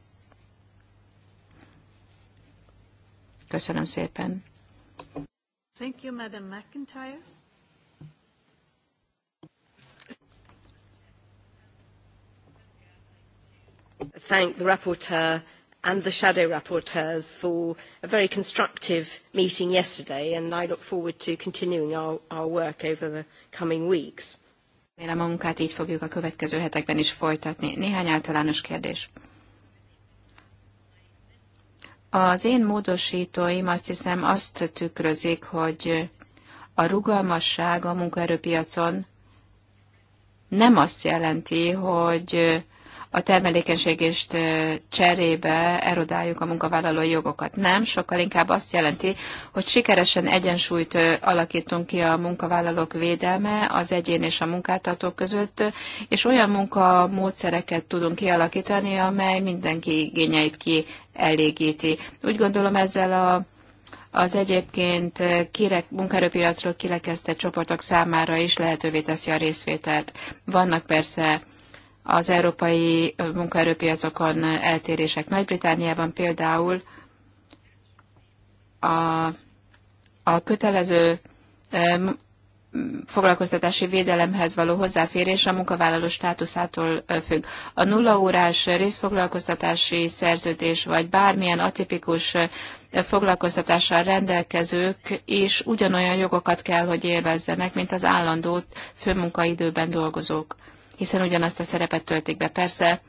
Köszönöm szépen. Thank you, Madam McIntyre. Thank the rapporteur and the shadow rapporteurs for a very constructive meeting yesterday, and I look forward to continuing our, our work over the coming weeks. Remélem a munkát így fogjuk a következő hetekben is folytatni. Néhány általános kérdés. Az én módosítóim azt hiszem azt tükrözik, hogy a rugalmasság a munkaerőpiacon nem azt jelenti, hogy a termelékenységést cserébe erodáljuk a munkavállalói jogokat. Nem, sokkal inkább azt jelenti, hogy sikeresen egyensúlyt alakítunk ki a munkavállalók védelme az egyén és a munkáltató között, és olyan munkamódszereket tudunk kialakítani, amely mindenki igényeit kielégíti. Úgy gondolom ezzel a az egyébként kirek, munkaerőpiacról kilekeztett csoportok számára is lehetővé teszi a részvételt. Vannak persze az európai munkaerőpiacokon eltérések. Nagy-Britániában például a, a kötelező foglalkoztatási védelemhez való hozzáférés a munkavállaló státuszától függ. A nullaórás részfoglalkoztatási szerződés vagy bármilyen atipikus foglalkoztatással rendelkezők is ugyanolyan jogokat kell, hogy élvezzenek, mint az állandó főmunkaidőben dolgozók hiszen ugyanazt a szerepet töltik be. Persze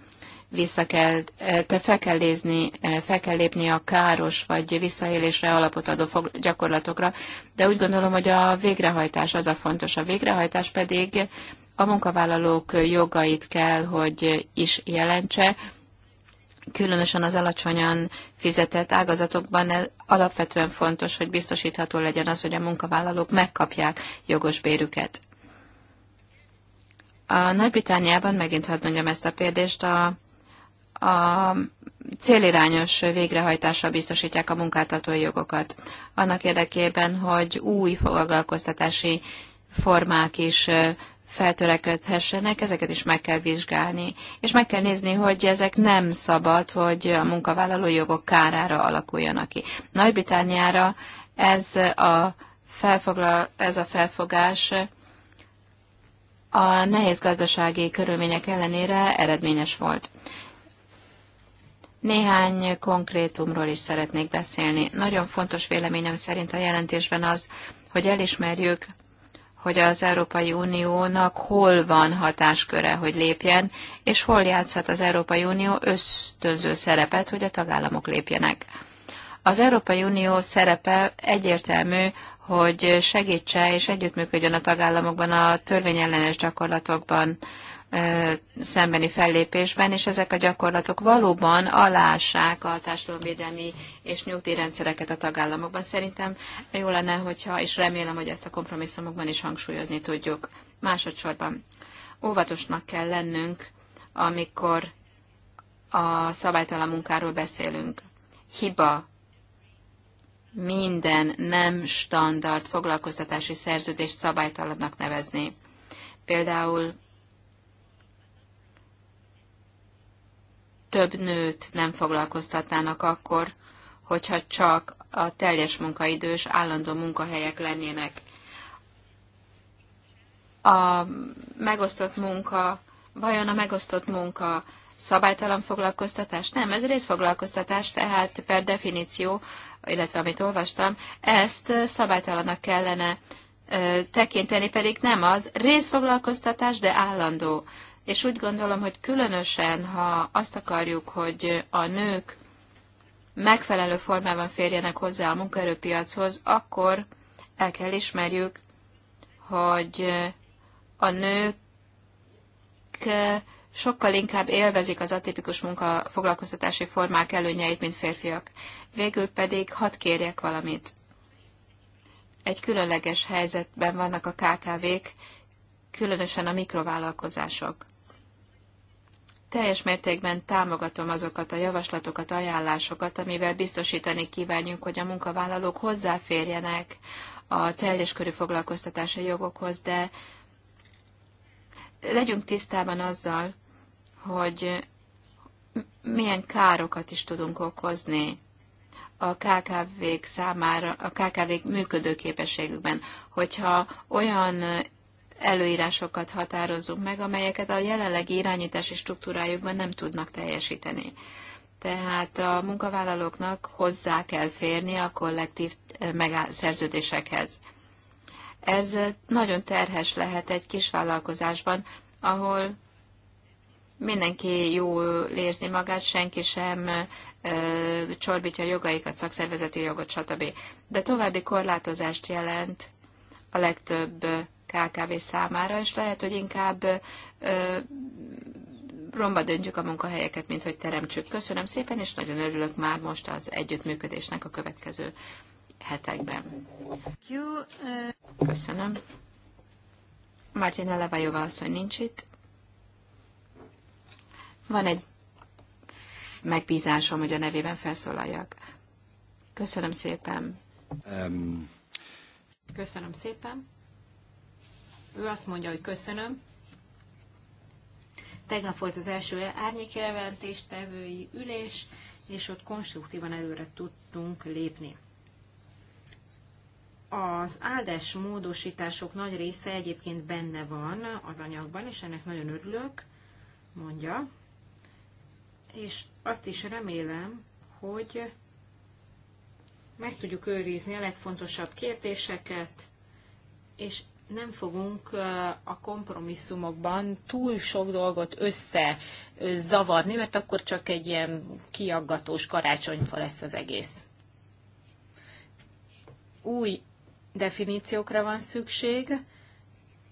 vissza kell, eh, te fel kell, lézni, eh, fel kell lépni a káros vagy visszaélésre alapot adó gyakorlatokra, de úgy gondolom, hogy a végrehajtás az a fontos. A végrehajtás pedig a munkavállalók jogait kell, hogy is jelentse, különösen az alacsonyan fizetett ágazatokban alapvetően fontos, hogy biztosítható legyen az, hogy a munkavállalók megkapják jogos bérüket. A Nagy-Britániában, megint hadd mondjam ezt a kérdést, a, a célirányos végrehajtással biztosítják a munkáltatói jogokat. Annak érdekében, hogy új foglalkoztatási formák is feltöreködhessenek, ezeket is meg kell vizsgálni. És meg kell nézni, hogy ezek nem szabad, hogy a munkavállalói jogok kárára alakuljanak ki. Nagy-Britániára ez a, felfoglal, ez a felfogás a nehéz gazdasági körülmények ellenére eredményes volt. Néhány konkrétumról is szeretnék beszélni. Nagyon fontos véleményem szerint a jelentésben az, hogy elismerjük, hogy az Európai Uniónak hol van hatásköre, hogy lépjen, és hol játszhat az Európai Unió ösztönző szerepet, hogy a tagállamok lépjenek. Az Európai Unió szerepe egyértelmű hogy segítse és együttműködjön a tagállamokban a törvényellenes gyakorlatokban szembeni fellépésben, és ezek a gyakorlatok valóban alássák a társadalomvédelmi és nyugdíjrendszereket a tagállamokban. Szerintem jó lenne, hogyha, és remélem, hogy ezt a kompromisszumokban is hangsúlyozni tudjuk. Másodszorban óvatosnak kell lennünk, amikor a szabálytalan munkáról beszélünk. Hiba minden nem standard foglalkoztatási szerződést szabálytalannak nevezni. Például több nőt nem foglalkoztatnának akkor, hogyha csak a teljes munkaidős állandó munkahelyek lennének. A megosztott munka, vajon a megosztott munka szabálytalan foglalkoztatás? Nem, ez részfoglalkoztatás, tehát per definíció illetve amit olvastam, ezt szabálytalanak kellene tekinteni, pedig nem az részfoglalkoztatás, de állandó. És úgy gondolom, hogy különösen, ha azt akarjuk, hogy a nők megfelelő formában férjenek hozzá a munkaerőpiachoz, akkor el kell ismerjük, hogy a nők sokkal inkább élvezik az atipikus munkafoglalkoztatási formák előnyeit, mint férfiak. Végül pedig hadd kérjek valamit. Egy különleges helyzetben vannak a KKV-k, különösen a mikrovállalkozások. Teljes mértékben támogatom azokat a javaslatokat, ajánlásokat, amivel biztosítani kívánjuk, hogy a munkavállalók hozzáférjenek a teljes körű foglalkoztatási jogokhoz, de legyünk tisztában azzal, hogy milyen károkat is tudunk okozni a KKV-k számára, a KKV-k működőképességükben, hogyha olyan előírásokat határozunk meg, amelyeket a jelenlegi irányítási struktúrájukban nem tudnak teljesíteni. Tehát a munkavállalóknak hozzá kell férni a kollektív eh, szerződésekhez. Ez nagyon terhes lehet egy kis vállalkozásban, ahol mindenki jól érzi magát, senki sem ö, csorbítja jogaikat, szakszervezeti jogot, stb. De további korlátozást jelent a legtöbb KKV számára, és lehet, hogy inkább ö, romba döntjük a munkahelyeket, mint hogy teremtsük. Köszönöm szépen, és nagyon örülök már most az együttműködésnek a következő hetekben. Uh, köszönöm. Martina Levajova asszony nincs itt. Van egy megbízásom, hogy a nevében felszólaljak. Köszönöm szépen. Um. Köszönöm szépen. Ő azt mondja, hogy köszönöm. Tegnap volt az első árnyékjelentéstevői ülés, és ott konstruktívan előre tudtunk lépni. Az áldás módosítások nagy része egyébként benne van az anyagban, és ennek nagyon örülök, mondja. És azt is remélem, hogy meg tudjuk őrizni a legfontosabb kérdéseket, és nem fogunk a kompromisszumokban túl sok dolgot összezavarni, mert akkor csak egy ilyen kiaggatós karácsonyfa lesz az egész. Új definíciókra van szükség,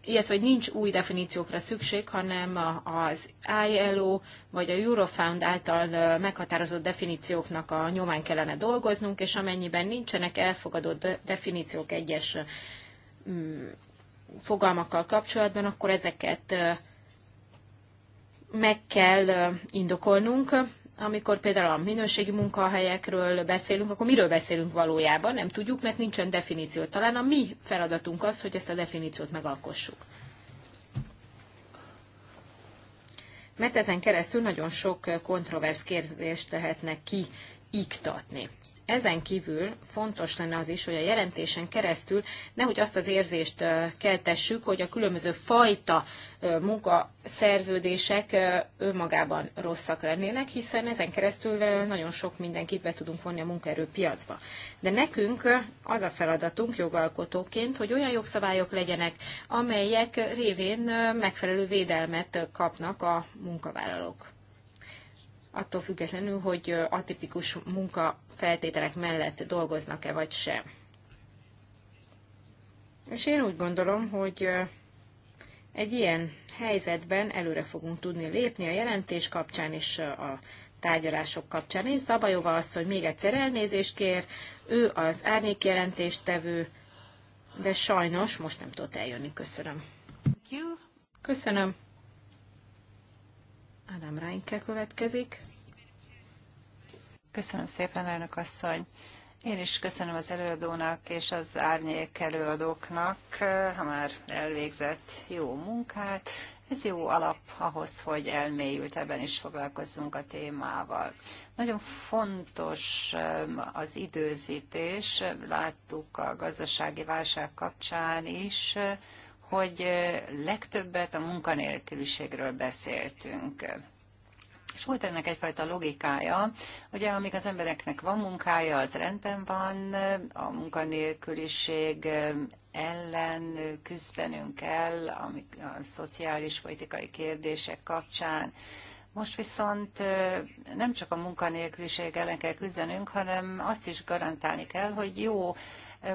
illetve hogy nincs új definíciókra szükség, hanem az ILO vagy a Eurofound által meghatározott definícióknak a nyomán kellene dolgoznunk, és amennyiben nincsenek elfogadott definíciók egyes mm, fogalmakkal kapcsolatban, akkor ezeket meg kell indokolnunk, amikor például a minőségi munkahelyekről beszélünk, akkor miről beszélünk valójában? Nem tudjuk, mert nincsen definíció. Talán a mi feladatunk az, hogy ezt a definíciót megalkossuk. Mert ezen keresztül nagyon sok kontroversz kérdést lehetne kiiktatni. Ezen kívül fontos lenne az is, hogy a jelentésen keresztül nehogy azt az érzést keltessük, hogy a különböző fajta munkaszerződések önmagában rosszak lennének, hiszen ezen keresztül nagyon sok mindenkit be tudunk vonni a munkaerőpiacba. De nekünk az a feladatunk jogalkotóként, hogy olyan jogszabályok legyenek, amelyek révén megfelelő védelmet kapnak a munkavállalók attól függetlenül, hogy atipikus munkafeltételek mellett dolgoznak-e vagy sem. És én úgy gondolom, hogy egy ilyen helyzetben előre fogunk tudni lépni a jelentés kapcsán és a tárgyalások kapcsán És Zabajova azt, hogy még egyszer elnézést kér, ő az árnyék tevő, de sajnos most nem tudott eljönni. Köszönöm. Köszönöm. Ádám Reinke következik. Köszönöm szépen, elnök asszony. Én is köszönöm az előadónak és az árnyék előadóknak, eh, ha már elvégzett jó munkát. Ez jó alap ahhoz, hogy ebben is foglalkozzunk a témával. Nagyon fontos eh, az időzítés, láttuk a gazdasági válság kapcsán is, eh, hogy legtöbbet a munkanélküliségről beszéltünk. És volt ennek egyfajta logikája, ugye amíg az embereknek van munkája, az rendben van, a munkanélküliség ellen küzdenünk kell, amik a szociális politikai kérdések kapcsán. Most viszont nem csak a munkanélküliség ellen kell küzdenünk, hanem azt is garantálni kell, hogy jó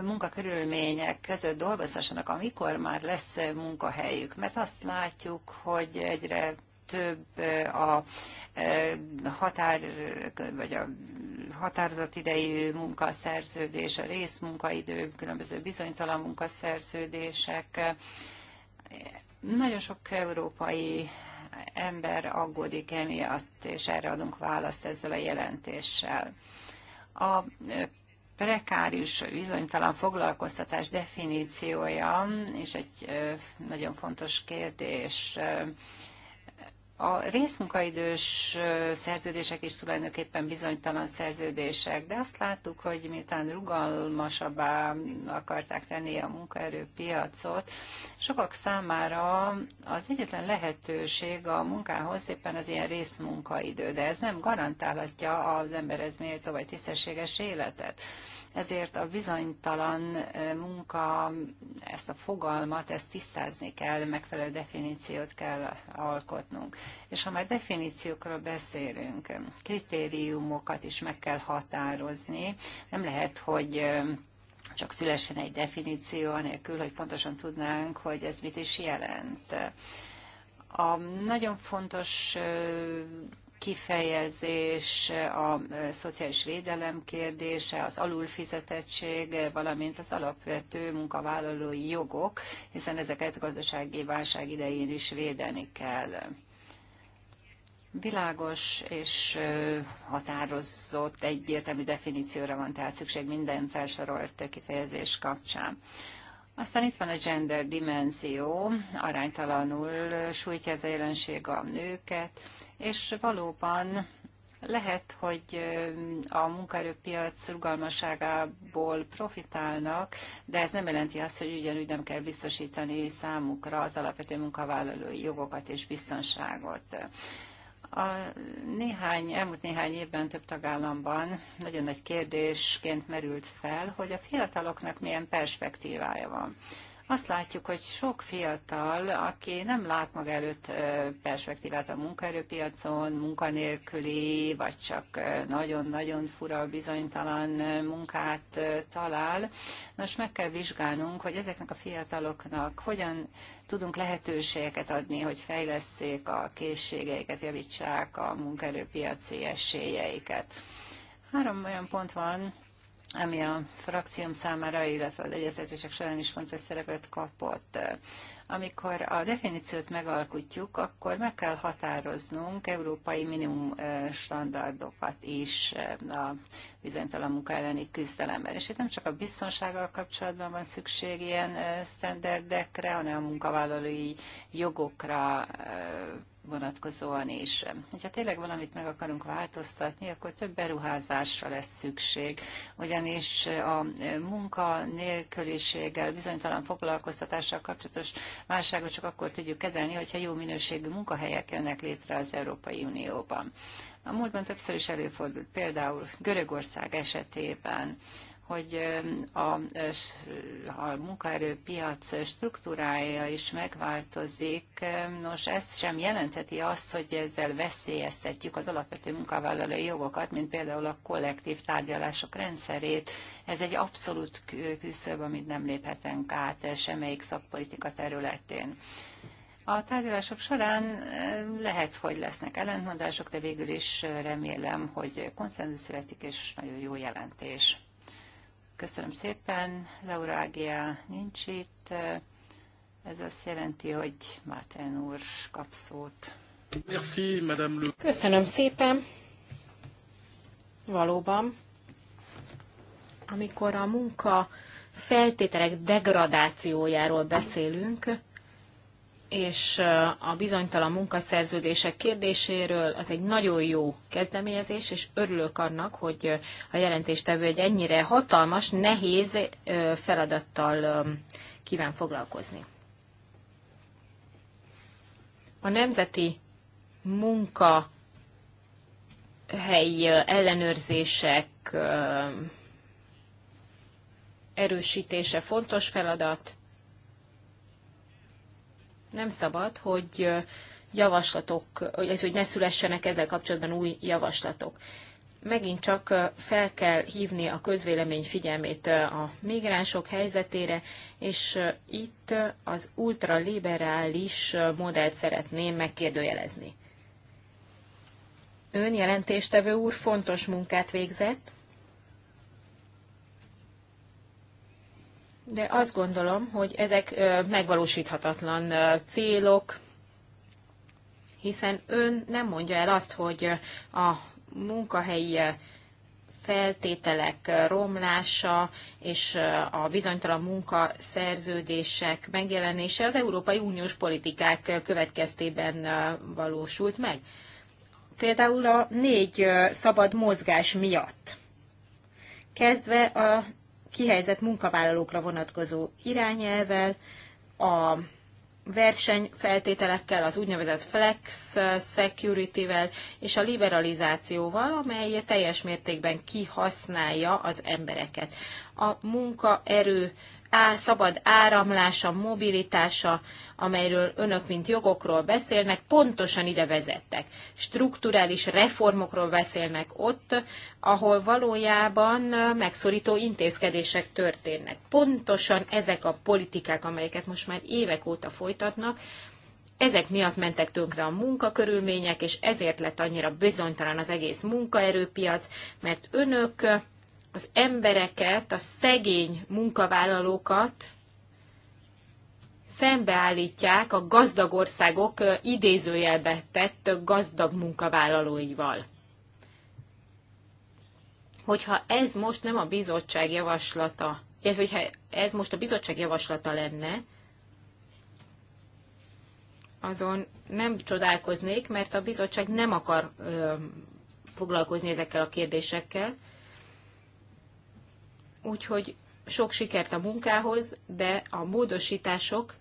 munkakörülmények között dolgozhassanak, amikor már lesz munkahelyük. Mert azt látjuk, hogy egyre több a e, határ, vagy a határozott idejű munkaszerződés, a részmunkaidő, különböző bizonytalan munkaszerződések. Nagyon sok európai ember aggódik emiatt, és erre adunk választ ezzel a jelentéssel. A prekárius, bizonytalan foglalkoztatás definíciója, és egy nagyon fontos kérdés, a részmunkaidős szerződések is tulajdonképpen bizonytalan szerződések, de azt láttuk, hogy miután rugalmasabbá akarták tenni a munkaerőpiacot, sokak számára az egyetlen lehetőség a munkához éppen az ilyen részmunkaidő, de ez nem garantálhatja az emberhez méltó vagy tisztességes életet ezért a bizonytalan munka, ezt a fogalmat, ezt tisztázni kell, megfelelő definíciót kell alkotnunk. És ha már definíciókról beszélünk, kritériumokat is meg kell határozni. Nem lehet, hogy csak szülessen egy definíció, anélkül, hogy pontosan tudnánk, hogy ez mit is jelent. A nagyon fontos kifejezés, a szociális védelem kérdése, az alulfizetettség, valamint az alapvető munkavállalói jogok, hiszen ezeket gazdasági válság idején is védeni kell. Világos és határozott, egyértelmű definícióra van tehát szükség minden felsorolt kifejezés kapcsán. Aztán itt van a gender dimenzió, aránytalanul sújtja ez a jelenség a nőket, és valóban lehet, hogy a munkaerőpiac rugalmaságából profitálnak, de ez nem jelenti azt, hogy ugyanúgy nem kell biztosítani számukra az alapvető munkavállalói jogokat és biztonságot. A néhány, elmúlt néhány évben több tagállamban nagyon nagy kérdésként merült fel, hogy a fiataloknak milyen perspektívája van. Azt látjuk, hogy sok fiatal, aki nem lát maga előtt perspektívát a munkaerőpiacon, munkanélküli, vagy csak nagyon-nagyon fura, bizonytalan munkát talál, most meg kell vizsgálnunk, hogy ezeknek a fiataloknak hogyan tudunk lehetőségeket adni, hogy fejlesszék a készségeiket, javítsák a munkaerőpiaci esélyeiket. Három olyan pont van, ami a frakcióm számára, illetve az egyeztetések során is fontos szerepet kapott. Amikor a definíciót megalkotjuk, akkor meg kell határoznunk európai minimum standardokat is a bizonytalan munka elleni küzdelemben. És itt nem csak a biztonsággal kapcsolatban van szükség ilyen standardekre, hanem a munkavállalói jogokra vonatkozóan is. Hogyha tényleg valamit meg akarunk változtatni, akkor több beruházásra lesz szükség, ugyanis a munka nélküliséggel, bizonytalan foglalkoztatással kapcsolatos válságot csak akkor tudjuk kezelni, hogyha jó minőségű munkahelyek jönnek létre az Európai Unióban. A múltban többször is előfordult, például Görögország esetében hogy a, a munkaerőpiac struktúrája is megváltozik. Nos, ez sem jelentheti azt, hogy ezzel veszélyeztetjük az alapvető munkavállalói jogokat, mint például a kollektív tárgyalások rendszerét. Ez egy abszolút küszöb, amit nem léphetünk át semmelyik szakpolitika területén. A tárgyalások során lehet, hogy lesznek ellentmondások, de végül is remélem, hogy konszenzus születik, és nagyon jó jelentés. Köszönöm szépen. Laura Ágia nincs itt. Ez azt jelenti, hogy Márten úr kap szót. Merci, Madame Le... Köszönöm szépen. Valóban, amikor a munka feltételek degradációjáról beszélünk, és a bizonytalan munkaszerződések kérdéséről az egy nagyon jó kezdeményezés, és örülök annak, hogy a jelentéstevő egy ennyire hatalmas, nehéz feladattal kíván foglalkozni. A nemzeti munka helyi ellenőrzések erősítése fontos feladat, nem szabad, hogy javaslatok, hogy ne szülessenek ezzel kapcsolatban új javaslatok. Megint csak fel kell hívni a közvélemény figyelmét a migránsok helyzetére, és itt az ultraliberális modellt szeretném megkérdőjelezni. Ön jelentéstevő úr fontos munkát végzett, de azt gondolom, hogy ezek megvalósíthatatlan célok, hiszen ön nem mondja el azt, hogy a munkahelyi feltételek romlása és a bizonytalan munkaszerződések megjelenése az Európai Uniós politikák következtében valósult meg. Például a négy szabad mozgás miatt kezdve a kihelyezett munkavállalókra vonatkozó irányelvel, a versenyfeltételekkel, az úgynevezett flex security-vel és a liberalizációval, amely teljes mértékben kihasználja az embereket a munkaerő á, szabad áramlása, mobilitása, amelyről önök, mint jogokról beszélnek, pontosan ide vezettek. Strukturális reformokról beszélnek ott, ahol valójában megszorító intézkedések történnek. Pontosan ezek a politikák, amelyeket most már évek óta folytatnak, ezek miatt mentek tönkre a munkakörülmények, és ezért lett annyira bizonytalan az egész munkaerőpiac, mert önök az embereket, a szegény munkavállalókat szembeállítják a gazdag országok idézőjelbe tett gazdag munkavállalóival. Hogyha ez most nem a bizottság javaslata, illetve hogyha ez most a bizottság javaslata lenne, azon nem csodálkoznék, mert a bizottság nem akar ö, foglalkozni ezekkel a kérdésekkel, Úgyhogy sok sikert a munkához, de a módosítások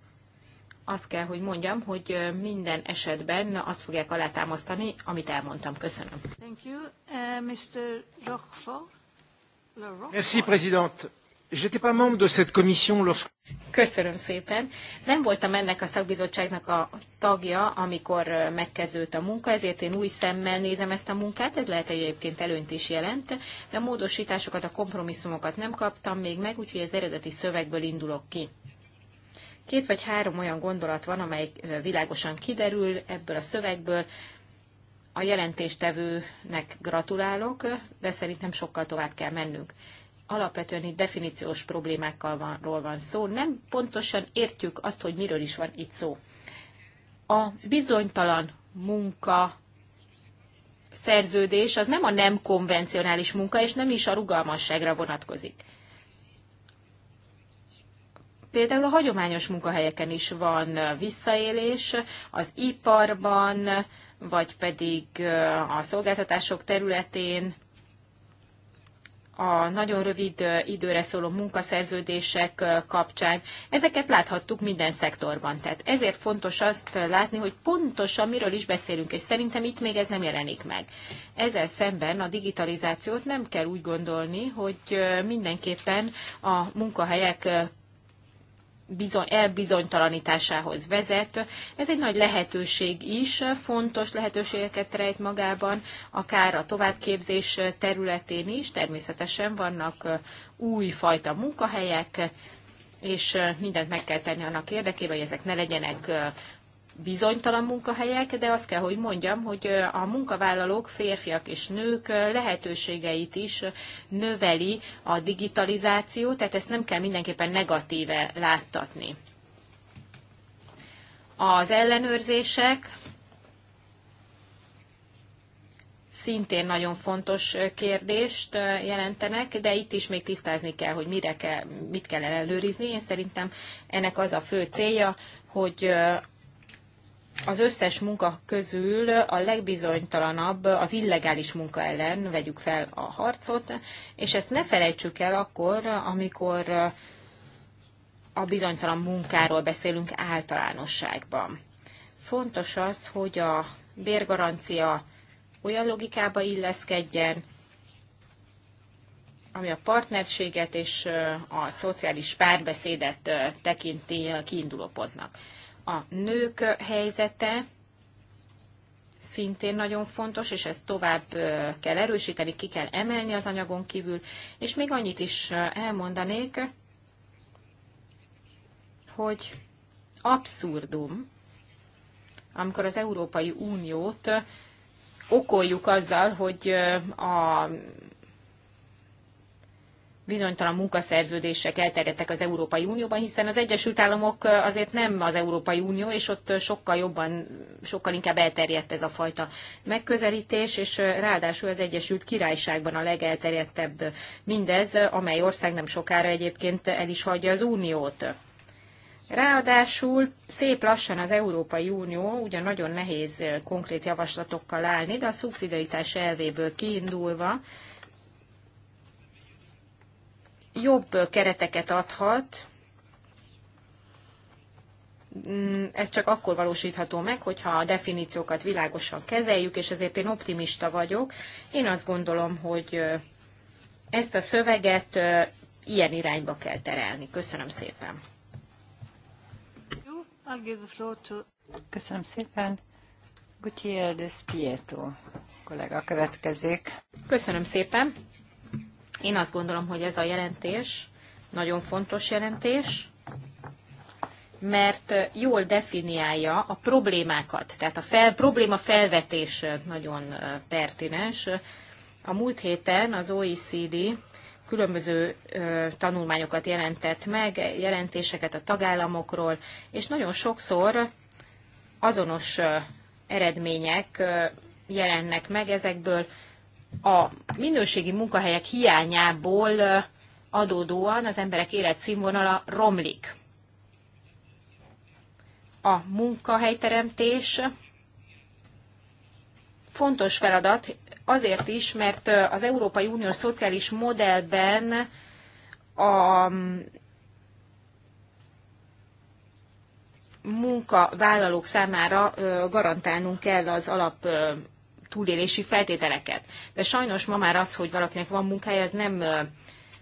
azt kell, hogy mondjam, hogy minden esetben azt fogják alátámasztani, amit elmondtam. Köszönöm. Thank you. Uh, Mr. Rochefort? Merci, présidente. Köszönöm szépen. Nem voltam ennek a szakbizottságnak a tagja, amikor megkezdődött a munka, ezért én új szemmel nézem ezt a munkát, ez lehet egyébként előnyt is jelent, de a módosításokat, a kompromisszumokat nem kaptam még meg, úgyhogy az eredeti szövegből indulok ki. Két vagy három olyan gondolat van, amely világosan kiderül ebből a szövegből. A jelentéstevőnek gratulálok, de szerintem sokkal tovább kell mennünk alapvetően itt definíciós problémákkal van, van szó. Nem pontosan értjük azt, hogy miről is van itt szó. A bizonytalan munka szerződés az nem a nem konvencionális munka, és nem is a rugalmasságra vonatkozik. Például a hagyományos munkahelyeken is van visszaélés, az iparban, vagy pedig a szolgáltatások területén, a nagyon rövid időre szóló munkaszerződések kapcsán. Ezeket láthattuk minden szektorban. Tehát ezért fontos azt látni, hogy pontosan miről is beszélünk, és szerintem itt még ez nem jelenik meg. Ezzel szemben a digitalizációt nem kell úgy gondolni, hogy mindenképpen a munkahelyek bizony, elbizonytalanításához vezet. Ez egy nagy lehetőség is, fontos lehetőségeket rejt magában, akár a továbbképzés területén is. Természetesen vannak új fajta munkahelyek, és mindent meg kell tenni annak érdekében, hogy ezek ne legyenek bizonytalan munkahelyek, de azt kell, hogy mondjam, hogy a munkavállalók, férfiak és nők lehetőségeit is növeli a digitalizáció, tehát ezt nem kell mindenképpen negatíve láttatni. Az ellenőrzések szintén nagyon fontos kérdést jelentenek, de itt is még tisztázni kell, hogy mire kell, mit kell ellenőrizni. Én szerintem ennek az a fő célja, hogy az összes munka közül a legbizonytalanabb, az illegális munka ellen vegyük fel a harcot, és ezt ne felejtsük el akkor, amikor a bizonytalan munkáról beszélünk általánosságban. Fontos az, hogy a bérgarancia olyan logikába illeszkedjen, ami a partnerséget és a szociális párbeszédet tekinti kiindulópontnak. pontnak a nők helyzete szintén nagyon fontos, és ezt tovább kell erősíteni, ki kell emelni az anyagon kívül. És még annyit is elmondanék, hogy abszurdum, amikor az Európai Uniót okoljuk azzal, hogy a bizonytalan munkaszerződések elterjedtek az Európai Unióban, hiszen az Egyesült Államok azért nem az Európai Unió, és ott sokkal jobban, sokkal inkább elterjedt ez a fajta megközelítés, és ráadásul az Egyesült Királyságban a legelterjedtebb mindez, amely ország nem sokára egyébként el is hagyja az Uniót. Ráadásul szép lassan az Európai Unió ugyan nagyon nehéz konkrét javaslatokkal állni, de a szubszidaritás elvéből kiindulva jobb kereteket adhat, mm, ez csak akkor valósítható meg, hogyha a definíciókat világosan kezeljük, és ezért én optimista vagyok. Én azt gondolom, hogy ezt a szöveget ilyen irányba kell terelni. Köszönöm szépen. Köszönöm szépen. Gutiérrez Pieto kollega következik. Köszönöm szépen. Én azt gondolom, hogy ez a jelentés nagyon fontos jelentés, mert jól definiálja a problémákat. Tehát a fel, probléma felvetés nagyon pertinens. A múlt héten az OECD különböző tanulmányokat jelentett meg, jelentéseket a tagállamokról, és nagyon sokszor azonos eredmények jelennek meg ezekből, a minőségi munkahelyek hiányából adódóan az emberek életszínvonala romlik. A munkahelyteremtés fontos feladat azért is, mert az Európai unió szociális modellben a mm, munkavállalók számára garantálnunk kell az alap túlélési feltételeket. De sajnos ma már az, hogy valakinek van munkája, ez nem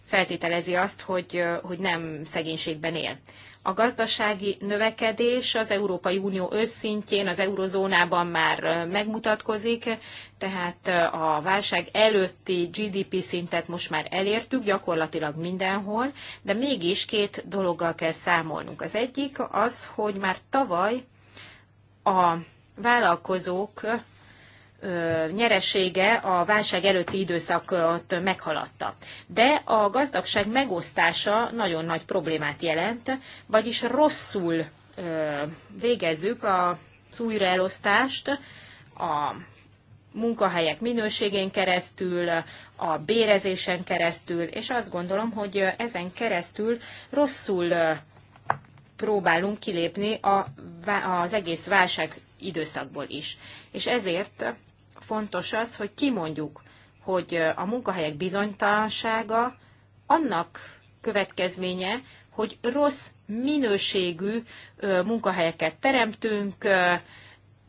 feltételezi azt, hogy, hogy nem szegénységben él. A gazdasági növekedés az Európai Unió összintjén, az eurozónában már megmutatkozik, tehát a válság előtti GDP szintet most már elértük gyakorlatilag mindenhol, de mégis két dologgal kell számolnunk. Az egyik az, hogy már tavaly a vállalkozók nyeresége a válság előtti időszakot meghaladta. De a gazdagság megosztása nagyon nagy problémát jelent, vagyis rosszul végezzük az újraelosztást a munkahelyek minőségén keresztül, a bérezésen keresztül, és azt gondolom, hogy ezen keresztül rosszul próbálunk kilépni a, az egész válság időszakból is. És ezért fontos az, hogy kimondjuk, hogy a munkahelyek bizonytalansága annak következménye, hogy rossz minőségű munkahelyeket teremtünk,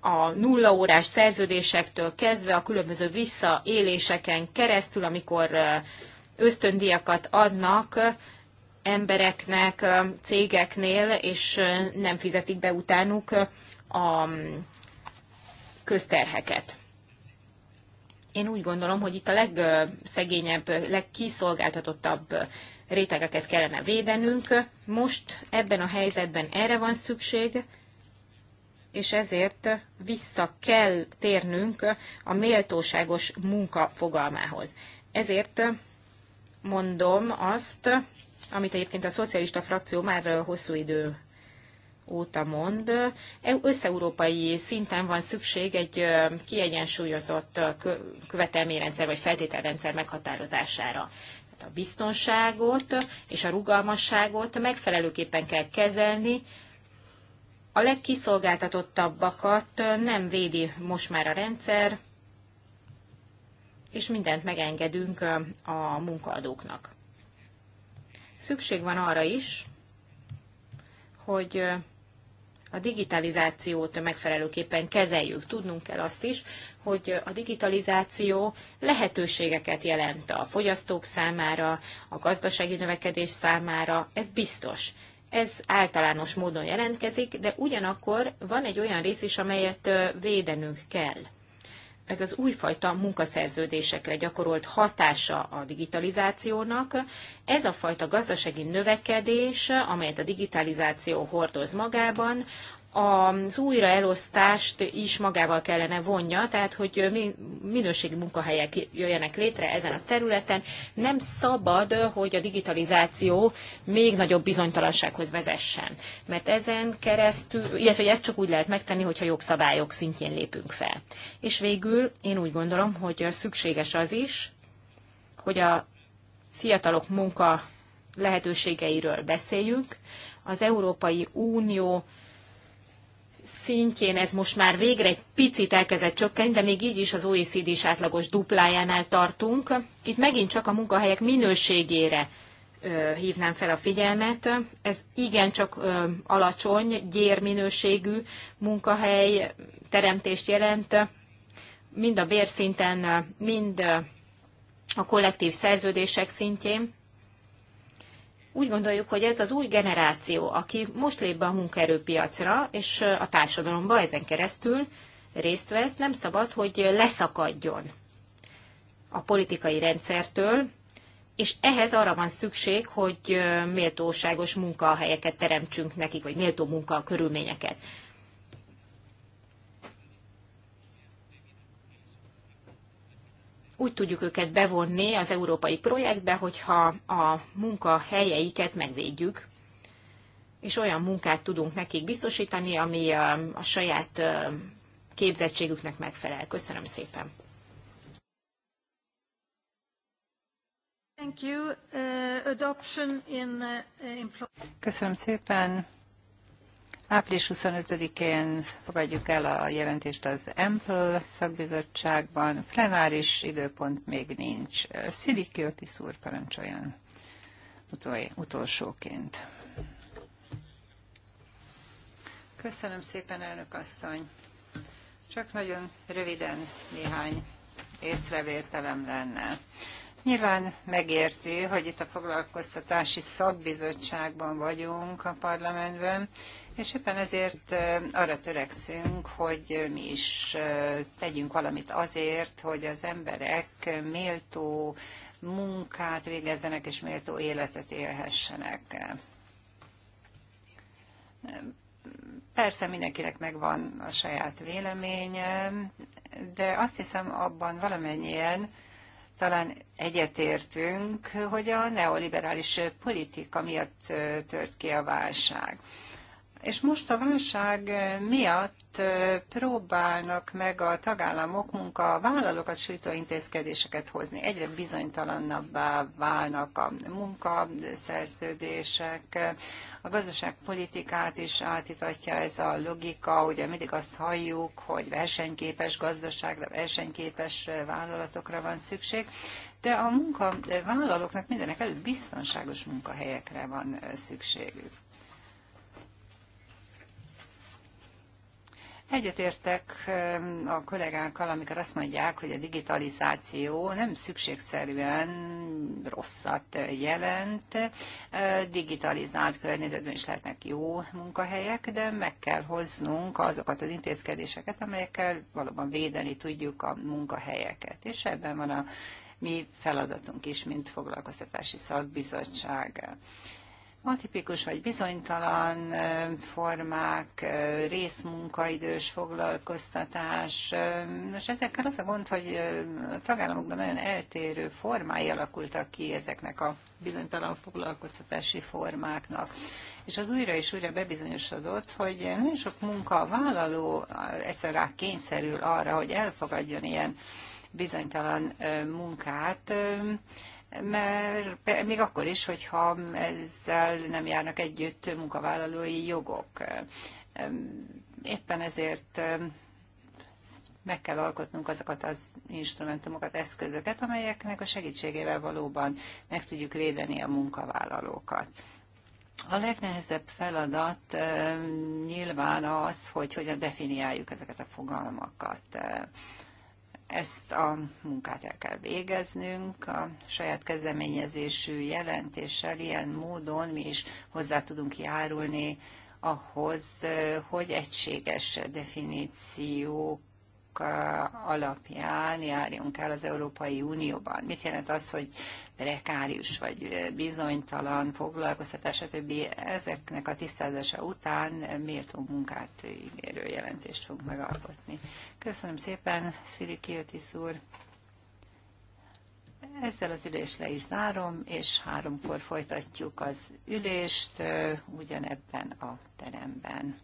a nullaórás szerződésektől kezdve a különböző visszaéléseken keresztül, amikor ösztöndiakat adnak embereknek, cégeknél, és nem fizetik be utánuk a közterheket. Én úgy gondolom, hogy itt a legszegényebb, legkiszolgáltatottabb rétegeket kellene védenünk. Most ebben a helyzetben erre van szükség, és ezért vissza kell térnünk a méltóságos munka fogalmához. Ezért mondom azt, amit egyébként a szocialista frakció már hosszú idő óta mond, e, összeurópai szinten van szükség egy kiegyensúlyozott követelményrendszer vagy feltételrendszer meghatározására a biztonságot és a rugalmasságot megfelelőképpen kell kezelni. A legkiszolgáltatottabbakat nem védi most már a rendszer, és mindent megengedünk a munkaadóknak. Szükség van arra is, hogy a digitalizációt megfelelőképpen kezeljük. Tudnunk kell azt is, hogy a digitalizáció lehetőségeket jelent a fogyasztók számára, a gazdasági növekedés számára, ez biztos. Ez általános módon jelentkezik, de ugyanakkor van egy olyan rész is, amelyet védenünk kell ez az újfajta munkaszerződésekre gyakorolt hatása a digitalizációnak. Ez a fajta gazdasági növekedés, amelyet a digitalizáció hordoz magában, az újraelosztást is magával kellene vonja, tehát hogy minőségi munkahelyek jöjjenek létre ezen a területen. Nem szabad, hogy a digitalizáció még nagyobb bizonytalansághoz vezessen, mert ezen keresztül, illetve hogy ezt csak úgy lehet megtenni, hogyha jogszabályok szintjén lépünk fel. És végül én úgy gondolom, hogy szükséges az is, hogy a fiatalok munka lehetőségeiről beszéljünk. Az Európai Unió szintjén ez most már végre egy picit elkezdett csökkenni, de még így is az OECD-s átlagos duplájánál tartunk. Itt megint csak a munkahelyek minőségére hívnám fel a figyelmet. Ez igencsak alacsony, gyérminőségű munkahely teremtést jelent, mind a bérszinten, mind a kollektív szerződések szintjén. Úgy gondoljuk, hogy ez az új generáció, aki most lép be a munkaerőpiacra, és a társadalomba ezen keresztül részt vesz, nem szabad, hogy leszakadjon a politikai rendszertől, és ehhez arra van szükség, hogy méltóságos munkahelyeket teremtsünk nekik, vagy méltó munkakörülményeket. úgy tudjuk őket bevonni az európai projektbe, hogyha a munkahelyeiket megvédjük, és olyan munkát tudunk nekik biztosítani, ami a saját képzettségüknek megfelel. Köszönöm szépen! Thank you. Uh, adoption in, uh, Köszönöm szépen! Április 25-én fogadjuk el a jelentést az EMPL szakbizottságban. Plenáris időpont még nincs. Szili Otis úr parancsoljon Utol, utolsóként. Köszönöm szépen, elnök asszony. Csak nagyon röviden néhány észrevételem lenne. Nyilván megérti, hogy itt a foglalkoztatási szakbizottságban vagyunk a parlamentben, és éppen ezért arra törekszünk, hogy mi is tegyünk valamit azért, hogy az emberek méltó munkát végezzenek és méltó életet élhessenek. Persze mindenkinek megvan a saját véleménye, de azt hiszem abban valamennyien talán egyetértünk, hogy a neoliberális politika miatt tört ki a válság. És most a válság miatt próbálnak meg a tagállamok munka vállalókat sújtó intézkedéseket hozni. Egyre bizonytalanabbá válnak a munkaszerződések, a gazdaságpolitikát is átítatja ez a logika. Ugye mindig azt halljuk, hogy versenyképes gazdaságra, versenyképes vállalatokra van szükség, de a munkavállalóknak mindenek előtt biztonságos munkahelyekre van szükségük. Egyetértek a kollégákkal, amikor azt mondják, hogy a digitalizáció nem szükségszerűen rosszat jelent. Digitalizált környezetben is lehetnek jó munkahelyek, de meg kell hoznunk azokat az intézkedéseket, amelyekkel valóban védeni tudjuk a munkahelyeket. És ebben van a mi feladatunk is, mint foglalkoztatási szakbizottság atipikus vagy bizonytalan formák, részmunkaidős foglalkoztatás. Nos, ezekkel az a gond, hogy a tagállamokban nagyon eltérő formái alakultak ki ezeknek a bizonytalan foglalkoztatási formáknak. És az újra és újra bebizonyosodott, hogy nagyon sok munkavállaló egyszer rá kényszerül arra, hogy elfogadjon ilyen bizonytalan munkát, mert még akkor is, hogyha ezzel nem járnak együtt munkavállalói jogok. Éppen ezért meg kell alkotnunk azokat az instrumentumokat, eszközöket, amelyeknek a segítségével valóban meg tudjuk védeni a munkavállalókat. A legnehezebb feladat nyilván az, hogy hogyan definiáljuk ezeket a fogalmakat ezt a munkát el kell végeznünk, a saját kezdeményezésű jelentéssel ilyen módon mi is hozzá tudunk járulni ahhoz, hogy egységes definíciók alapján járjunk el az Európai Unióban. Mit jelent az, hogy prekárius vagy bizonytalan foglalkoztatás, stb. ezeknek a tisztázása után méltó munkát ígérő jelentést fogunk megalkotni. Köszönöm szépen, Szili Kiltis úr! Ezzel az ülés le is zárom, és háromkor folytatjuk az ülést ugyanebben a teremben.